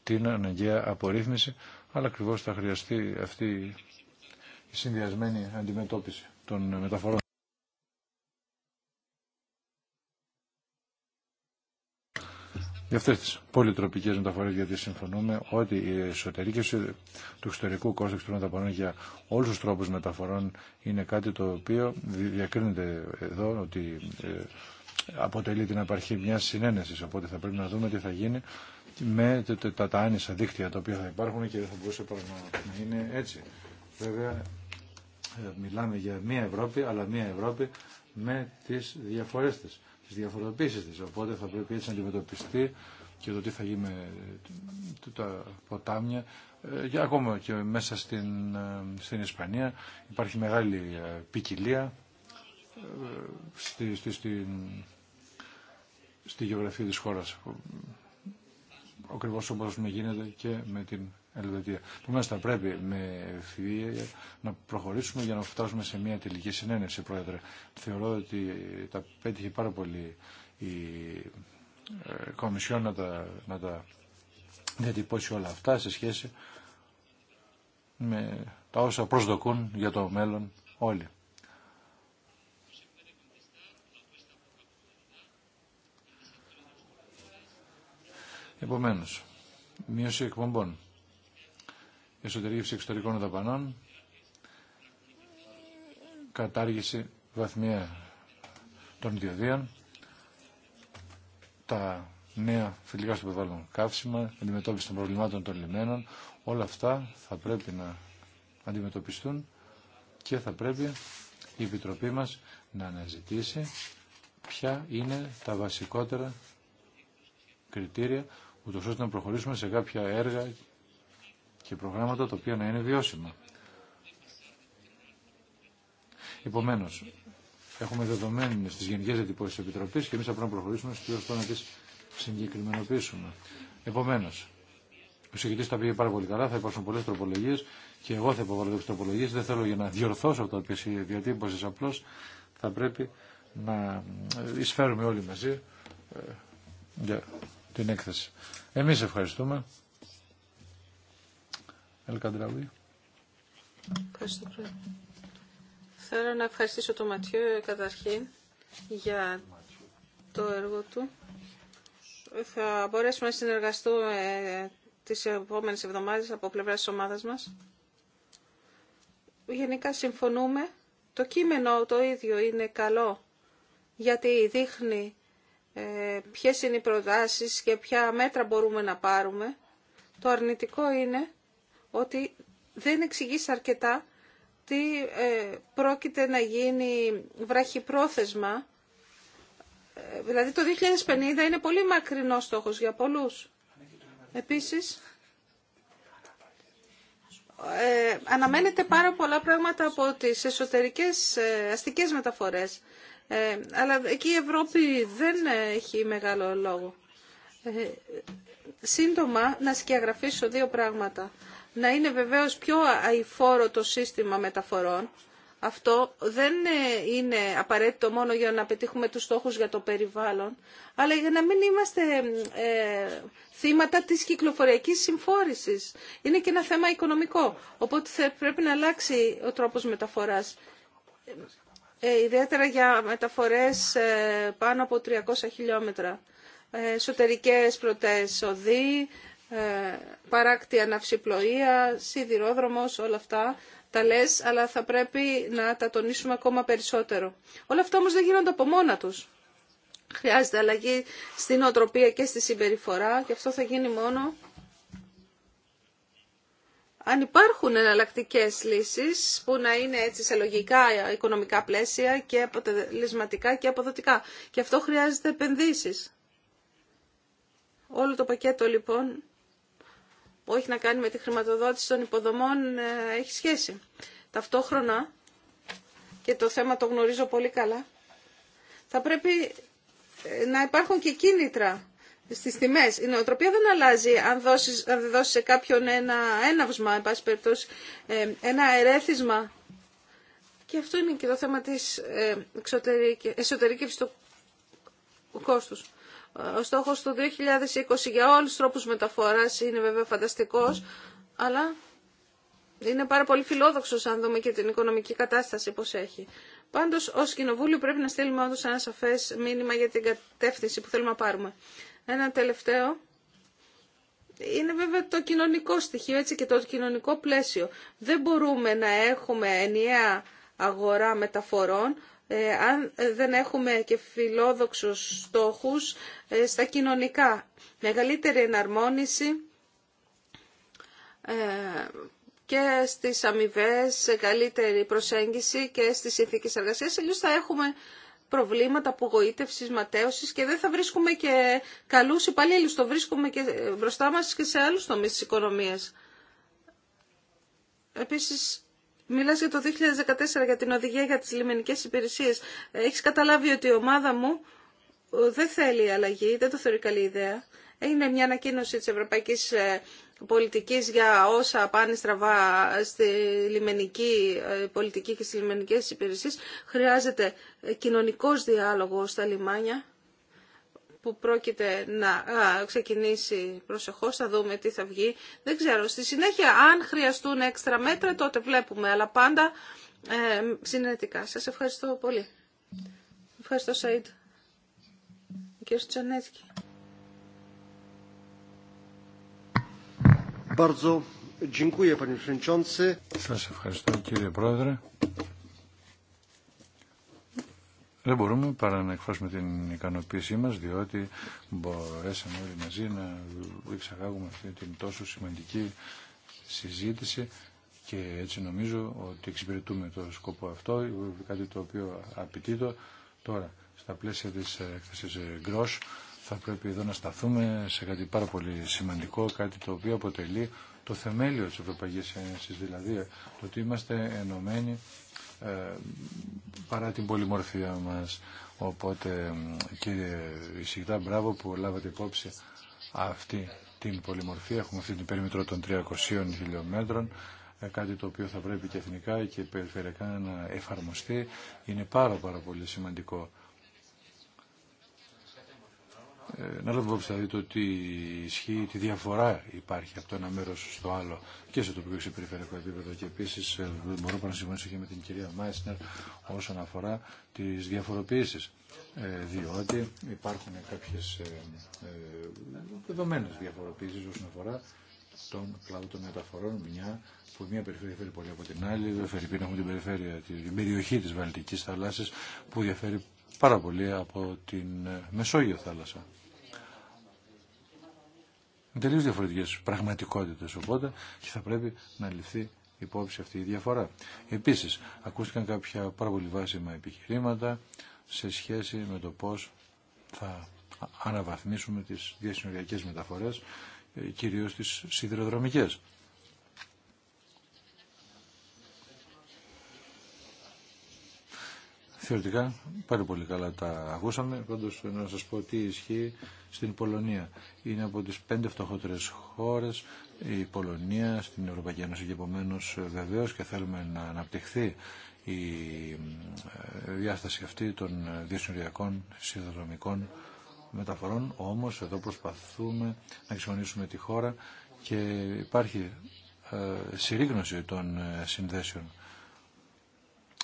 την αναγκαία απορρίθμιση, αλλά ακριβώ θα χρειαστεί αυτή η συνδυασμένη αντιμετώπιση των μεταφορών. για αυτέ τι πολυτροπικέ μεταφορές γιατί συμφωνούμε ότι η εσωτερική του εξωτερικού κόστου των μεταφορών για όλους τους τρόπους μεταφορών είναι κάτι το οποίο διακρίνεται εδώ ότι ε, αποτελεί την απαρχή μιας συνένεση, οπότε θα πρέπει να δούμε τι θα γίνει με τα, τα δίκτυα τα οποία θα υπάρχουν και δεν θα μπορούσε να είναι έτσι. Βέβαια ε, μιλάμε για μία Ευρώπη αλλά μία Ευρώπη με τι διαφορέ τη τις διαφοροποίησεις της. Οπότε θα πρέπει έτσι να αντιμετωπιστεί και το τι θα γίνει με ε, τα ποτάμια. Και ε, ακόμα και μέσα στην, ε, στην Ισπανία υπάρχει μεγάλη ποικιλία στη, στη, στη, στη γεωγραφία της χώρας. Ακριβώς όπως με γίνεται και με την Ελβετία. Επομένω θα πρέπει με ευφυΐα να προχωρήσουμε για να φτάσουμε σε μια τελική συνένεση, Πρόεδρε. Θεωρώ ότι τα πέτυχε πάρα πολύ η ε, Κομισιόν να τα, να τα διατυπώσει όλα αυτά σε σχέση με τα όσα προσδοκούν για το μέλλον όλοι. Επομένως, μείωση εκπομπών εσωτερική εξωτερικών δαπανών, κατάργηση βαθμία των ιδιωδίων, τα νέα φιλικά στο περιβάλλον καύσιμα, αντιμετώπιση των προβλημάτων των λιμένων, όλα αυτά θα πρέπει να αντιμετωπιστούν και θα πρέπει η Επιτροπή μας να αναζητήσει ποια είναι τα βασικότερα κριτήρια, ούτως ώστε να προχωρήσουμε σε κάποια έργα και προγράμματα τα οποία να είναι βιώσιμα. Επομένω, έχουμε δεδομένε τι γενικέ διατυπώσει τη Επιτροπή και εμεί θα πρέπει να προχωρήσουμε στο να τι συγκεκριμενοποιήσουμε. Επομένω, ο συγκεκριτή τα πήγε πάρα πολύ καλά, θα υπάρξουν πολλέ τροπολογίε και εγώ θα υποβάλω τι τροπολογίε. Δεν θέλω για να διορθώσω αυτά που διατύπωσε, απλώ θα πρέπει να εισφέρουμε όλοι μαζί ε, για την έκθεση. Εμεί ευχαριστούμε. Ελκαντραβή. Ευχαριστώ, πολύ. Θέλω να ευχαριστήσω τον Ματιό ε, καταρχήν για το έργο του. Θα μπορέσουμε να συνεργαστούμε ε, τις επόμενες εβδομάδες από πλευρά της ομάδας μας. Γενικά συμφωνούμε. Το κείμενο το ίδιο είναι καλό γιατί δείχνει ε, ποιες είναι οι προτάσεις και ποια μέτρα μπορούμε να πάρουμε. Το αρνητικό είναι ότι δεν εξηγείς αρκετά τι ε, πρόκειται να γίνει βραχυπρόθεσμα. Ε, δηλαδή το 2050 είναι πολύ μακρινό στόχος για πολλούς. Επίσης, ε, αναμένεται πάρα πολλά πράγματα από τις εσωτερικές ε, αστικές μεταφορές. αλλά εκεί η Ευρώπη δεν έχει μεγάλο λόγο. σύντομα, να σκιαγραφίσω δύο πράγματα να είναι βεβαίως πιο αηφόρο το σύστημα μεταφορών. Αυτό δεν είναι απαραίτητο μόνο για να πετύχουμε τους στόχους για το περιβάλλον, αλλά για να μην είμαστε ε, θύματα της κυκλοφοριακής συμφόρησης. Είναι και ένα θέμα οικονομικό, οπότε θα πρέπει να αλλάξει ο τρόπος μεταφοράς. Ε, ιδιαίτερα για μεταφορές ε, πάνω από 300 χιλιόμετρα. Ε, εσωτερικές πρωτές οδοί, ε, παράκτη αναυσιπλοεία, σιδηρόδρομος, όλα αυτά τα λες, αλλά θα πρέπει να τα τονίσουμε ακόμα περισσότερο. Όλα αυτά όμως δεν γίνονται από μόνα τους. Χρειάζεται αλλαγή στην οτροπία και στη συμπεριφορά και αυτό θα γίνει μόνο αν υπάρχουν εναλλακτικέ λύσεις που να είναι έτσι σε λογικά οικονομικά πλαίσια και αποτελεσματικά και αποδοτικά. Και αυτό χρειάζεται επενδύσεις. Όλο το πακέτο λοιπόν που έχει να κάνει με τη χρηματοδότηση των υποδομών ε, έχει σχέση. Ταυτόχρονα, και το θέμα το γνωρίζω πολύ καλά, θα πρέπει ε, να υπάρχουν και κίνητρα στις τιμές. Η νοοτροπία δεν αλλάζει αν, δώσεις, αν σε κάποιον ένα έναυσμα, εν πάση περιπτώσει, ε, ένα ερέθισμα. Και αυτό είναι και το θέμα της εξωτερικής, εσωτερικής του ο στόχος του 2020 για όλους τους τρόπους μεταφοράς είναι βέβαια φανταστικός, αλλά είναι πάρα πολύ φιλόδοξος αν δούμε και την οικονομική κατάσταση πώς έχει. Πάντως, ως Κοινοβούλιο πρέπει να στείλουμε όντως ένα σαφές μήνυμα για την κατεύθυνση που θέλουμε να πάρουμε. Ένα τελευταίο. Είναι βέβαια το κοινωνικό στοιχείο, έτσι και το κοινωνικό πλαίσιο. Δεν μπορούμε να έχουμε ενιαία αγορά μεταφορών ε, αν ε, δεν έχουμε και φιλόδοξους στόχους ε, στα κοινωνικά. Μεγαλύτερη εναρμόνιση ε, και στις αμοιβέ, καλύτερη προσέγγιση και στις συνθήκες εργασίας. Αλλιώς θα έχουμε προβλήματα απογοήτευση ματέωσης και δεν θα βρίσκουμε και καλούς υπαλλήλους. Το βρίσκουμε και μπροστά μας και σε άλλους τομείς της οικονομίας. Επίσης, Μιλάς για το 2014, για την οδηγία για τις λιμενικές υπηρεσίες. Έχεις καταλάβει ότι η ομάδα μου ε, δεν θέλει αλλαγή, δεν το θεωρεί καλή ιδέα. Είναι μια ανακοίνωση της Ευρωπαϊκής ε, πολιτικής για όσα πάνε στραβά στη λιμενική ε, πολιτική και στις λιμενικές υπηρεσίες. Χρειάζεται κοινωνικός διάλογος στα λιμάνια που πρόκειται να ξεκινήσει προσεχώς, θα δούμε τι θα βγει. Δεν ξέρω. Στη συνέχεια, αν χρειαστούν έξτρα μέτρα, τότε βλέπουμε. Αλλά πάντα ε, συνενετικά. Σας ευχαριστώ πολύ. Ευχαριστώ, Σαΐντ. Κύριε Στσανέτσκι. Σας ευχαριστώ, κύριε Πρόεδρε. Δεν μπορούμε παρά να εκφράσουμε την ικανοποίησή μας, διότι μπορέσαμε όλοι μαζί να εξαγάγουμε αυτή την τόσο σημαντική συζήτηση και έτσι νομίζω ότι εξυπηρετούμε το σκοπό αυτό, κάτι το οποίο απαιτείτο. Τώρα, στα πλαίσια της έκθεσης Gross, θα πρέπει εδώ να σταθούμε σε κάτι πάρα πολύ σημαντικό, κάτι το οποίο αποτελεί το θεμέλιο της Ευρωπαϊκής Ένωσης, δηλαδή το ότι είμαστε ενωμένοι ε, παρά την πολυμορφία μας. Οπότε κύριε Ισηγητά, μπράβο που λάβατε υπόψη αυτή την πολυμορφία. Έχουμε αυτή την περίμετρο των 300 χιλιόμετρων, ε, κάτι το οποίο θα πρέπει και εθνικά και περιφερειακά να εφαρμοστεί. Είναι πάρα πάρα πολύ σημαντικό ε, να λάβουμε υπόψη δηλαδή το τι ισχύει, τη διαφορά υπάρχει από το ένα μέρο στο άλλο και σε τοπικό και σε περιφερειακό επίπεδο. Και επίση ε, μπορώ να συμφωνήσω και με την κυρία Μάισνερ όσον αφορά τι διαφοροποιήσει. Ε, διότι υπάρχουν κάποιε ε, ε δεδομένε διαφοροποιήσει όσον αφορά τον κλάδο των μεταφορών, μια που μια περιφέρεια διαφέρει πολύ από την άλλη. δεν έχουμε την περιφέρεια, την περιοχή τη Βαλτική θάλασσα που διαφέρει πάρα πολύ από την Μεσόγειο θάλασσα τελείω διαφορετικέ πραγματικότητε οπότε και θα πρέπει να ληφθεί υπόψη αυτή η διαφορά. Επίσης, ακούστηκαν κάποια πάρα πολύ βάσιμα επιχειρήματα σε σχέση με το πώς θα αναβαθμίσουμε τις διασυνοριακές μεταφορές, ε, κυρίως τις σιδηροδρομικές. Θεωρητικά πάρα πολύ καλά τα ακούσαμε. Πάντω να σας πω τι ισχύει στην Πολωνία. Είναι από τις πέντε φτωχότερες χώρε η Πολωνία στην Ευρωπαϊκή Ένωση και επομένω και θέλουμε να αναπτυχθεί η ε, διάσταση αυτή των διασυνοριακών συνδρομικών μεταφορών. Όμως εδώ προσπαθούμε να χρησιμοποιήσουμε τη χώρα και υπάρχει ε, συρρήγνωση των ε, συνδέσεων.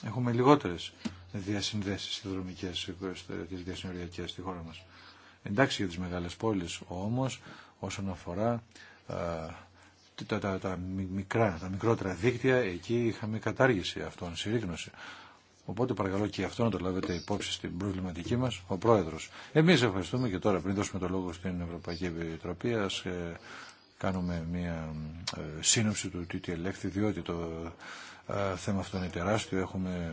Έχουμε λιγότερες διασυνδέσεις συνδρομικές και διασυνοριακές στη χώρα μας. Εντάξει για τις μεγάλες πόλεις, όμως όσον αφορά τα, τα, τα, μικρά, τα μικρότερα δίκτυα, εκεί είχαμε κατάργηση αυτών, συρρήγνωση. Οπότε παρακαλώ και αυτό να το λάβετε υπόψη στην προβληματική μας, ο Πρόεδρος. Εμείς ευχαριστούμε και τώρα πριν δώσουμε το λόγο στην Ευρωπαϊκή Επιτροπή, ας ε, κάνουμε μια ε, σύνοψη του τι ελέγχθη, διότι το ε, θέμα αυτό είναι τεράστιο, έχουμε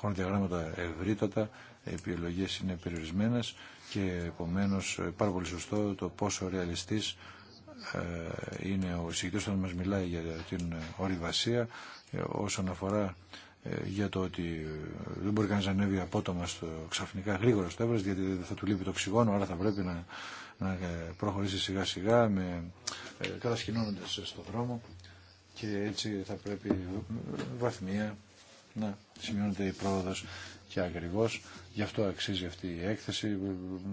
χρονοδιαγράμματα ευρύτατα, οι επιλογές είναι περιορισμένες και επομένως ε, πάρα πολύ σωστό το πόσο ρεαλιστής ε, είναι ο συγκεκριμένο όταν μας μιλάει για την ορειβασία ε, όσον αφορά για το ότι δεν μπορεί κανείς να ανέβει απότομα στο, ξαφνικά γρήγορα στο έβρα γιατί δεν θα του λείπει το οξυγόνο άρα θα πρέπει να, προχωρήσει σιγά σιγά με, κατασκηνώνοντας στον δρόμο και έτσι θα πρέπει βαθμία να σημειώνεται η πρόοδος και ακριβώ. γι' αυτό αξίζει αυτή η έκθεση,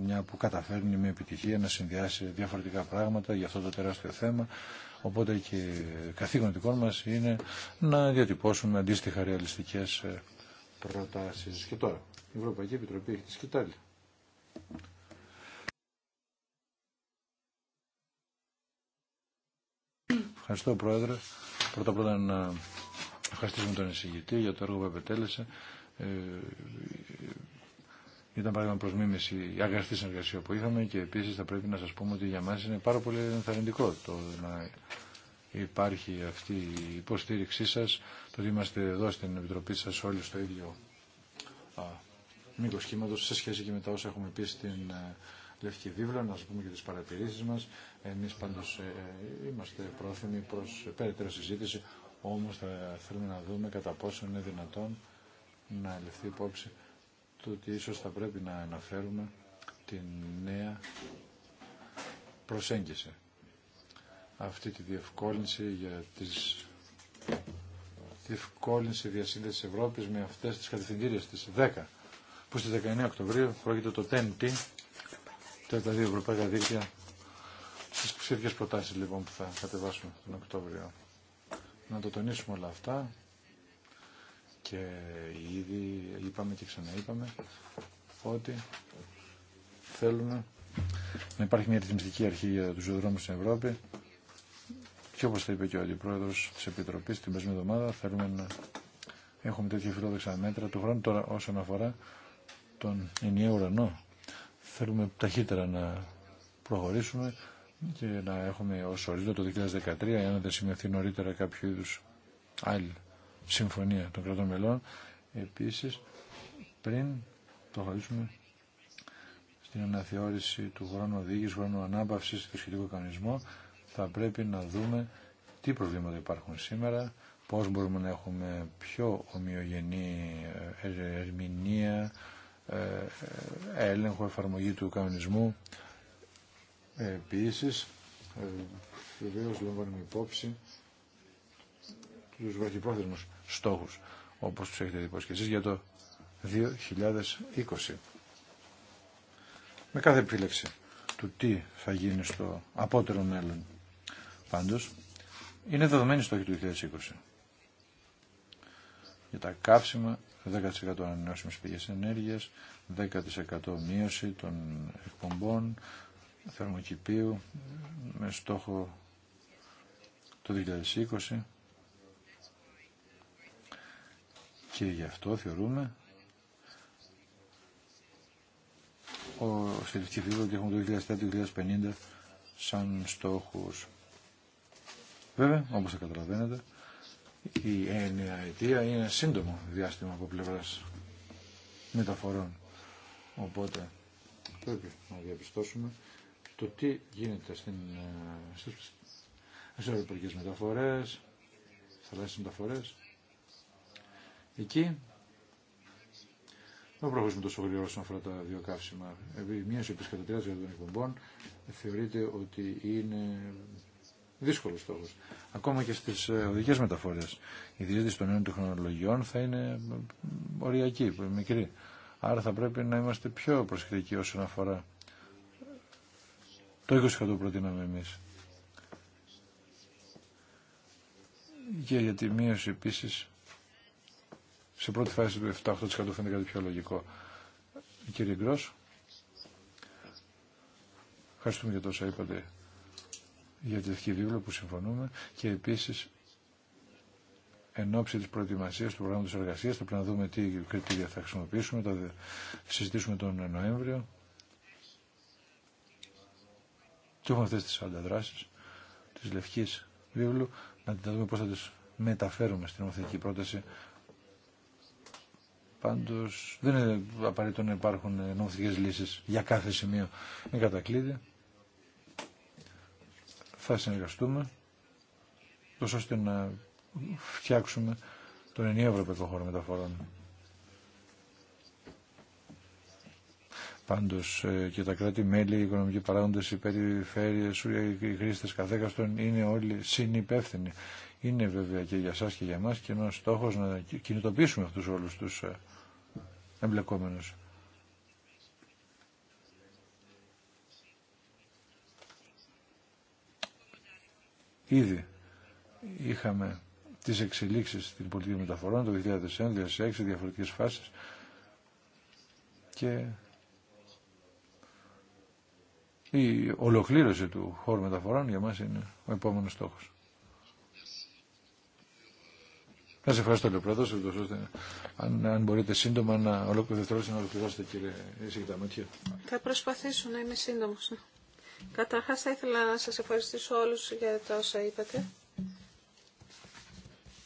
μια που καταφέρνει με επιτυχία να συνδυάσει διαφορετικά πράγματα για αυτό το τεράστιο θέμα. Οπότε και καθήκον δικών μας είναι να διατυπώσουμε αντίστοιχα ρεαλιστικές ε, προτάσεις. Και τώρα, η Ευρωπαϊκή Επιτροπή έχει τη σκητάλη. Ευχαριστώ Πρόεδρε. Πρώτα να Ευχαριστούμε τον εισηγητή για το έργο που επετέλεσε. Ε, ήταν παράδειγμα προ μίμηση η αγαστή συνεργασία που είχαμε και επίση θα πρέπει να σα πούμε ότι για μα είναι πάρα πολύ ενθαρρυντικό το να υπάρχει αυτή η υποστήριξή σα, το ότι είμαστε εδώ στην Επιτροπή σα όλοι στο ίδιο μήκο κύματο σε σχέση και με τα όσα έχουμε πει στην ε, Λευκή Βίβλα, να σα πούμε και τι παρατηρήσει μα. Εμεί πάντω ε, ε, είμαστε πρόθυμοι προ περαιτέρω συζήτηση όμως θα θέλουμε να δούμε κατά πόσο είναι δυνατόν να ληφθεί υπόψη το ότι ίσως θα πρέπει να αναφέρουμε τη νέα προσέγγιση. Αυτή τη διευκόλυνση για τις διευκόλυνση διασύνδεσης Ευρώπης με αυτές τις κατευθυντήριες της 10 που στις 19 Οκτωβρίου πρόκειται το TNT τα δύο ευρωπαϊκά δίκτυα στις ίδιες προτάσεις λοιπόν που θα κατεβάσουμε τον Οκτώβριο να το τονίσουμε όλα αυτά και ήδη είπαμε και ξαναείπαμε ότι θέλουμε να υπάρχει μια ρυθμιστική αρχή για τους δρόμους στην Ευρώπη και όπως θα είπε και ο Αντιπρόεδρος της Επιτροπής την πέσμη εβδομάδα θέλουμε να έχουμε τέτοια φιλόδοξα μέτρα του χρόνου τώρα όσον αφορά τον ενιαίο ουρανό θέλουμε ταχύτερα να προχωρήσουμε και να έχουμε ως ορίζοντα το 2013, αν δεν σημειωθεί νωρίτερα κάποιο είδου άλλη συμφωνία των κρατών μελών, επίσης πριν το χωρίσουμε στην αναθεώρηση του χρόνου οδήγηση, χρόνου ανάπαυσης του σχετικού κανονισμού, θα πρέπει να δούμε τι προβλήματα υπάρχουν σήμερα, πώς μπορούμε να έχουμε πιο ομοιογενή ε, ερμηνεία, ε, ε, έλεγχο, εφαρμογή του κανονισμού ε, επίσης, ε, βεβαίω λαμβάνουμε υπόψη τους βαθυπρόθεσμους στόχους, όπως τους έχετε εσείς, για το 2020. Με κάθε επίλεξη του τι θα γίνει στο απότερο μέλλον. Πάντως, είναι δεδομένη στόχη του 2020. Για τα καύσιμα, 10% ανανεώσιμες πηγές ενέργειας, 10% μείωση των εκπομπών, θερμοκηπίου με στόχο το 2020 και γι' αυτό θεωρούμε ο σχετική φίλος ότι έχουμε το 2050 σαν στόχους. Βέβαια, όπως θα καταλαβαίνετε, η έννοια αιτία είναι σύντομο διάστημα από πλευράς μεταφορών. Οπότε πρέπει να διαπιστώσουμε το τι γίνεται στην, ε, στις, στις αεροπορικές μεταφορές, θαλάσσιες μεταφορές. Εκεί δεν προχωρήσουμε τόσο γρήγορα όσον αφορά τα βιοκαύσιμα. Ε, μια σιωπή κατά 30 των εκπομπών θεωρείται ότι είναι δύσκολο στόχο. Ακόμα και στι ε, οδικέ μεταφορέ. Η διέτηση των νέων τεχνολογιών θα είναι οριακή, μικρή. Άρα θα πρέπει να είμαστε πιο προσεκτικοί όσον αφορά το 20% προτείναμε εμείς. Και για τη μείωση επίσης, σε πρώτη φάση του 7-8% φαίνεται κάτι πιο λογικό. Κύριε Γκρός, ευχαριστούμε για τόσα είπατε για τη δική δίβλο που συμφωνούμε και επίσης εν ώψη της προετοιμασίας του προγράμματος εργασίας θα πρέπει να δούμε τι κριτήρια θα χρησιμοποιήσουμε, θα συζητήσουμε τον Νοέμβριο και έχουμε αυτέ τι ανταδράσει, της Λευκής Βίβλου να τα δούμε πώ θα τις μεταφέρουμε στην νομοθετική πρόταση Πάντως δεν είναι απαραίτητο να υπάρχουν νομοθετικέ λύσεις για κάθε σημείο. Είναι κατακλείδη. Θα συνεργαστούμε τόσο ώστε να φτιάξουμε τον ενιαίο ευρωπαϊκό χώρο μεταφορών. Πάντω ε, και τα κράτη-μέλη, οι οικονομικοί παράγοντες, οι περιφέρειε, οι χρήστε καθέκαστον είναι όλοι συνυπεύθυνοι. Είναι βέβαια και για εσά και για εμά και ένα στόχος να κινητοποιήσουμε αυτούς όλους τους ε, εμπλεκόμενου. Ήδη είχαμε τις εξελίξει στην πολιτική μεταφορών το 2001-2006, διαφορετικές φάσει και η ολοκλήρωση του χώρου μεταφορών για μας είναι ο επόμενος στόχος. Να σε ευχαριστώ, το ώστε αν, αν μπορείτε σύντομα να ολοκληρώσετε, να ολοκληρώσετε, κύριε τα μάτια. Θα προσπαθήσω να είμαι σύντομο. Καταρχά, θα ήθελα να σας ευχαριστήσω όλους για τα όσα είπατε.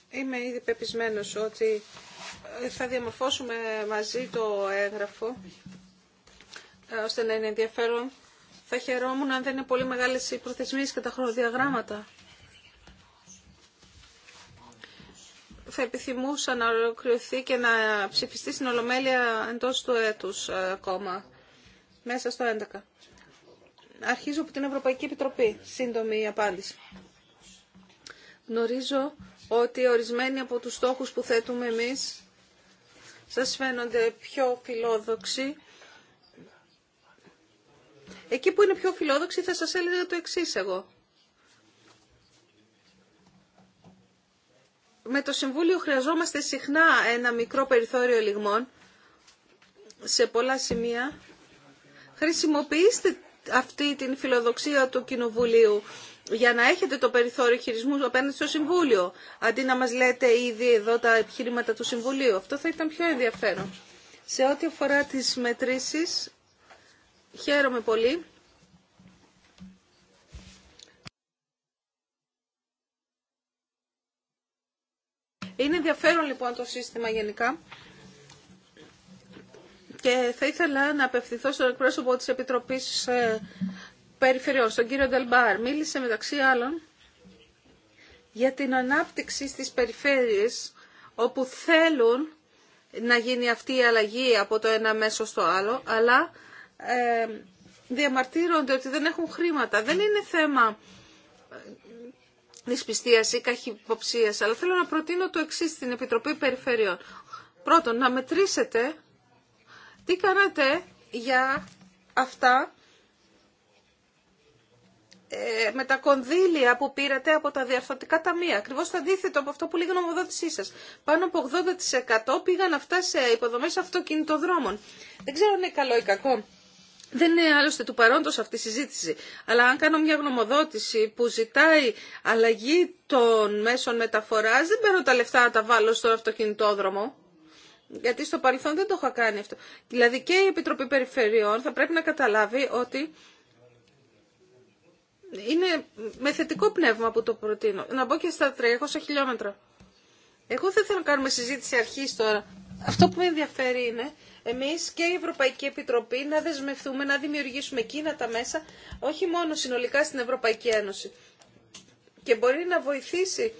Είμαι ήδη πεπισμένος ότι ε, θα διαμορφώσουμε μαζί το έγγραφο ε, ώστε να είναι ενδιαφέρον θα χαιρόμουν αν δεν είναι πολύ μεγάλε οι προθεσμίες και τα χρονοδιαγράμματα. Θα επιθυμούσα να ολοκληρωθεί και να ψηφιστεί στην Ολομέλεια εντός του έτους ε, ακόμα, μέσα στο 11. Αρχίζω από την Ευρωπαϊκή Επιτροπή. Σύντομη απάντηση. Γνωρίζω ότι ορισμένοι από τους στόχους που θέτουμε εμείς σας φαίνονται πιο φιλόδοξοι Εκεί που είναι πιο φιλόδοξη θα σας έλεγα το εξή εγώ. Με το Συμβούλιο χρειαζόμαστε συχνά ένα μικρό περιθώριο λιγμών σε πολλά σημεία. Χρησιμοποιήστε αυτή την φιλοδοξία του Κοινοβουλίου για να έχετε το περιθώριο χειρισμού απέναντι στο Συμβούλιο, αντί να μας λέτε ήδη εδώ τα επιχειρήματα του Συμβουλίου. Αυτό θα ήταν πιο ενδιαφέρον. Σε ό,τι αφορά τις μετρήσεις, Χαίρομαι πολύ. Είναι ενδιαφέρον λοιπόν το σύστημα γενικά και θα ήθελα να απευθυνθώ στον εκπρόσωπο της Επιτροπής ε, Περιφερειών, στον κύριο Ντελμπάρ. Μίλησε μεταξύ άλλων για την ανάπτυξη στις περιφέρειες όπου θέλουν να γίνει αυτή η αλλαγή από το ένα μέσο στο άλλο, αλλά ε, διαμαρτύρονται ότι δεν έχουν χρήματα. Δεν είναι θέμα δυσπιστίας ή καχυποψίας, αλλά θέλω να προτείνω το εξή στην Επιτροπή Περιφερειών. Πρώτον, να μετρήσετε τι κάνατε για αυτά ε, με τα κονδύλια που πήρατε από τα διαρθωτικά ταμεία. Ακριβώς το αντίθετο από αυτό που λέει η γνωμοδότησή σας. Πάνω από 80% πήγαν αυτά σε υποδομές αυτοκινητοδρόμων. Δεν ξέρω αν είναι καλό ή κακό. Δεν είναι άλλωστε του παρόντος αυτή η συζήτηση, αλλά αν κάνω μια γνωμοδότηση που ζητάει αλλαγή των μέσων μεταφοράς, δεν παίρνω τα λεφτά να τα βάλω στο αυτοκινητόδρομο. Γιατί στο παρελθόν δεν το είχα κάνει αυτό. Δηλαδή και η Επιτροπή Περιφερειών θα πρέπει να καταλάβει ότι είναι με θετικό πνεύμα που το προτείνω. Να μπω και στα 300 χιλιόμετρα. Εγώ δεν θέλω να κάνουμε συζήτηση αρχής τώρα. Αυτό που με ενδιαφέρει είναι εμείς και η Ευρωπαϊκή Επιτροπή να δεσμευτούμε, να δημιουργήσουμε εκείνα τα μέσα, όχι μόνο συνολικά στην Ευρωπαϊκή Ένωση. Και μπορεί να βοηθήσει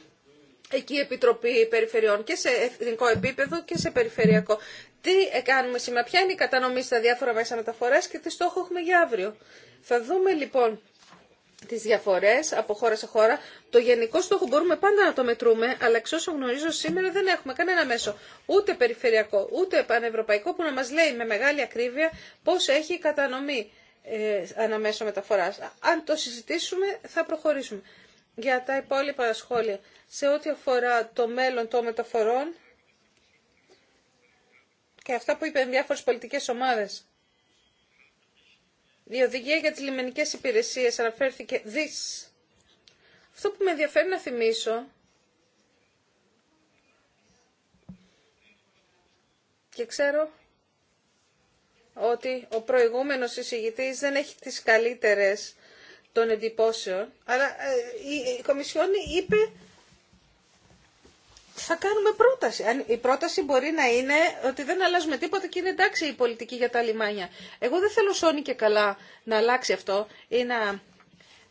εκεί η Επιτροπή Περιφερειών και σε εθνικό επίπεδο και σε περιφερειακό. Τι κάνουμε σήμερα, ποια είναι η κατανομή στα διάφορα μέσα μεταφορά και τι στόχο έχουμε για αύριο. Θα δούμε λοιπόν τι διαφορέ από χώρα σε χώρα. Το γενικό στόχο μπορούμε πάντα να το μετρούμε, αλλά εξ όσων γνωρίζω σήμερα δεν έχουμε κανένα μέσο, ούτε περιφερειακό, ούτε πανευρωπαϊκό, που να μας λέει με μεγάλη ακρίβεια πώς έχει η κατανομή ε, ένα μέσο μεταφοράς. Αν το συζητήσουμε θα προχωρήσουμε. Για τα υπόλοιπα σχόλια, σε ό,τι αφορά το μέλλον των μεταφορών και αυτά που είπαν διάφορε πολιτικέ ομάδε. Η οδηγία για τις λιμενικές υπηρεσίες αναφέρθηκε δις. Αυτό που με ενδιαφέρει να θυμίσω και ξέρω ότι ο προηγούμενος εισηγητής δεν έχει τις καλύτερες των εντυπώσεων, αλλά ε, η Κομισιόν είπε θα κάνουμε πρόταση. Η πρόταση μπορεί να είναι ότι δεν αλλάζουμε τίποτα και είναι εντάξει η πολιτική για τα λιμάνια. Εγώ δεν θέλω σώνει και καλά να αλλάξει αυτό ή να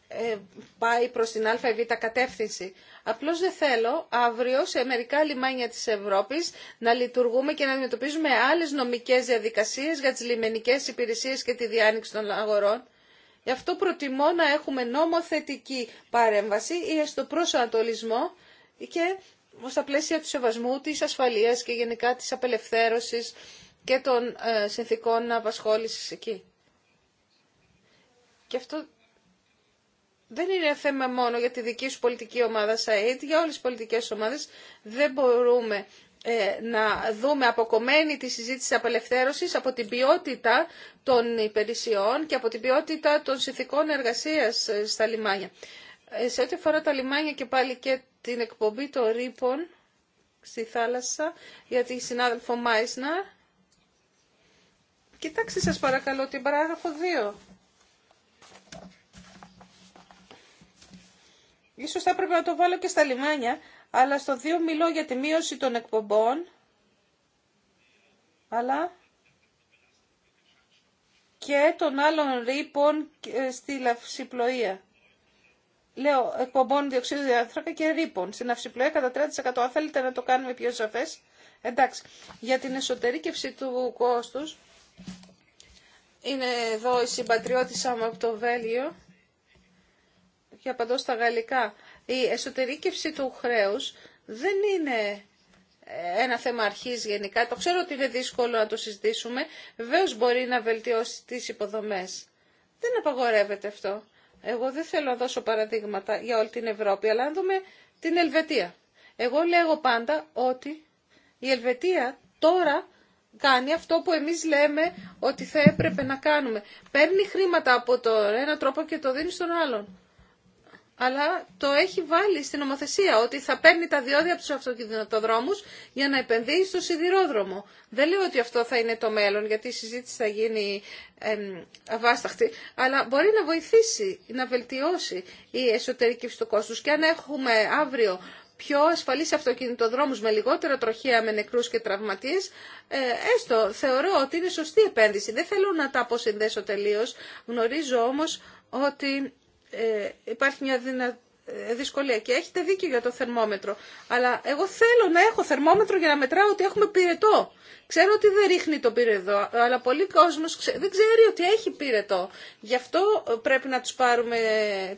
ε, πάει προς την ΑΒ κατεύθυνση. Απλώς δεν θέλω αύριο σε μερικά λιμάνια της Ευρώπης να λειτουργούμε και να αντιμετωπίζουμε άλλες νομικές διαδικασίες για τις λιμενικές υπηρεσίες και τη διάνοιξη των αγορών. Γι' αυτό προτιμώ να έχουμε νομοθετική παρέμβαση ή στο προσανατολισμό και στα πλαίσια του σεβασμού της ασφαλείας και γενικά της απελευθέρωσης και των ε, συνθήκων απασχόλησης εκεί. Και αυτό δεν είναι θέμα μόνο για τη δική σου πολιτική ομάδα, ΣΑΕΤ, για όλες τις πολιτικές ομάδες δεν μπορούμε ε, να δούμε αποκομμένη τη συζήτηση απελευθέρωσης από την ποιότητα των υπηρεσιών και από την ποιότητα των συνθηκών εργασίας ε, στα λιμάνια. σε ό,τι αφορά τα λιμάνια και πάλι και την εκπομπή των ρήπων στη θάλασσα για τη συνάδελφο Μάισναρ. Κοιτάξτε σας παρακαλώ την παράγραφο 2. Ίσως θα έπρεπε να το βάλω και στα λιμάνια, αλλά στο 2 μιλώ για τη μείωση των εκπομπών, αλλά και των άλλων ρήπων στη λαυσιπλοεία λέω, εκπομπών διοξείδου διάνθρακα και ρήπων στην αυσιπλοεία κατά 3%. Αν θέλετε να το κάνουμε πιο σαφέ. εντάξει. Για την εσωτερήκευση του κόστου, είναι εδώ η συμπατριώτησά μου από το Βέλγιο και απαντώ στα γαλλικά. Η εσωτερήκευση του χρέους δεν είναι ένα θέμα αρχή γενικά. Το ξέρω ότι είναι δύσκολο να το συζητήσουμε. Βεβαίω μπορεί να βελτιώσει τι υποδομέ. Δεν απαγορεύεται αυτό. Εγώ δεν θέλω να δώσω παραδείγματα για όλη την Ευρώπη, αλλά να δούμε την Ελβετία. Εγώ λέγω πάντα ότι η Ελβετία τώρα κάνει αυτό που εμείς λέμε ότι θα έπρεπε να κάνουμε. Παίρνει χρήματα από τον ένα τρόπο και το δίνει στον άλλον αλλά το έχει βάλει στην νομοθεσία ότι θα παίρνει τα διόδια από του αυτοκινητοδρόμους για να επενδύει στο σιδηρόδρομο. Δεν λέω ότι αυτό θα είναι το μέλλον, γιατί η συζήτηση θα γίνει εμ, αβάσταχτη, αλλά μπορεί να βοηθήσει, να βελτιώσει η εσωτερική του κόστου Και αν έχουμε αύριο πιο ασφαλείς αυτοκινητοδρόμους με λιγότερα τροχεία, με νεκρούς και τραυματίες, ε, έστω θεωρώ ότι είναι σωστή επένδυση. Δεν θέλω να τα αποσυνδέσω τελείως, γνωρίζω όμως ότι ε, υπάρχει μια δυνα... Ε, δυσκολία και έχετε δίκιο για το θερμόμετρο. Αλλά εγώ θέλω να έχω θερμόμετρο για να μετράω ότι έχουμε πυρετό. Ξέρω ότι δεν ρίχνει το πυρετό, αλλά πολλοί κόσμος δεν ξέρει ότι έχει πυρετό. Γι' αυτό ε, πρέπει να τους πάρουμε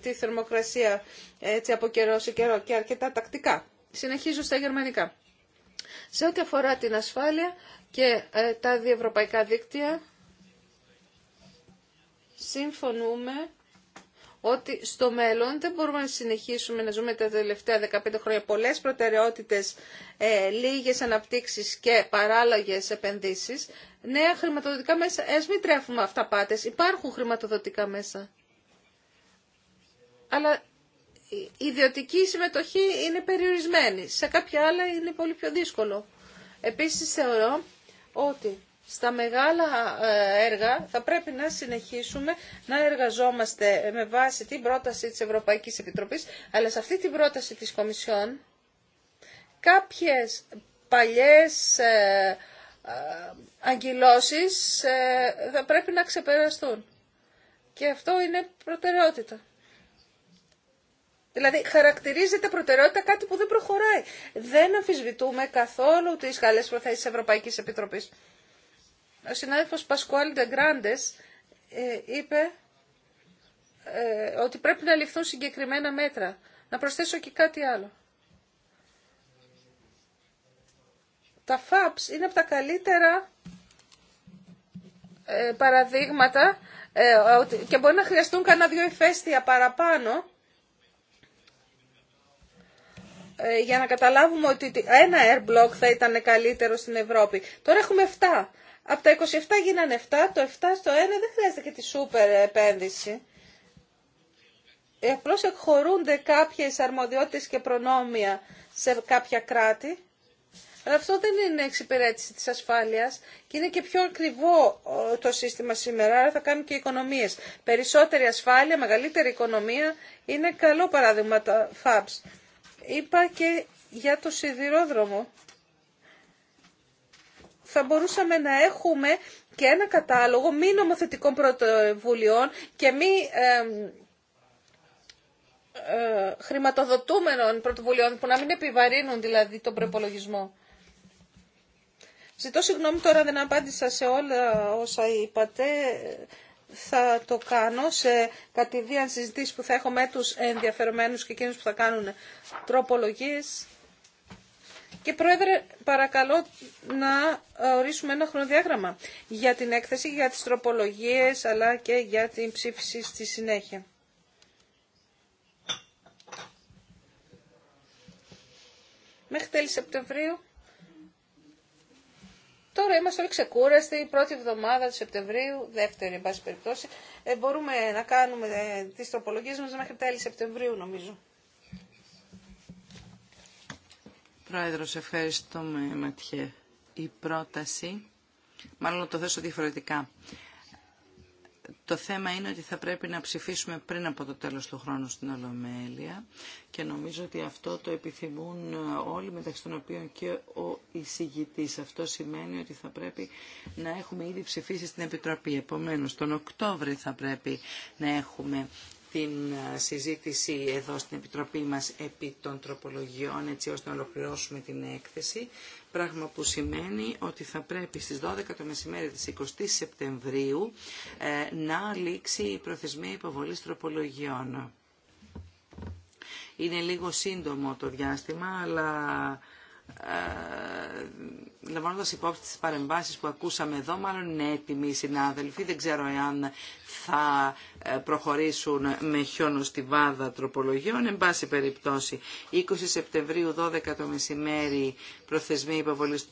τη θερμοκρασία έτσι από καιρό σε καιρό και αρκετά τακτικά. Συνεχίζω στα γερμανικά. Σε ό,τι αφορά την ασφάλεια και τα διευρωπαϊκά δίκτυα, συμφωνούμε ότι στο μέλλον δεν μπορούμε να συνεχίσουμε να ζούμε τα τελευταία 15 χρόνια πολλές προτεραιότητες, ε, λίγες αναπτύξεις και παράλλαγες επενδύσεις. Νέα χρηματοδοτικά μέσα, ας μην τρέφουμε αυτά πάτες, υπάρχουν χρηματοδοτικά μέσα. Αλλά η ιδιωτική συμμετοχή είναι περιορισμένη, σε κάποια άλλα είναι πολύ πιο δύσκολο. Επίσης θεωρώ ότι στα μεγάλα ε, έργα θα πρέπει να συνεχίσουμε να εργαζόμαστε με βάση την πρόταση της Ευρωπαϊκής Επιτροπής, αλλά σε αυτή την πρόταση της Κομισιόν κάποιες παλιές ε, ε, αγκυλώσεις θα πρέπει να ξεπεραστούν. Και αυτό είναι προτεραιότητα. Δηλαδή χαρακτηρίζεται προτεραιότητα κάτι που δεν προχωράει. Δεν αμφισβητούμε καθόλου τις καλές προθέσεις της Ευρωπαϊκής Επιτροπής. Ο συνάδελφος Πασκουάλ Ντεγκράντες ε, είπε ε, ότι πρέπει να ληφθούν συγκεκριμένα μέτρα. Να προσθέσω και κάτι άλλο. Τα FAPS είναι από τα καλύτερα ε, παραδείγματα και μπορεί να χρειαστούν κανένα δυο ηφαίστεια παραπάνω για να καταλάβουμε ότι ένα airblock θα ήταν καλύτερο στην Ευρώπη. Τώρα έχουμε 7. Από τα 27 γίνανε 7, το 7 στο 1 δεν χρειάζεται και τη σούπερ επένδυση. Ε, Απλώ εκχωρούνται κάποιε αρμοδιότητε και προνόμια σε κάποια κράτη. Αλλά αυτό δεν είναι εξυπηρέτηση της ασφάλειας και είναι και πιο ακριβό ε, το σύστημα σήμερα, άρα θα κάνουν και οικονομίες. Περισσότερη ασφάλεια, μεγαλύτερη οικονομία, είναι καλό παράδειγμα τα FABs. Είπα και για το σιδηρόδρομο θα μπορούσαμε να έχουμε και ένα κατάλογο μη νομοθετικών πρωτοβουλειών και μη ε, ε, χρηματοδοτούμενων πρωτοβουλειών που να μην επιβαρύνουν δηλαδή τον προπολογισμό. Ζητώ συγγνώμη τώρα δεν απάντησα σε όλα όσα είπατε. Θα το κάνω σε κατηδίαν συζητήσεις που θα έχω με τους ενδιαφερομένους και εκείνους που θα κάνουν τροπολογίες. Και Πρόεδρε, παρακαλώ να ορίσουμε ένα χρονοδιάγραμμα για την έκθεση, για τις τροπολογίες, αλλά και για την ψήφιση στη συνέχεια. Μέχρι τέλη Σεπτεμβρίου. Τώρα είμαστε όλοι ξεκούραστοι, η πρώτη εβδομάδα του Σεπτεμβρίου, δεύτερη εν πάση περιπτώσει. Ε, μπορούμε να κάνουμε ε, τις τροπολογίες μας μέχρι τέλη Σεπτεμβρίου νομίζω. Πρόεδρος, ευχαριστούμε Ματιέ. Η πρόταση, μάλλον το θέσω διαφορετικά. Το θέμα είναι ότι θα πρέπει να ψηφίσουμε πριν από το τέλος του χρόνου στην Ολομέλεια και νομίζω ότι αυτό το επιθυμούν όλοι μεταξύ των οποίων και ο εισηγητής. Αυτό σημαίνει ότι θα πρέπει να έχουμε ήδη ψηφίσει στην Επιτροπή. Επομένως, τον Οκτώβρη θα πρέπει να έχουμε την ε, συζήτηση εδώ στην Επιτροπή μας επί των τροπολογιών έτσι ώστε να ολοκληρώσουμε την έκθεση πράγμα που σημαίνει ότι θα πρέπει στις 12 το μεσημέρι της 20 Σεπτεμβρίου ε, να λήξει η προθεσμία υποβολής τροπολογιών. Είναι λίγο σύντομο το διάστημα, αλλά ε, λαμβάνοντας υπόψη τις παρεμβάσεις που ακούσαμε εδώ, μάλλον είναι έτοιμοι οι συνάδελφοι. Δεν ξέρω εάν θα ε, προχωρήσουν με στη βάδα τροπολογιών. Εν πάση περιπτώσει, 20 Σεπτεμβρίου 12 το μεσημέρι προθεσμία υποβολής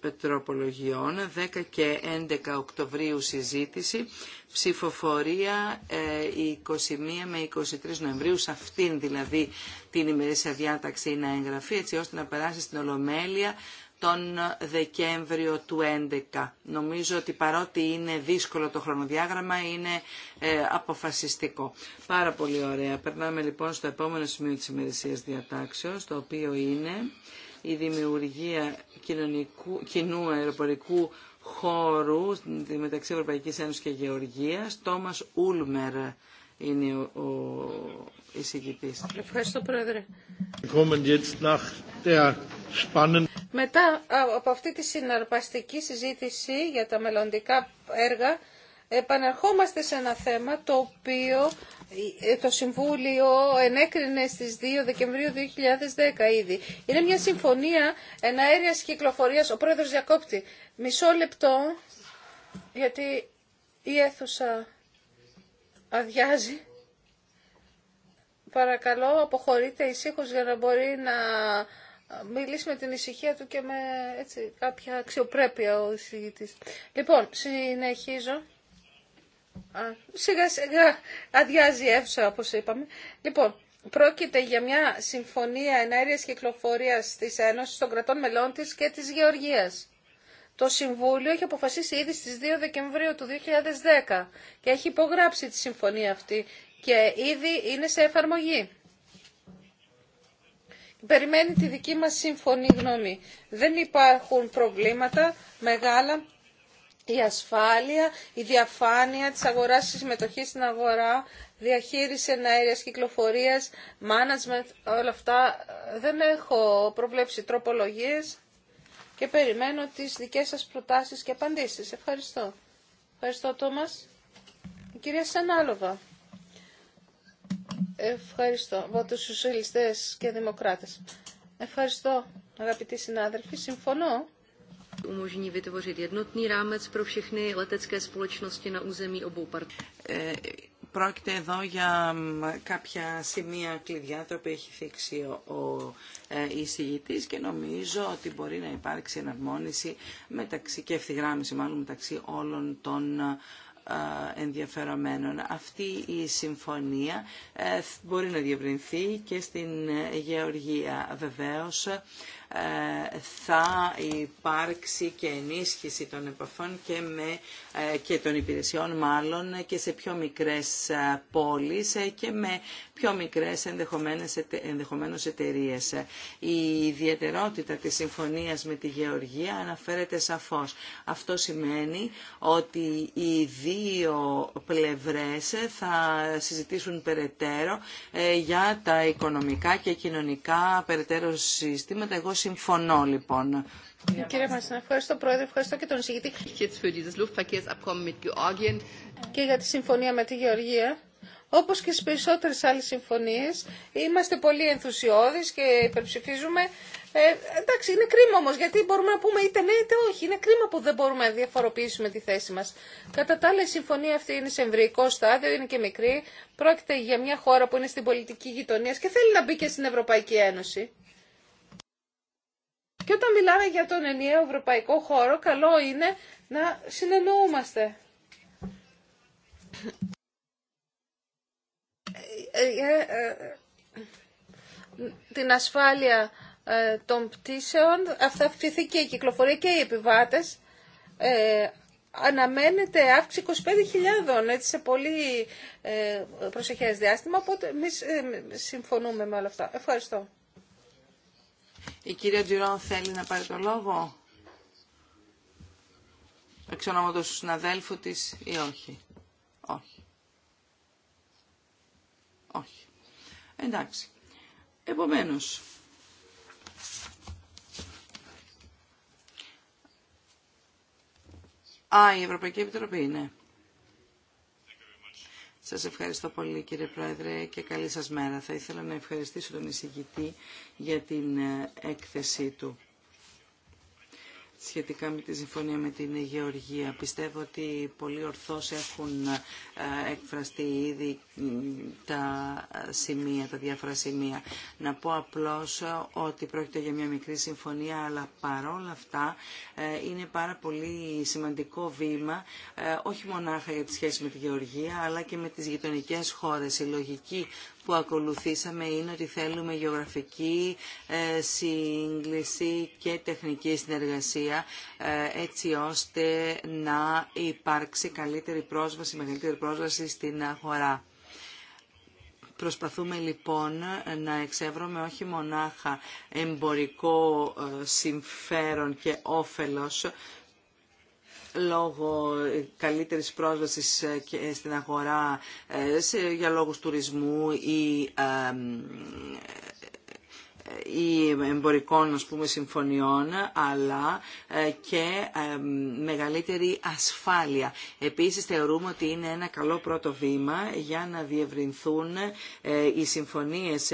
ε, τροπολογιών, 10 και 11 Οκτωβρίου συζήτηση, ψηφοφορία 21 ε, με 23 Νοεμβρίου, σε αυτήν δηλαδή την ημερήσια διάταξη να εγγραφεί, έτσι ώστε να περάσει στην Ολομέλεια τον Δεκέμβριο του 2011. Νομίζω ότι παρότι είναι δύσκολο το χρονοδιάγραμμα, είναι ε, αποφασιστικό. Πάρα πολύ ωραία. Περνάμε λοιπόν στο επόμενο σημείο της ημερησίας διατάξεως, το οποίο είναι η δημιουργία κοινωνικού, κοινού αεροπορικού χώρου μεταξύ Ευρωπαϊκής Ένωσης και Γεωργίας. Τόμας Ούλμερ είναι ο, ο εισηγητής. Ευχαριστώ, Πρόεδρε. Μετά από αυτή τη συναρπαστική συζήτηση για τα μελλοντικά έργα, επανερχόμαστε σε ένα θέμα το οποίο ε, το Συμβούλιο ενέκρινε στις 2 Δεκεμβρίου 2010 ήδη. Είναι μια συμφωνία εναέρειας κυκλοφορίας. Ο πρόεδρος διακόπτη. Μισό λεπτό, γιατί η αίθουσα αδειάζει. Παρακαλώ, αποχωρείτε ησύχως για να μπορεί να μιλήσει με την ησυχία του και με έτσι, κάποια αξιοπρέπεια ο εισηγητής. Λοιπόν, συνεχίζω. Α, σιγά σιγά αδειάζει η αίθουσα όπως είπαμε. Λοιπόν, πρόκειται για μια συμφωνία ενέργειας κυκλοφορίας της Ένωσης των κρατών μελών της και της Γεωργίας. Το Συμβούλιο έχει αποφασίσει ήδη στις 2 Δεκεμβρίου του 2010 και έχει υπογράψει τη συμφωνία αυτή και ήδη είναι σε εφαρμογή περιμένει τη δική μας σύμφωνη γνώμη. Δεν υπάρχουν προβλήματα μεγάλα. Η ασφάλεια, η διαφάνεια της αγοράς, της συμμετοχή στην αγορά, διαχείριση εναέρειας κυκλοφορίας, management, όλα αυτά. Δεν έχω προβλέψει τροπολογίες και περιμένω τις δικές σας προτάσεις και απαντήσεις. Ευχαριστώ. Ευχαριστώ, Τόμας. Η κυρία Σανάλοβα. Ευχαριστώ. Από τους σοσιαλιστές και δημοκράτες. Ευχαριστώ, αγαπητοί συνάδελφοι. Συμφωνώ. πρόκειται εδώ για κάποια σημεία κλειδιά τα οποία έχει θίξει ο ε, εισηγητής και νομίζω ότι μπορεί να υπάρξει εναρμόνιση μεταξύ, και ευθυγράμμιση μάλλον μεταξύ όλων των ενδιαφερομένων. Αυτή η συμφωνία ε, μπορεί να διευρυνθεί και στην ε, Γεωργία. Βεβαίως, ε, θα υπάρξει και ενίσχυση των επαφών και, με, ε, και των υπηρεσιών μάλλον και σε πιο μικρές ε, πόλεις και με πιο μικρές ενδεχομένως εταιρείε. Η ιδιαιτερότητα της συμφωνίας με τη Γεωργία αναφέρεται σαφώς. Αυτό σημαίνει ότι οι δύο πλευρές θα συζητήσουν περαιτέρω για τα οικονομικά και κοινωνικά περαιτέρω συστήματα. Εγώ συμφωνώ λοιπόν. Κύριε ευχαριστώ Πρόεδρε, ευχαριστώ και τον εισηγητή. Και για τη συμφωνία με τη Γεωργία. Όπως και στις περισσότερες άλλες συμφωνίες, είμαστε πολύ ενθουσιώδεις και υπερψηφίζουμε. Ε, εντάξει, είναι κρίμα όμως, γιατί μπορούμε να πούμε είτε ναι είτε όχι. Είναι κρίμα που δεν μπορούμε να διαφοροποιήσουμε τη θέση μας. Κατά τα άλλα, η συμφωνία αυτή είναι σε εμβρυϊκό στάδιο, είναι και μικρή. Πρόκειται για μια χώρα που είναι στην πολιτική γειτονία και θέλει να μπει και στην Ευρωπαϊκή Ένωση. Και όταν μιλάμε για τον ενιαίο ευρωπαϊκό χώρο, καλό είναι να συνεννοούμαστε. Την ασφάλεια ε, των πτήσεων, αυτά αυξηθεί και η κυκλοφορία και οι επιβάτες. Ε, αναμένεται αύξηση 25.000 έτσι, σε πολύ ε, προσεχές διάστημα, οπότε εμεί ε, συμφωνούμε με όλα αυτά. Ευχαριστώ. Η κυρία Τζιρόν θέλει να πάρει το λόγο εξ ονόματος του συναδέλφου της ή όχι. Όχι. Όχι. Εντάξει. Επομένως, Α, η Ευρωπαϊκή Επιτροπή ναι. Σας ευχαριστώ πολύ κύριε Πρόεδρε και καλή σας μέρα. Θα ήθελα να ευχαριστήσω τον εισηγητή για την ε, έκθεσή του σχετικά με τη συμφωνία με την Γεωργία. Πιστεύω ότι πολύ ορθώς έχουν ε, εκφραστεί ήδη τα σημεία, τα διάφορα σημεία. Να πω απλώς ε, ότι πρόκειται για μια μικρή συμφωνία, αλλά παρόλα αυτά ε, είναι πάρα πολύ σημαντικό βήμα, όχι μονάχα για τη σχέση με τη Γεωργία, αλλά και με τις γειτονικές χώρες. Η λογική που ακολουθήσαμε είναι ότι θέλουμε γεωγραφική ε, σύγκληση και τεχνική συνεργασία ε, έτσι ώστε να υπάρξει καλύτερη πρόσβαση, μεγαλύτερη πρόσβαση στην αγορά. Προσπαθούμε λοιπόν να εξεύρουμε όχι μονάχα εμπορικό ε, συμφέρον και όφελος λόγω καλύτερης πρόσβασης ε, και ε, στην αγορά, ε, για λόγους τουρισμού ή ή εμπορικών πούμε, συμφωνιών, αλλά ε, και ε, μεγαλύτερη ασφάλεια. Επίσης θεωρούμε ότι είναι ένα καλό πρώτο βήμα για να διευρυνθούν ε, οι συμφωνίες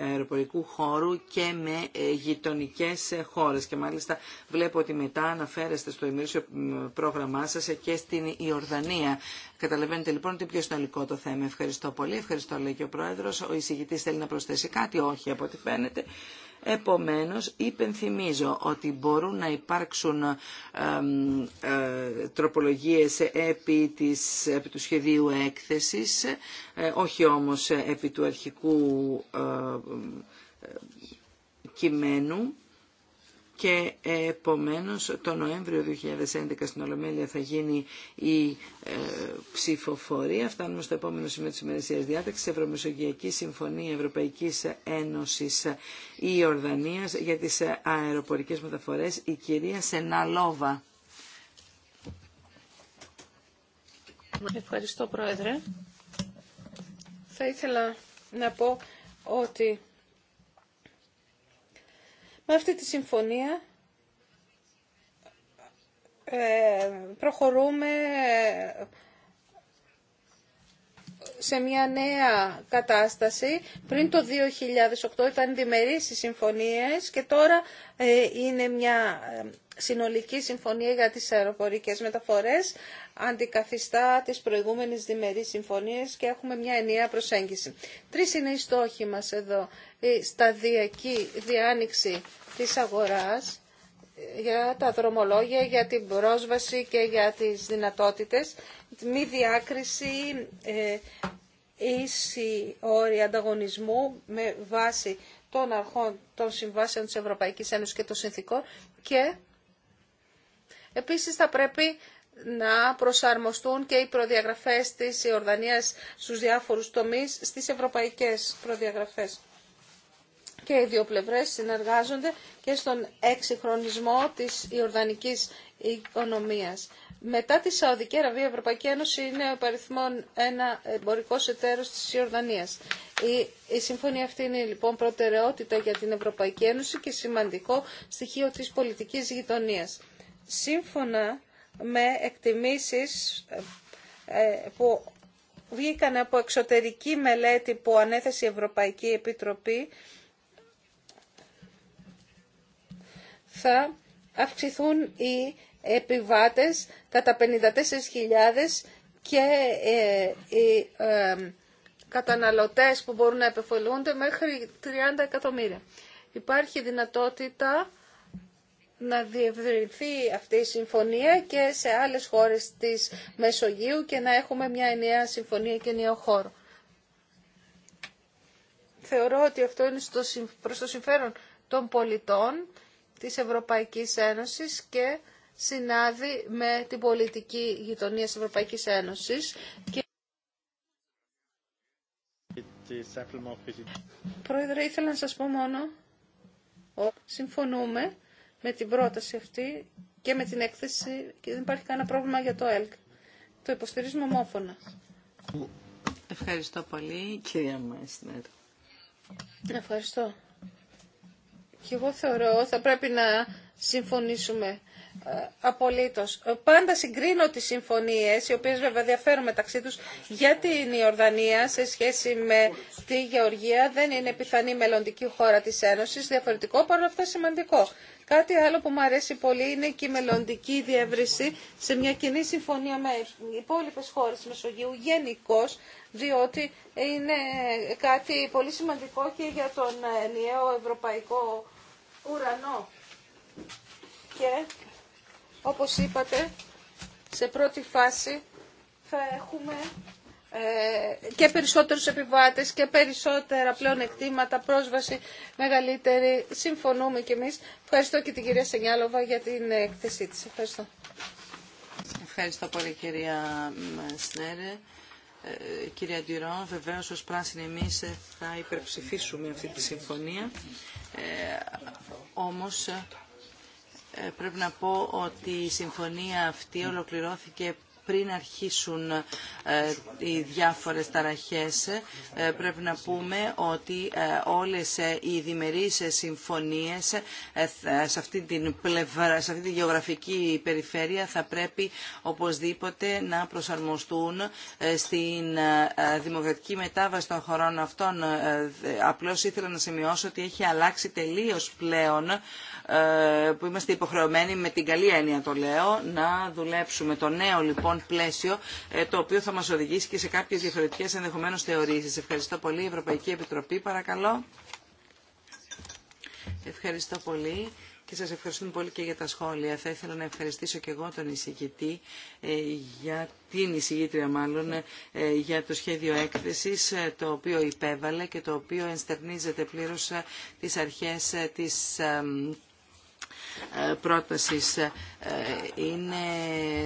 αεροπορικού χώρου και με γειτονικές χώρες. Και μάλιστα βλέπω ότι μετά αναφέρεστε στο ημερήσιο πρόγραμμά σας και στην Ιορδανία Καταλαβαίνετε λοιπόν ότι πιο συνολικό το θέμα. Ευχαριστώ πολύ. Ευχαριστώ λέει και ο Πρόεδρο. Ο εισηγητή θέλει να προσθέσει κάτι. Όχι από ό,τι φαίνεται. Επομένως, υπενθυμίζω ότι μπορούν να υπάρξουν ε, τροπολογίες επί, επί του σχεδίου έκθεσης, ε, όχι όμως επί του αρχικού ε, ε, κειμένου και επομένως το Νοέμβριο 2011 στην Ολομέλεια θα γίνει η ε, ψηφοφορία. Φτάνουμε στο επόμενο σημείο της ημερησίας διάταξης, Ευρωμεσογειακή Συμφωνία Ευρωπαϊκής Ένωσης Ιορδανίας για τις ε, αεροπορικές μεταφορές, η κυρία Σεναλόβα. Ευχαριστώ Πρόεδρε. Θα ήθελα να πω ότι με αυτή τη συμφωνία ε, προχωρούμε σε μια νέα κατάσταση. Πριν το 2008 ήταν διμερείς οι συμφωνίες και τώρα ε, είναι μια ε, συνολική συμφωνία για τις αεροπορικές μεταφορές αντικαθιστά τις προηγούμενες διμερείς συμφωνίες και έχουμε μια ενιαία προσέγγιση. Τρεις είναι οι στόχοι μας εδώ. Η σταδιακή διάνοιξη της αγοράς ε, για τα δρομολόγια, για την πρόσβαση και για τις δυνατότητες, μη διάκριση, ε, ίση όρη ανταγωνισμού με βάση των αρχών των συμβάσεων της Ευρωπαϊκής Ένωσης και των συνθήκων και Επίσης θα πρέπει να προσαρμοστούν και οι προδιαγραφές της Ιορδανίας στους διάφορους τομείς στις ευρωπαϊκές προδιαγραφές. Και οι δύο πλευρές συνεργάζονται και στον εξυγχρονισμό της Ιορδανικής οικονομίας. Μετά τη Σαουδική Αραβία, η Ευρωπαϊκή Ένωση είναι ο παριθμόν ένα εμπορικό εταίρος της Ιορδανίας. Η, η συμφωνία αυτή είναι λοιπόν προτεραιότητα για την Ευρωπαϊκή Ένωση και σημαντικό στοιχείο της πολιτικής γειτονίας σύμφωνα με εκτιμήσεις ε, ε, που βγήκαν από εξωτερική μελέτη που ανέθεσε η Ευρωπαϊκή Επιτροπή, θα αυξηθούν οι επιβάτες κατά 54.000 και ε, οι καταναλωτές που μπορούν να επεφελούνται μέχρι 30 εκατομμύρια. Υπάρχει δυνατότητα να διευρυνθεί αυτή η συμφωνία και σε άλλες χώρες της Μεσογείου και να έχουμε μια ενιαία συμφωνία και νέο χώρο. Θεωρώ ότι αυτό είναι στο, προς το συμφέρον των πολιτών της Ευρωπαϊκής Ένωσης και συνάδει με την πολιτική γειτονία της Ευρωπαϊκής Ένωσης. Και... Πρόεδρε, ήθελα να σας πω μόνο συμφωνούμε με την πρόταση αυτή και με την έκθεση και δεν υπάρχει κανένα πρόβλημα για το ΕΛΚ. Το υποστηρίζουμε ομόφωνα. Ευχαριστώ πολύ, κυρία Μάισνερ. Ευχαριστώ. Και εγώ θεωρώ θα πρέπει να συμφωνήσουμε ε, απολύτως. Ε, πάντα συγκρίνω τι συμφωνίες, οι οποίες βέβαια διαφέρουν μεταξύ τους, για την Ιορδανία σε σχέση με τη Γεωργία. Δεν είναι πιθανή μελλοντική χώρα της Ένωσης, διαφορετικό, παρόλα αυτά σημαντικό. Κάτι άλλο που μου αρέσει πολύ είναι και η μελλοντική διεύρυνση σε μια κοινή συμφωνία με υπόλοιπε χώρε τη Μεσογείου γενικώ, διότι είναι κάτι πολύ σημαντικό και για τον ενιαίο ευρωπαϊκό ουρανό. Και όπως είπατε, σε πρώτη φάση θα έχουμε ε, και περισσότερους επιβάτες και περισσότερα πλέον εκτήματα, πρόσβαση μεγαλύτερη. Συμφωνούμε κι εμείς. Ευχαριστώ και την κυρία Σενιάλοβα για την έκθεσή της. Ευχαριστώ. Ευχαριστώ πολύ κυρία Σνέρε. Ε, κυρία Ντυρό, βεβαίως ως πράσινοι εμείς ε, θα υπερψηφίσουμε αυτή τη συμφωνία. όμως ε, πρέπει να πω ότι η συμφωνία αυτή ολοκληρώθηκε πριν αρχίσουν ε, οι διάφορες ταραχές ε, πρέπει να πούμε ότι όλες οι διμερείς συμφωνίες σε αυτή την πλευρά, σε αυτή τη γεωγραφική περιφέρεια θα πρέπει οπωσδήποτε να προσαρμοστούν στην δημοκρατική μετάβαση των χωρών αυτών. Απλώς ήθελα να σημειώσω ότι έχει αλλάξει τελείως πλέον ε, που είμαστε υποχρεωμένοι με την καλή έννοια το λέω να δουλέψουμε το νέο λοιπόν πλαίσιο ε, το οποίο θα μας οδηγήσει και σε κάποιες διαφορετικές ενδεχομένως θεωρήσεις. Ευχαριστώ πολύ Ευρωπαϊκή Επιτροπή παρακαλώ. Ευχαριστώ πολύ και σας ευχαριστούμε πολύ και για τα σχόλια. Θα ήθελα να ευχαριστήσω και εγώ τον εισηγητή, ε, για την εισηγήτρια μάλλον, για το σχέδιο έκθεσης, το οποίο υπέβαλε και το οποίο ενστερνίζεται πλήρως τις αρχές της ε, πρότασης ε, ε, είναι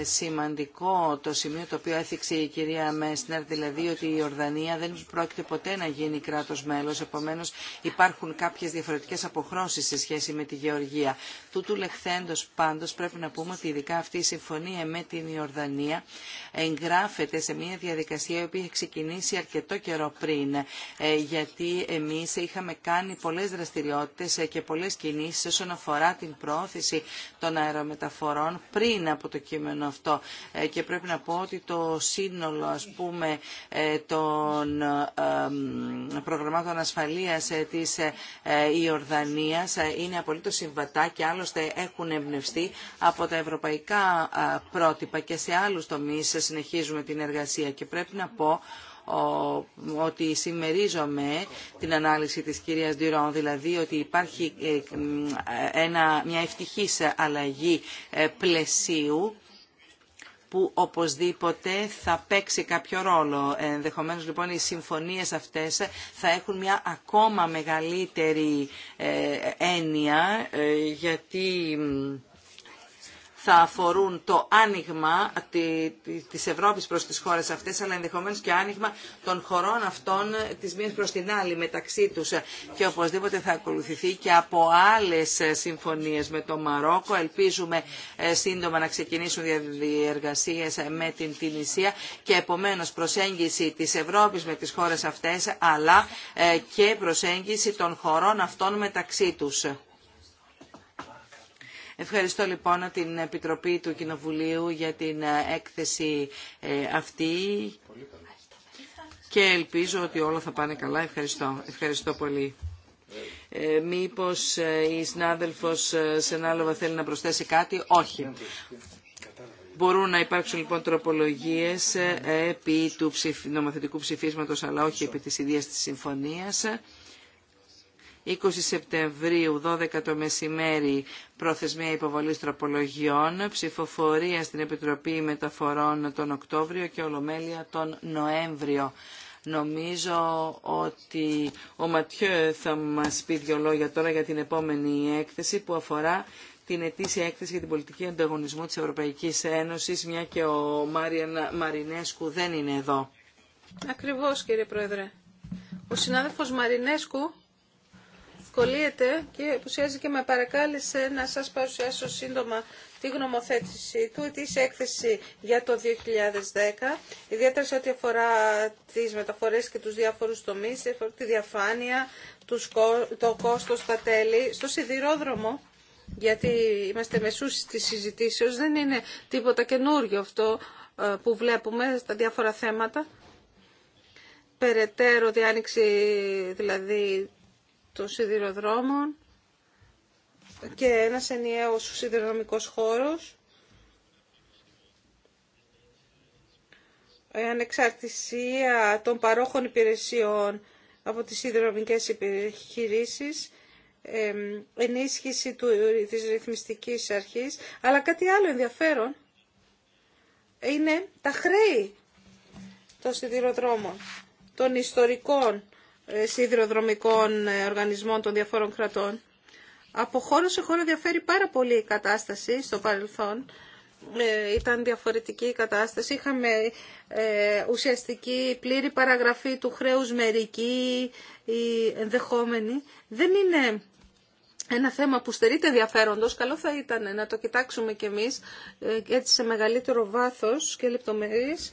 σημαντικό το σημείο το οποίο έθιξε η κυρία Μέσνερ, δηλαδή ότι η Ορδανία δεν πρόκειται ποτέ να γίνει κράτος μέλος, επομένως υπάρχουν κάποιες διαφορετικές αποχρώσεις σε σχέση με τη Γεωργία. Τούτου λεχθέντος πάντως πρέπει να πούμε ότι ειδικά αυτή η συμφωνία με την Ιορδανία εγγράφεται σε μια διαδικασία η οποία έχει ξεκινήσει αρκετό καιρό πριν, ε, γιατί εμείς είχαμε κάνει πολλές δραστηριότητες και πολλές κινήσεις όσον αφορά την πρόθεση των αερομεταφορών πριν από το κείμενο αυτό ε, και πρέπει να πω ότι το σύνολο ας πούμε ε, των προγραμμάτων ασφαλείας ε, της Ιορδανίας είναι απολύτως συμβατά και άλλωστε έχουν εμπνευστεί από τα ευρωπαϊκά πρότυπα και σε άλλους τομείς συνεχίζουμε την εργασία και πρέπει να πω ότι συμμερίζομαι την ανάλυση της κυρίας Ντυρόν, δηλαδή ότι υπάρχει ε, ε, ένα, μια ευτυχής αλλαγή ε, πλαισίου που οπωσδήποτε θα παίξει κάποιο ρόλο. Ενδεχομένω λοιπόν οι συμφωνίες αυτές θα έχουν μια ακόμα μεγαλύτερη έννοια γιατί θα αφορούν το άνοιγμα της Ευρώπης προς τις χώρες αυτές, αλλά ενδεχομένως και άνοιγμα των χωρών αυτών ε, της μίας προς την άλλη μεταξύ τους. Ε, και οπωσδήποτε θα ακολουθηθεί και από άλλες ε, συμφωνίες με το Μαρόκο. Ελπίζουμε σύντομα να ξεκινήσουν διεργασίες με την Τινησία και επομένως προσέγγιση της Ευρώπης με τις χώρες αυτές, αλλά και προσέγγιση των χωρών αυτών μεταξύ τους. Ευχαριστώ λοιπόν την Επιτροπή του Κοινοβουλίου για την ε, έκθεση ε, αυτή και ελπίζω ότι όλα θα πάνε καλά. Ευχαριστώ. Ευχαριστώ πολύ. Ε, μήπως ε, η συνάδελφος Σενάλοβα θέλει να προσθέσει κάτι. Όχι. Μπορούν να υπάρξουν λοιπόν τροπολογίες επί του νομοθετικού ψηφίσματος αλλά όχι επί της ιδίας της συμφωνίας. 20 Σεπτεμβρίου, 12 το μεσημέρι, προθεσμία υποβολής τροπολογιών, ψηφοφορία στην Επιτροπή Μεταφορών τον Οκτώβριο και Ολομέλεια τον Νοέμβριο. Νομίζω ότι ο Ματιέ θα μας πει δυο λόγια τώρα για την επόμενη έκθεση που αφορά την ετήσια έκθεση για την πολιτική ανταγωνισμού της Ευρωπαϊκής Ένωσης, μια και ο Μάριαν Μαρινέσκου δεν είναι εδώ. Ακριβώς κύριε Πρόεδρε. Ο συνάδελφος Μαρινέσκου δυσκολίεται και που και με παρακάλεσε να σας παρουσιάσω σύντομα τη γνωμοθέτηση του, τη έκθεση για το 2010, ιδιαίτερα σε ό,τι αφορά τις μεταφορές και τους διάφορους τομείς, τη διαφάνεια, το κόστος, τα τέλη, στο σιδηρόδρομο, γιατί είμαστε μεσούς της συζητήσεως, δεν είναι τίποτα καινούριο αυτό ε, που βλέπουμε στα διάφορα θέματα περαιτέρω διάνοιξη δηλαδή των σιδηροδρόμων και ένας ενιαίος σιδηροδρομικός χώρος, η ε, ανεξαρτησία των παρόχων υπηρεσιών από τις σιδηροδρομικές επιχειρήσεις, ε, ενίσχυση του, της ρυθμιστικής αρχής, αλλά κάτι άλλο ενδιαφέρον είναι τα χρέη των σιδηροδρόμων, των ιστορικών ε, σιδηροδρομικών ε, οργανισμών των διαφόρων κρατών. Από χώρο σε χώρο διαφέρει πάρα πολύ η κατάσταση στο παρελθόν. Ε, ήταν διαφορετική η κατάσταση. Είχαμε ουσιαστική πλήρη παραγραφή του χρέους μερική ή ενδεχόμενη. Δεν είναι ένα θέμα που στερείται ενδιαφέροντος. Καλό θα ήταν να το κοιτάξουμε κι εμείς έτσι σε μεγαλύτερο βάθος και λεπτομέρειες.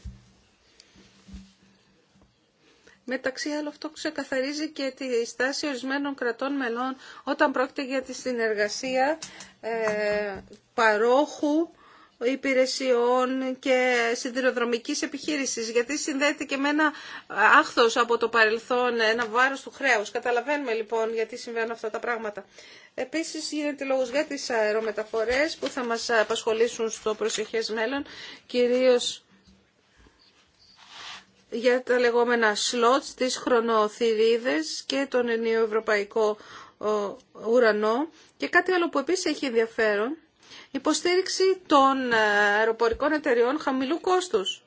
Μεταξύ άλλων αυτό ξεκαθαρίζει και τη στάση ορισμένων κρατών μελών όταν πρόκειται για τη συνεργασία ε, παρόχου υπηρεσιών και συντηροδρομικής επιχείρησης, γιατί συνδέεται και με ένα άχθος από το παρελθόν, ένα βάρος του χρέους. Καταλαβαίνουμε λοιπόν γιατί συμβαίνουν αυτά τα πράγματα. Επίσης γίνεται λόγος για τις αερομεταφορές που θα μας απασχολήσουν στο προσεχές μέλλον, κυρίως για τα λεγόμενα σλότς, τις χρονοθυρίδες και τον ενίο ευρωπαϊκό ουρανό και κάτι άλλο που επίσης έχει ενδιαφέρον, υποστήριξη των ε, αεροπορικών εταιριών χαμηλού κόστους.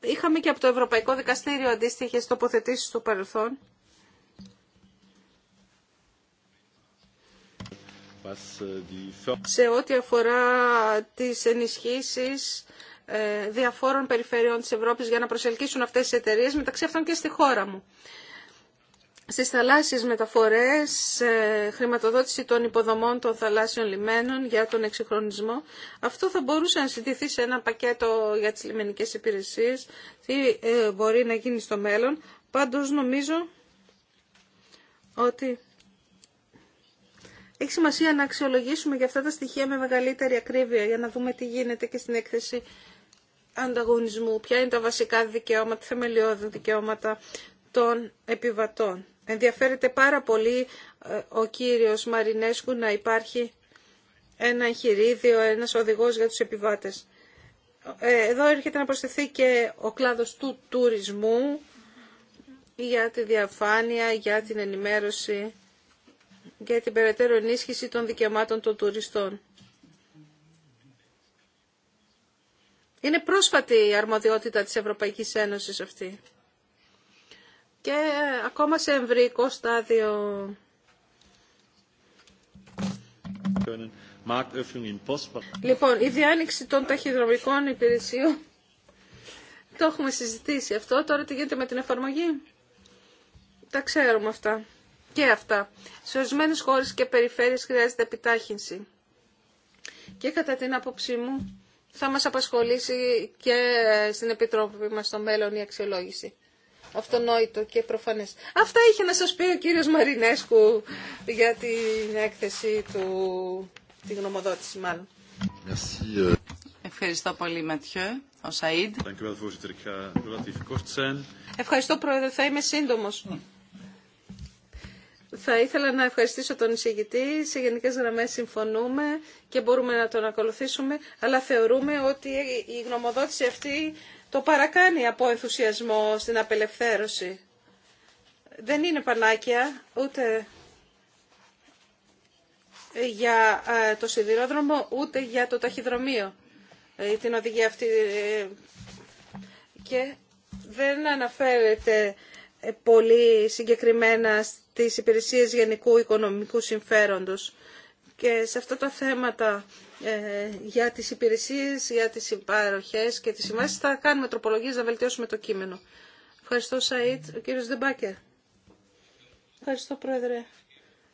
Είχαμε και από το Ευρωπαϊκό Δικαστήριο αντίστοιχες τοποθετήσεις του παρελθόν. Ε, Σε ό,τι αφορά τις ενισχύσεις ε, διαφόρων περιφερειών της Ευρώπης για να προσελκύσουν αυτές τις εταιρείες, μεταξύ αυτών και στη χώρα μου. Στις θαλάσσιες μεταφορές, ε, χρηματοδότηση των υποδομών των θαλάσσιων λιμένων για τον εξυγχρονισμό. Αυτό θα μπορούσε να συντηθεί σε ένα πακέτο για τις λιμενικές υπηρεσίες. Τι ε, μπορεί να γίνει στο μέλλον. Πάντως νομίζω ότι έχει σημασία να αξιολογήσουμε για αυτά τα στοιχεία με μεγαλύτερη ακρίβεια για να δούμε τι γίνεται και στην έκθεση ανταγωνισμού, ποια είναι τα βασικά δικαιώματα, θεμελιώδη δικαιώματα των επιβατών. Ενδιαφέρεται πάρα πολύ ε, ο κύριος Μαρινέσκου να υπάρχει ένα εγχειρίδιο, ένας οδηγός για τους επιβάτες. Ε, εδώ έρχεται να προσθεθεί και ο κλάδος του τουρισμού για τη διαφάνεια, για την ενημέρωση, για την περαιτέρω ενίσχυση των δικαιωμάτων των τουριστών. Είναι πρόσφατη η αρμοδιότητα της Ευρωπαϊκής Ένωσης αυτή. Και ακόμα σε εμβρικό στάδιο Λοιπόν, η διάνοιξη των ταχυδρομικών υπηρεσιών, το έχουμε συζητήσει αυτό, τώρα τι γίνεται με την εφαρμογή. Τα ξέρουμε αυτά. Και αυτά. Σε ορισμένε χώρες και περιφέρειες χρειάζεται επιτάχυνση. Και κατά την άποψή μου, θα μας απασχολήσει και στην Επιτροπή μας στο μέλλον η αξιολόγηση. Αυτονόητο και προφανές. Αυτά είχε να σας πει ο κύριος Μαρινέσκου για την έκθεση του, την γνωμοδότηση μάλλον. Ε. Ευχαριστώ πολύ Ματιέ, ο Σαΐντ. Ευχαριστώ Πρόεδρε, θα είμαι σύντομος. Ναι. Θα ήθελα να ευχαριστήσω τον εισηγητή. Σε γενικέ γραμμέ συμφωνούμε και μπορούμε να τον ακολουθήσουμε, αλλά θεωρούμε ότι η γνωμοδότηση αυτή το παρακάνει από ενθουσιασμό στην απελευθέρωση. Δεν είναι πανάκια ούτε για ε, το σιδηρόδρομο ούτε για το ταχυδρομείο ε, την οδηγία αυτή και δεν αναφέρεται ε, πολύ συγκεκριμένα της Υπηρεσίας γενικού οικονομικού συμφέροντος. Και σε αυτά τα θέματα ε, για τις υπηρεσίες, για τις υπαροχές και τις συμβάσεις θα κάνουμε τροπολογίες να βελτιώσουμε το κείμενο. Ευχαριστώ Σαΐτ, ο κύριος Δεμπάκερ. Ευχαριστώ Πρόεδρε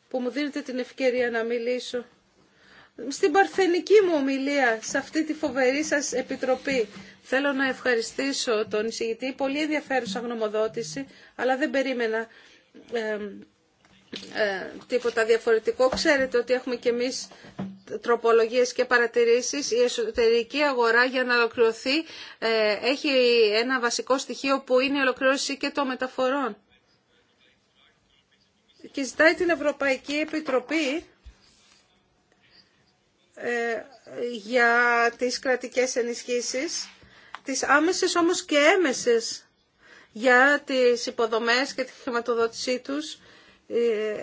που μου δίνετε την ευκαιρία να μιλήσω. Στην παρθενική μου ομιλία, σε αυτή τη φοβερή σας επιτροπή, θέλω να ευχαριστήσω τον εισηγητή. Πολύ ενδιαφέρουσα γνωμοδότηση, αλλά δεν περίμενα ε, τίποτα διαφορετικό. Ξέρετε ότι έχουμε και εμείς τροπολογίες και παρατηρήσεις. Η εσωτερική αγορά για να ολοκληρωθεί ε, έχει ένα βασικό στοιχείο που είναι η ολοκλήρωση και των μεταφορών. Και ζητάει την Ευρωπαϊκή Επιτροπή ε, για τις κρατικές ενισχύσεις, τις άμεσες όμως και έμεσες για τις υποδομές και τη χρηματοδότησή τους ε,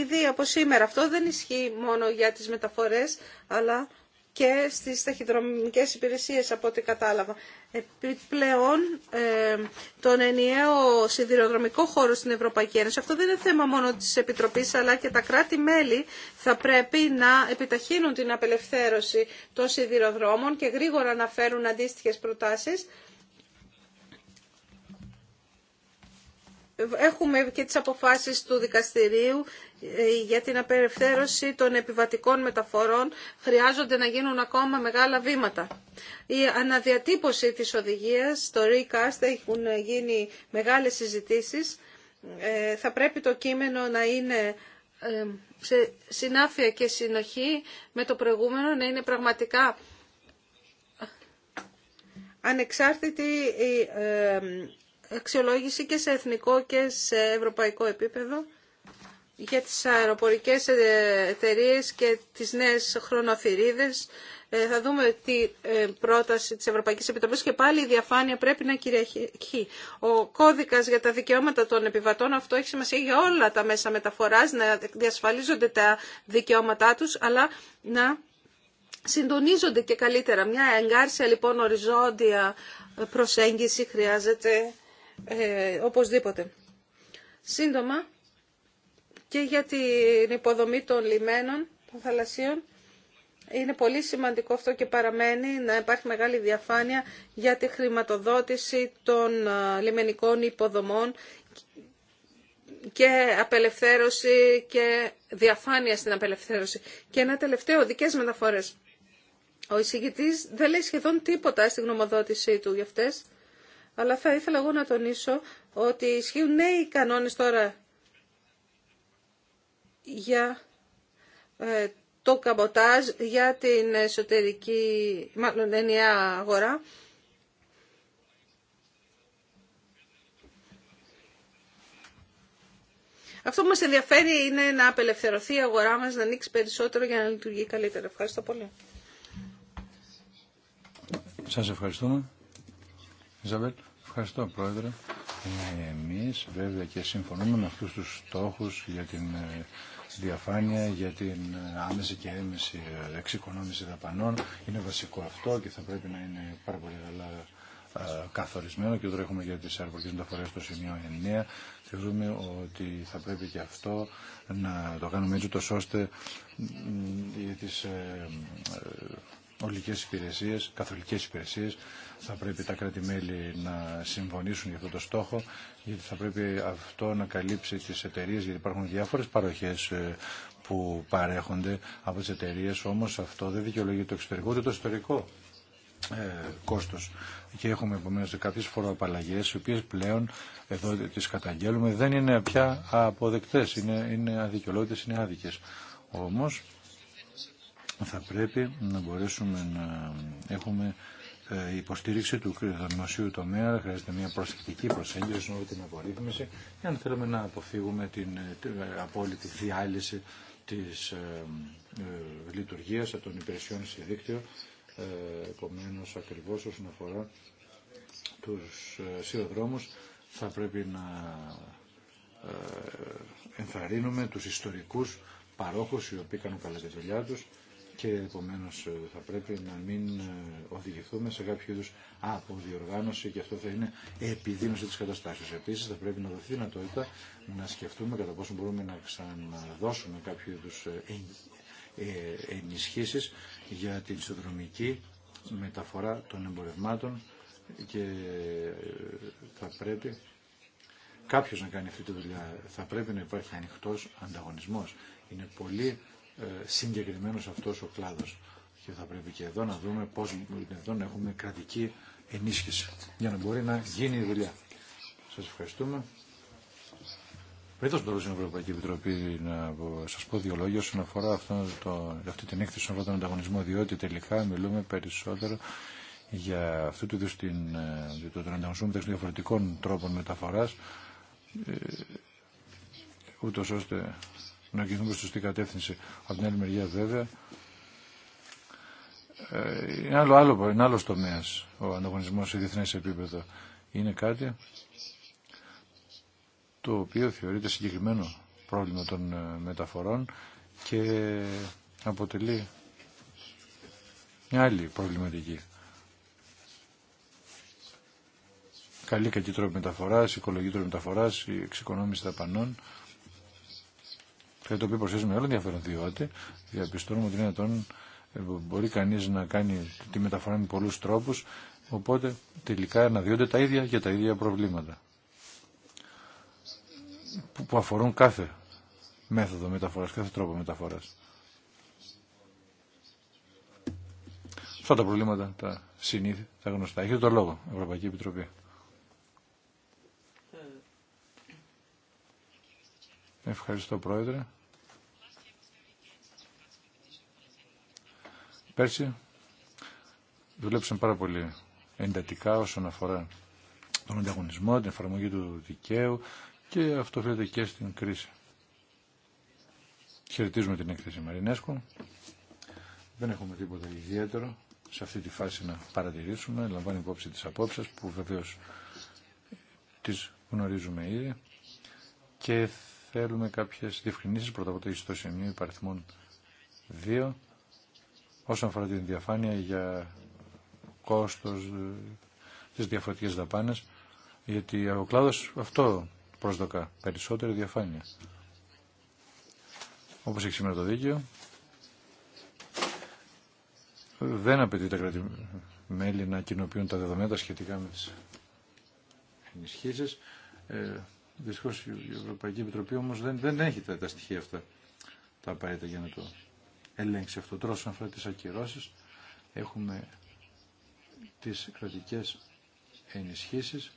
ήδη από σήμερα. Αυτό δεν ισχύει μόνο για τις μεταφορές, αλλά και στις ταχυδρομικές υπηρεσίες από ό,τι κατάλαβα. Επιπλέον, ε, τον ενιαίο σιδηροδρομικό χώρο στην Ευρωπαϊκή Ένωση, αυτό δεν είναι θέμα μόνο της Επιτροπής, αλλά και τα κράτη-μέλη θα πρέπει να επιταχύνουν την απελευθέρωση των σιδηροδρόμων και γρήγορα να φέρουν αντίστοιχες προτάσεις, Έχουμε και τις αποφάσεις του δικαστηρίου ε, για την απελευθέρωση των επιβατικών μεταφορών. Χρειάζονται να γίνουν ακόμα μεγάλα βήματα. Η αναδιατύπωση της οδηγίας, το recast, έχουν γίνει μεγάλες συζητήσεις. Ε, θα πρέπει το κείμενο να είναι ε, σε συνάφεια και συνοχή με το προηγούμενο, να είναι πραγματικά ανεξάρτητη η αξιολόγηση και σε εθνικό και σε ευρωπαϊκό επίπεδο για τις αεροπορικές εταιρείε και τις νέες χρονοαφυρίδες. Ε, θα δούμε τι ε, πρόταση της Ευρωπαϊκής Επιτροπής και πάλι η διαφάνεια πρέπει να κυριαρχεί. Ο κώδικας για τα δικαιώματα των επιβατών, αυτό έχει σημασία για όλα τα μέσα μεταφοράς, να διασφαλίζονται τα δικαιώματά τους, αλλά να συντονίζονται και καλύτερα. Μια εγκάρσια λοιπόν οριζόντια προσέγγιση χρειάζεται ε, οπωσδήποτε. Σύντομα και για την υποδομή των λιμένων, των θαλασσίων, είναι πολύ σημαντικό αυτό και παραμένει να υπάρχει μεγάλη διαφάνεια για τη χρηματοδότηση των ε, λιμενικών υποδομών και απελευθέρωση και διαφάνεια στην απελευθέρωση. Και ένα τελευταίο, δικές μεταφορές. Ο εισηγητής δεν λέει σχεδόν τίποτα στην γνωμοδότησή του για αυτές αλλά θα ήθελα εγώ να τονίσω ότι ισχύουν νέοι κανόνες τώρα για ε, το καμποτάζ, για την εσωτερική, μάλλον ενιαία αγορά. Αυτό που μας ενδιαφέρει είναι να απελευθερωθεί η αγορά μας, να ανοίξει περισσότερο για να λειτουργεί καλύτερα. Ευχαριστώ πολύ. Σας ευχαριστούμε ευχαριστώ πρόεδρε. Ε, εμείς βέβαια και συμφωνούμε με αυτούς τους στόχους για την ε, διαφάνεια, για την ε, άμεση και έμεση εξοικονόμηση δαπανών. Είναι βασικό αυτό και θα πρέπει να είναι πάρα πολύ καλά καθορισμένο και τώρα έχουμε για τις αεροπορικές μεταφορές στο σημείο 9. Θεωρούμε ότι θα πρέπει και αυτό να το κάνουμε έτσι ώστε για τις ολικές υπηρεσίες, καθολικές υπηρεσίες. Θα πρέπει τα κράτη-μέλη να συμφωνήσουν για αυτό το στόχο, γιατί θα πρέπει αυτό να καλύψει τις εταιρείες, γιατί υπάρχουν διάφορες παροχές ε, που παρέχονται από τις εταιρείες, όμως αυτό δεν δικαιολογεί το εξωτερικό ούτε το εσωτερικό ε, κόστος. Και έχουμε επομένως κάποιες φοροαπαλλαγές, οι οποίες πλέον εδώ τις καταγγέλουμε, δεν είναι πια αποδεκτές, είναι, είναι είναι άδικες. Όμως θα πρέπει να μπορέσουμε να έχουμε ε, υποστήριξη του δημοσίου τομέα χρειάζεται μια προσεκτική προσέγγιση με την απορρίθμιση να θέλουμε να αποφύγουμε την ε, απόλυτη διάλυση της ε, λειτουργίας των υπηρεσιών σε δίκτυο επομένω ακριβώς όσον αφορά τους σιδηροδρόμους θα πρέπει να ενθαρρύνουμε τους ιστορικούς παρόχους οι οποίοι κάνουν καλά τη δουλειά τους και επομένω ε, θα πρέπει να μην ε, οδηγηθούμε σε κάποιο είδου αποδιοργάνωση και αυτό θα είναι επιδείνωση της καταστάσεως. Επίσης θα πρέπει να δοθεί δυνατότητα να σκεφτούμε κατά πόσο μπορούμε να ξαναδώσουμε κάποιο είδου ε, ενισχύσει για την ισοδρομική μεταφορά των εμπορευμάτων και θα πρέπει κάποιος να κάνει αυτή τη δουλειά. Θα πρέπει να υπάρχει ανοιχτός ανταγωνισμός. Είναι πολύ ε, συγκεκριμένος αυτός ο κλάδος. Και θα πρέπει και εδώ να δούμε πώς εδώ να έχουμε κρατική ενίσχυση για να μπορεί να γίνει η δουλειά. Σας ευχαριστούμε. Πριν το στην Ευρωπαϊκή Επιτροπή να σας πω δύο λόγια όσον αφορά αυτό το, αυτή την έκθεση στον τον ανταγωνισμό, διότι τελικά μιλούμε περισσότερο για αυτού του είδου ε, τον ανταγωνισμό μεταξύ διαφορετικών τρόπων μεταφορά, ε, ούτως ώστε να κινούμε προς σωστή κατεύθυνση. Από την άλλη μεριά βέβαια, ε, είναι άλλο, άλλο, είναι άλλος τομέας ο ανταγωνισμός σε διεθνές επίπεδο. Είναι κάτι το οποίο θεωρείται συγκεκριμένο πρόβλημα των ε, μεταφορών και αποτελεί μια άλλη προβληματική. Καλή κακή τρόπο μεταφοράς, οικολογική τρόπο μεταφοράς, η εξοικονόμηση δαπανών. Κάτι το οποίο με μεγάλο ενδιαφέρον, διότι διαπιστώνουμε ότι είναι δυνατόν ε, μπορεί κανεί να κάνει τη μεταφορά με πολλούς τρόπους, οπότε τελικά αναδύονται τα ίδια και τα ίδια προβλήματα που αφορούν κάθε μέθοδο μεταφοράς, κάθε τρόπο μεταφοράς. Αυτά τα προβλήματα, τα τα γνωστά. Έχετε το λόγο, Ευρωπαϊκή Επιτροπή. Ε. Ευχαριστώ, Πρόεδρε. Πέρσι δουλέψαμε πάρα πολύ εντατικά όσον αφορά τον ανταγωνισμό, την εφαρμογή του δικαίου και αυτό φαίνεται και στην κρίση. Χαιρετίζουμε την έκθεση Μαρινέσκου. Δεν έχουμε τίποτα ιδιαίτερο σε αυτή τη φάση να παρατηρήσουμε. Λαμβάνει υπόψη τις απόψεις που βεβαίως τις γνωρίζουμε ήδη και θέλουμε κάποιες διευκρινήσεις πρώτα από το ιστοσημείο υπαριθμών 2 όσον αφορά την διαφάνεια για κόστος, ε, τις διαφορετικές δαπάνες, γιατί ο κλάδος αυτό προσδοκά, περισσότερη διαφάνεια. Όπως έχει σήμερα το δίκαιο, δεν απαιτεί τα κράτη-μέλη να κοινοποιούν τα δεδομένα σχετικά με τις ενισχύσεις. Ε, δυστυχώς η Ευρωπαϊκή Επιτροπή όμως δεν, δεν έχει τα, τα στοιχεία αυτά τα απαραίτητα για να το ελέγξει αυτό. Τώρα όσον αφορά τις ακυρώσεις έχουμε τις κρατικές ενισχύσεις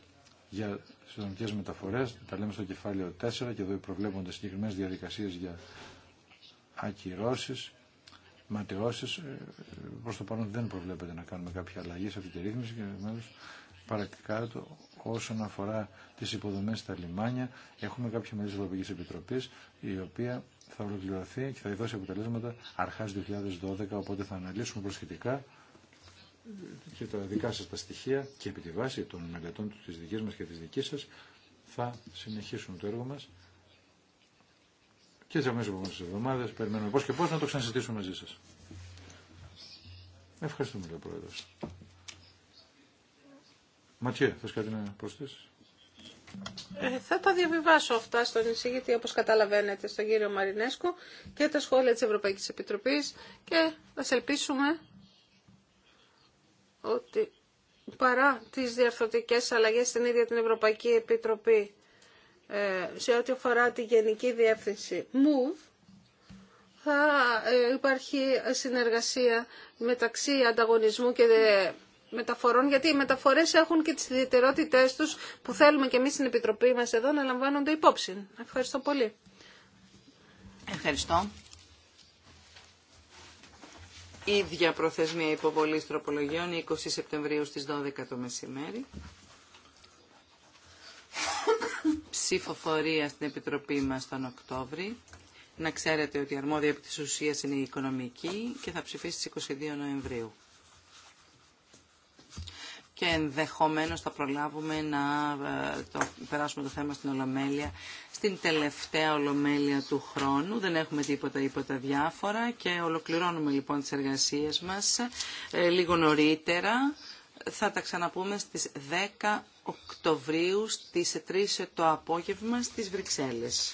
για δομικέ μεταφορές. Τα λέμε στο κεφάλαιο 4 και εδώ προβλέπονται συγκεκριμένες διαδικασίες για ακυρώσεις, ματαιώσεις. Ε, προς το παρόν δεν προβλέπεται να κάνουμε κάποια αλλαγή σε αυτή τη ρύθμιση και όσον αφορά τις υποδομές στα λιμάνια. Έχουμε κάποια μελή της Ευρωπαϊκής Επιτροπής η οποία θα ολοκληρωθεί και θα δώσει αποτελέσματα αρχάς 2012, οπότε θα αναλύσουμε προσχετικά και τα δικά σας τα στοιχεία και επί τη βάση των μελετών της δικής μας και της δικής σας θα συνεχίσουμε το έργο μας και τις αμέσως επόμενες εβδομάδες περιμένουμε πώς και πώς να το ξανασυζητήσουμε μαζί σας. Ευχαριστούμε, κύριε πρόεδρο. Ματιέ, θες κάτι να προσθέσεις. Ε, θα τα διαβιβάσω αυτά στον εισηγητή, όπως καταλαβαίνετε, στον κύριο Μαρινέσκο και τα σχόλια της Ευρωπαϊκής Επιτροπής και θα ελπίσουμε ότι παρά τις διαρθρωτικές αλλαγές στην ίδια την Ευρωπαϊκή Επιτροπή ε, σε ό,τι αφορά τη Γενική Διεύθυνση MOVE, θα ε, υπάρχει συνεργασία μεταξύ ανταγωνισμού και μεταφορών, γιατί οι μεταφορές έχουν και τις ιδιαιτερότητέ τους που θέλουμε και εμεί στην Επιτροπή μας εδώ να λαμβάνονται υπόψη. Ευχαριστώ πολύ. Ευχαριστώ. Ίδια προθεσμία υποβολή τροπολογιών 20 Σεπτεμβρίου στις 12 το μεσημέρι. Ψηφοφορία στην Επιτροπή μας τον Οκτώβρη. Να ξέρετε ότι η αρμόδια επί της ουσίας είναι η οικονομική και θα ψηφίσει στις 22 Νοεμβρίου και ενδεχομένω θα προλάβουμε να ε, το, περάσουμε το θέμα στην Ολομέλεια, στην τελευταία Ολομέλεια του χρόνου. Δεν έχουμε τίποτα ήποτα διάφορα και ολοκληρώνουμε λοιπόν τις εργασίες μας ε, λίγο νωρίτερα. Θα τα ξαναπούμε στις 10 Οκτωβρίου στις 3 το απόγευμα στις Βρυξέλλες.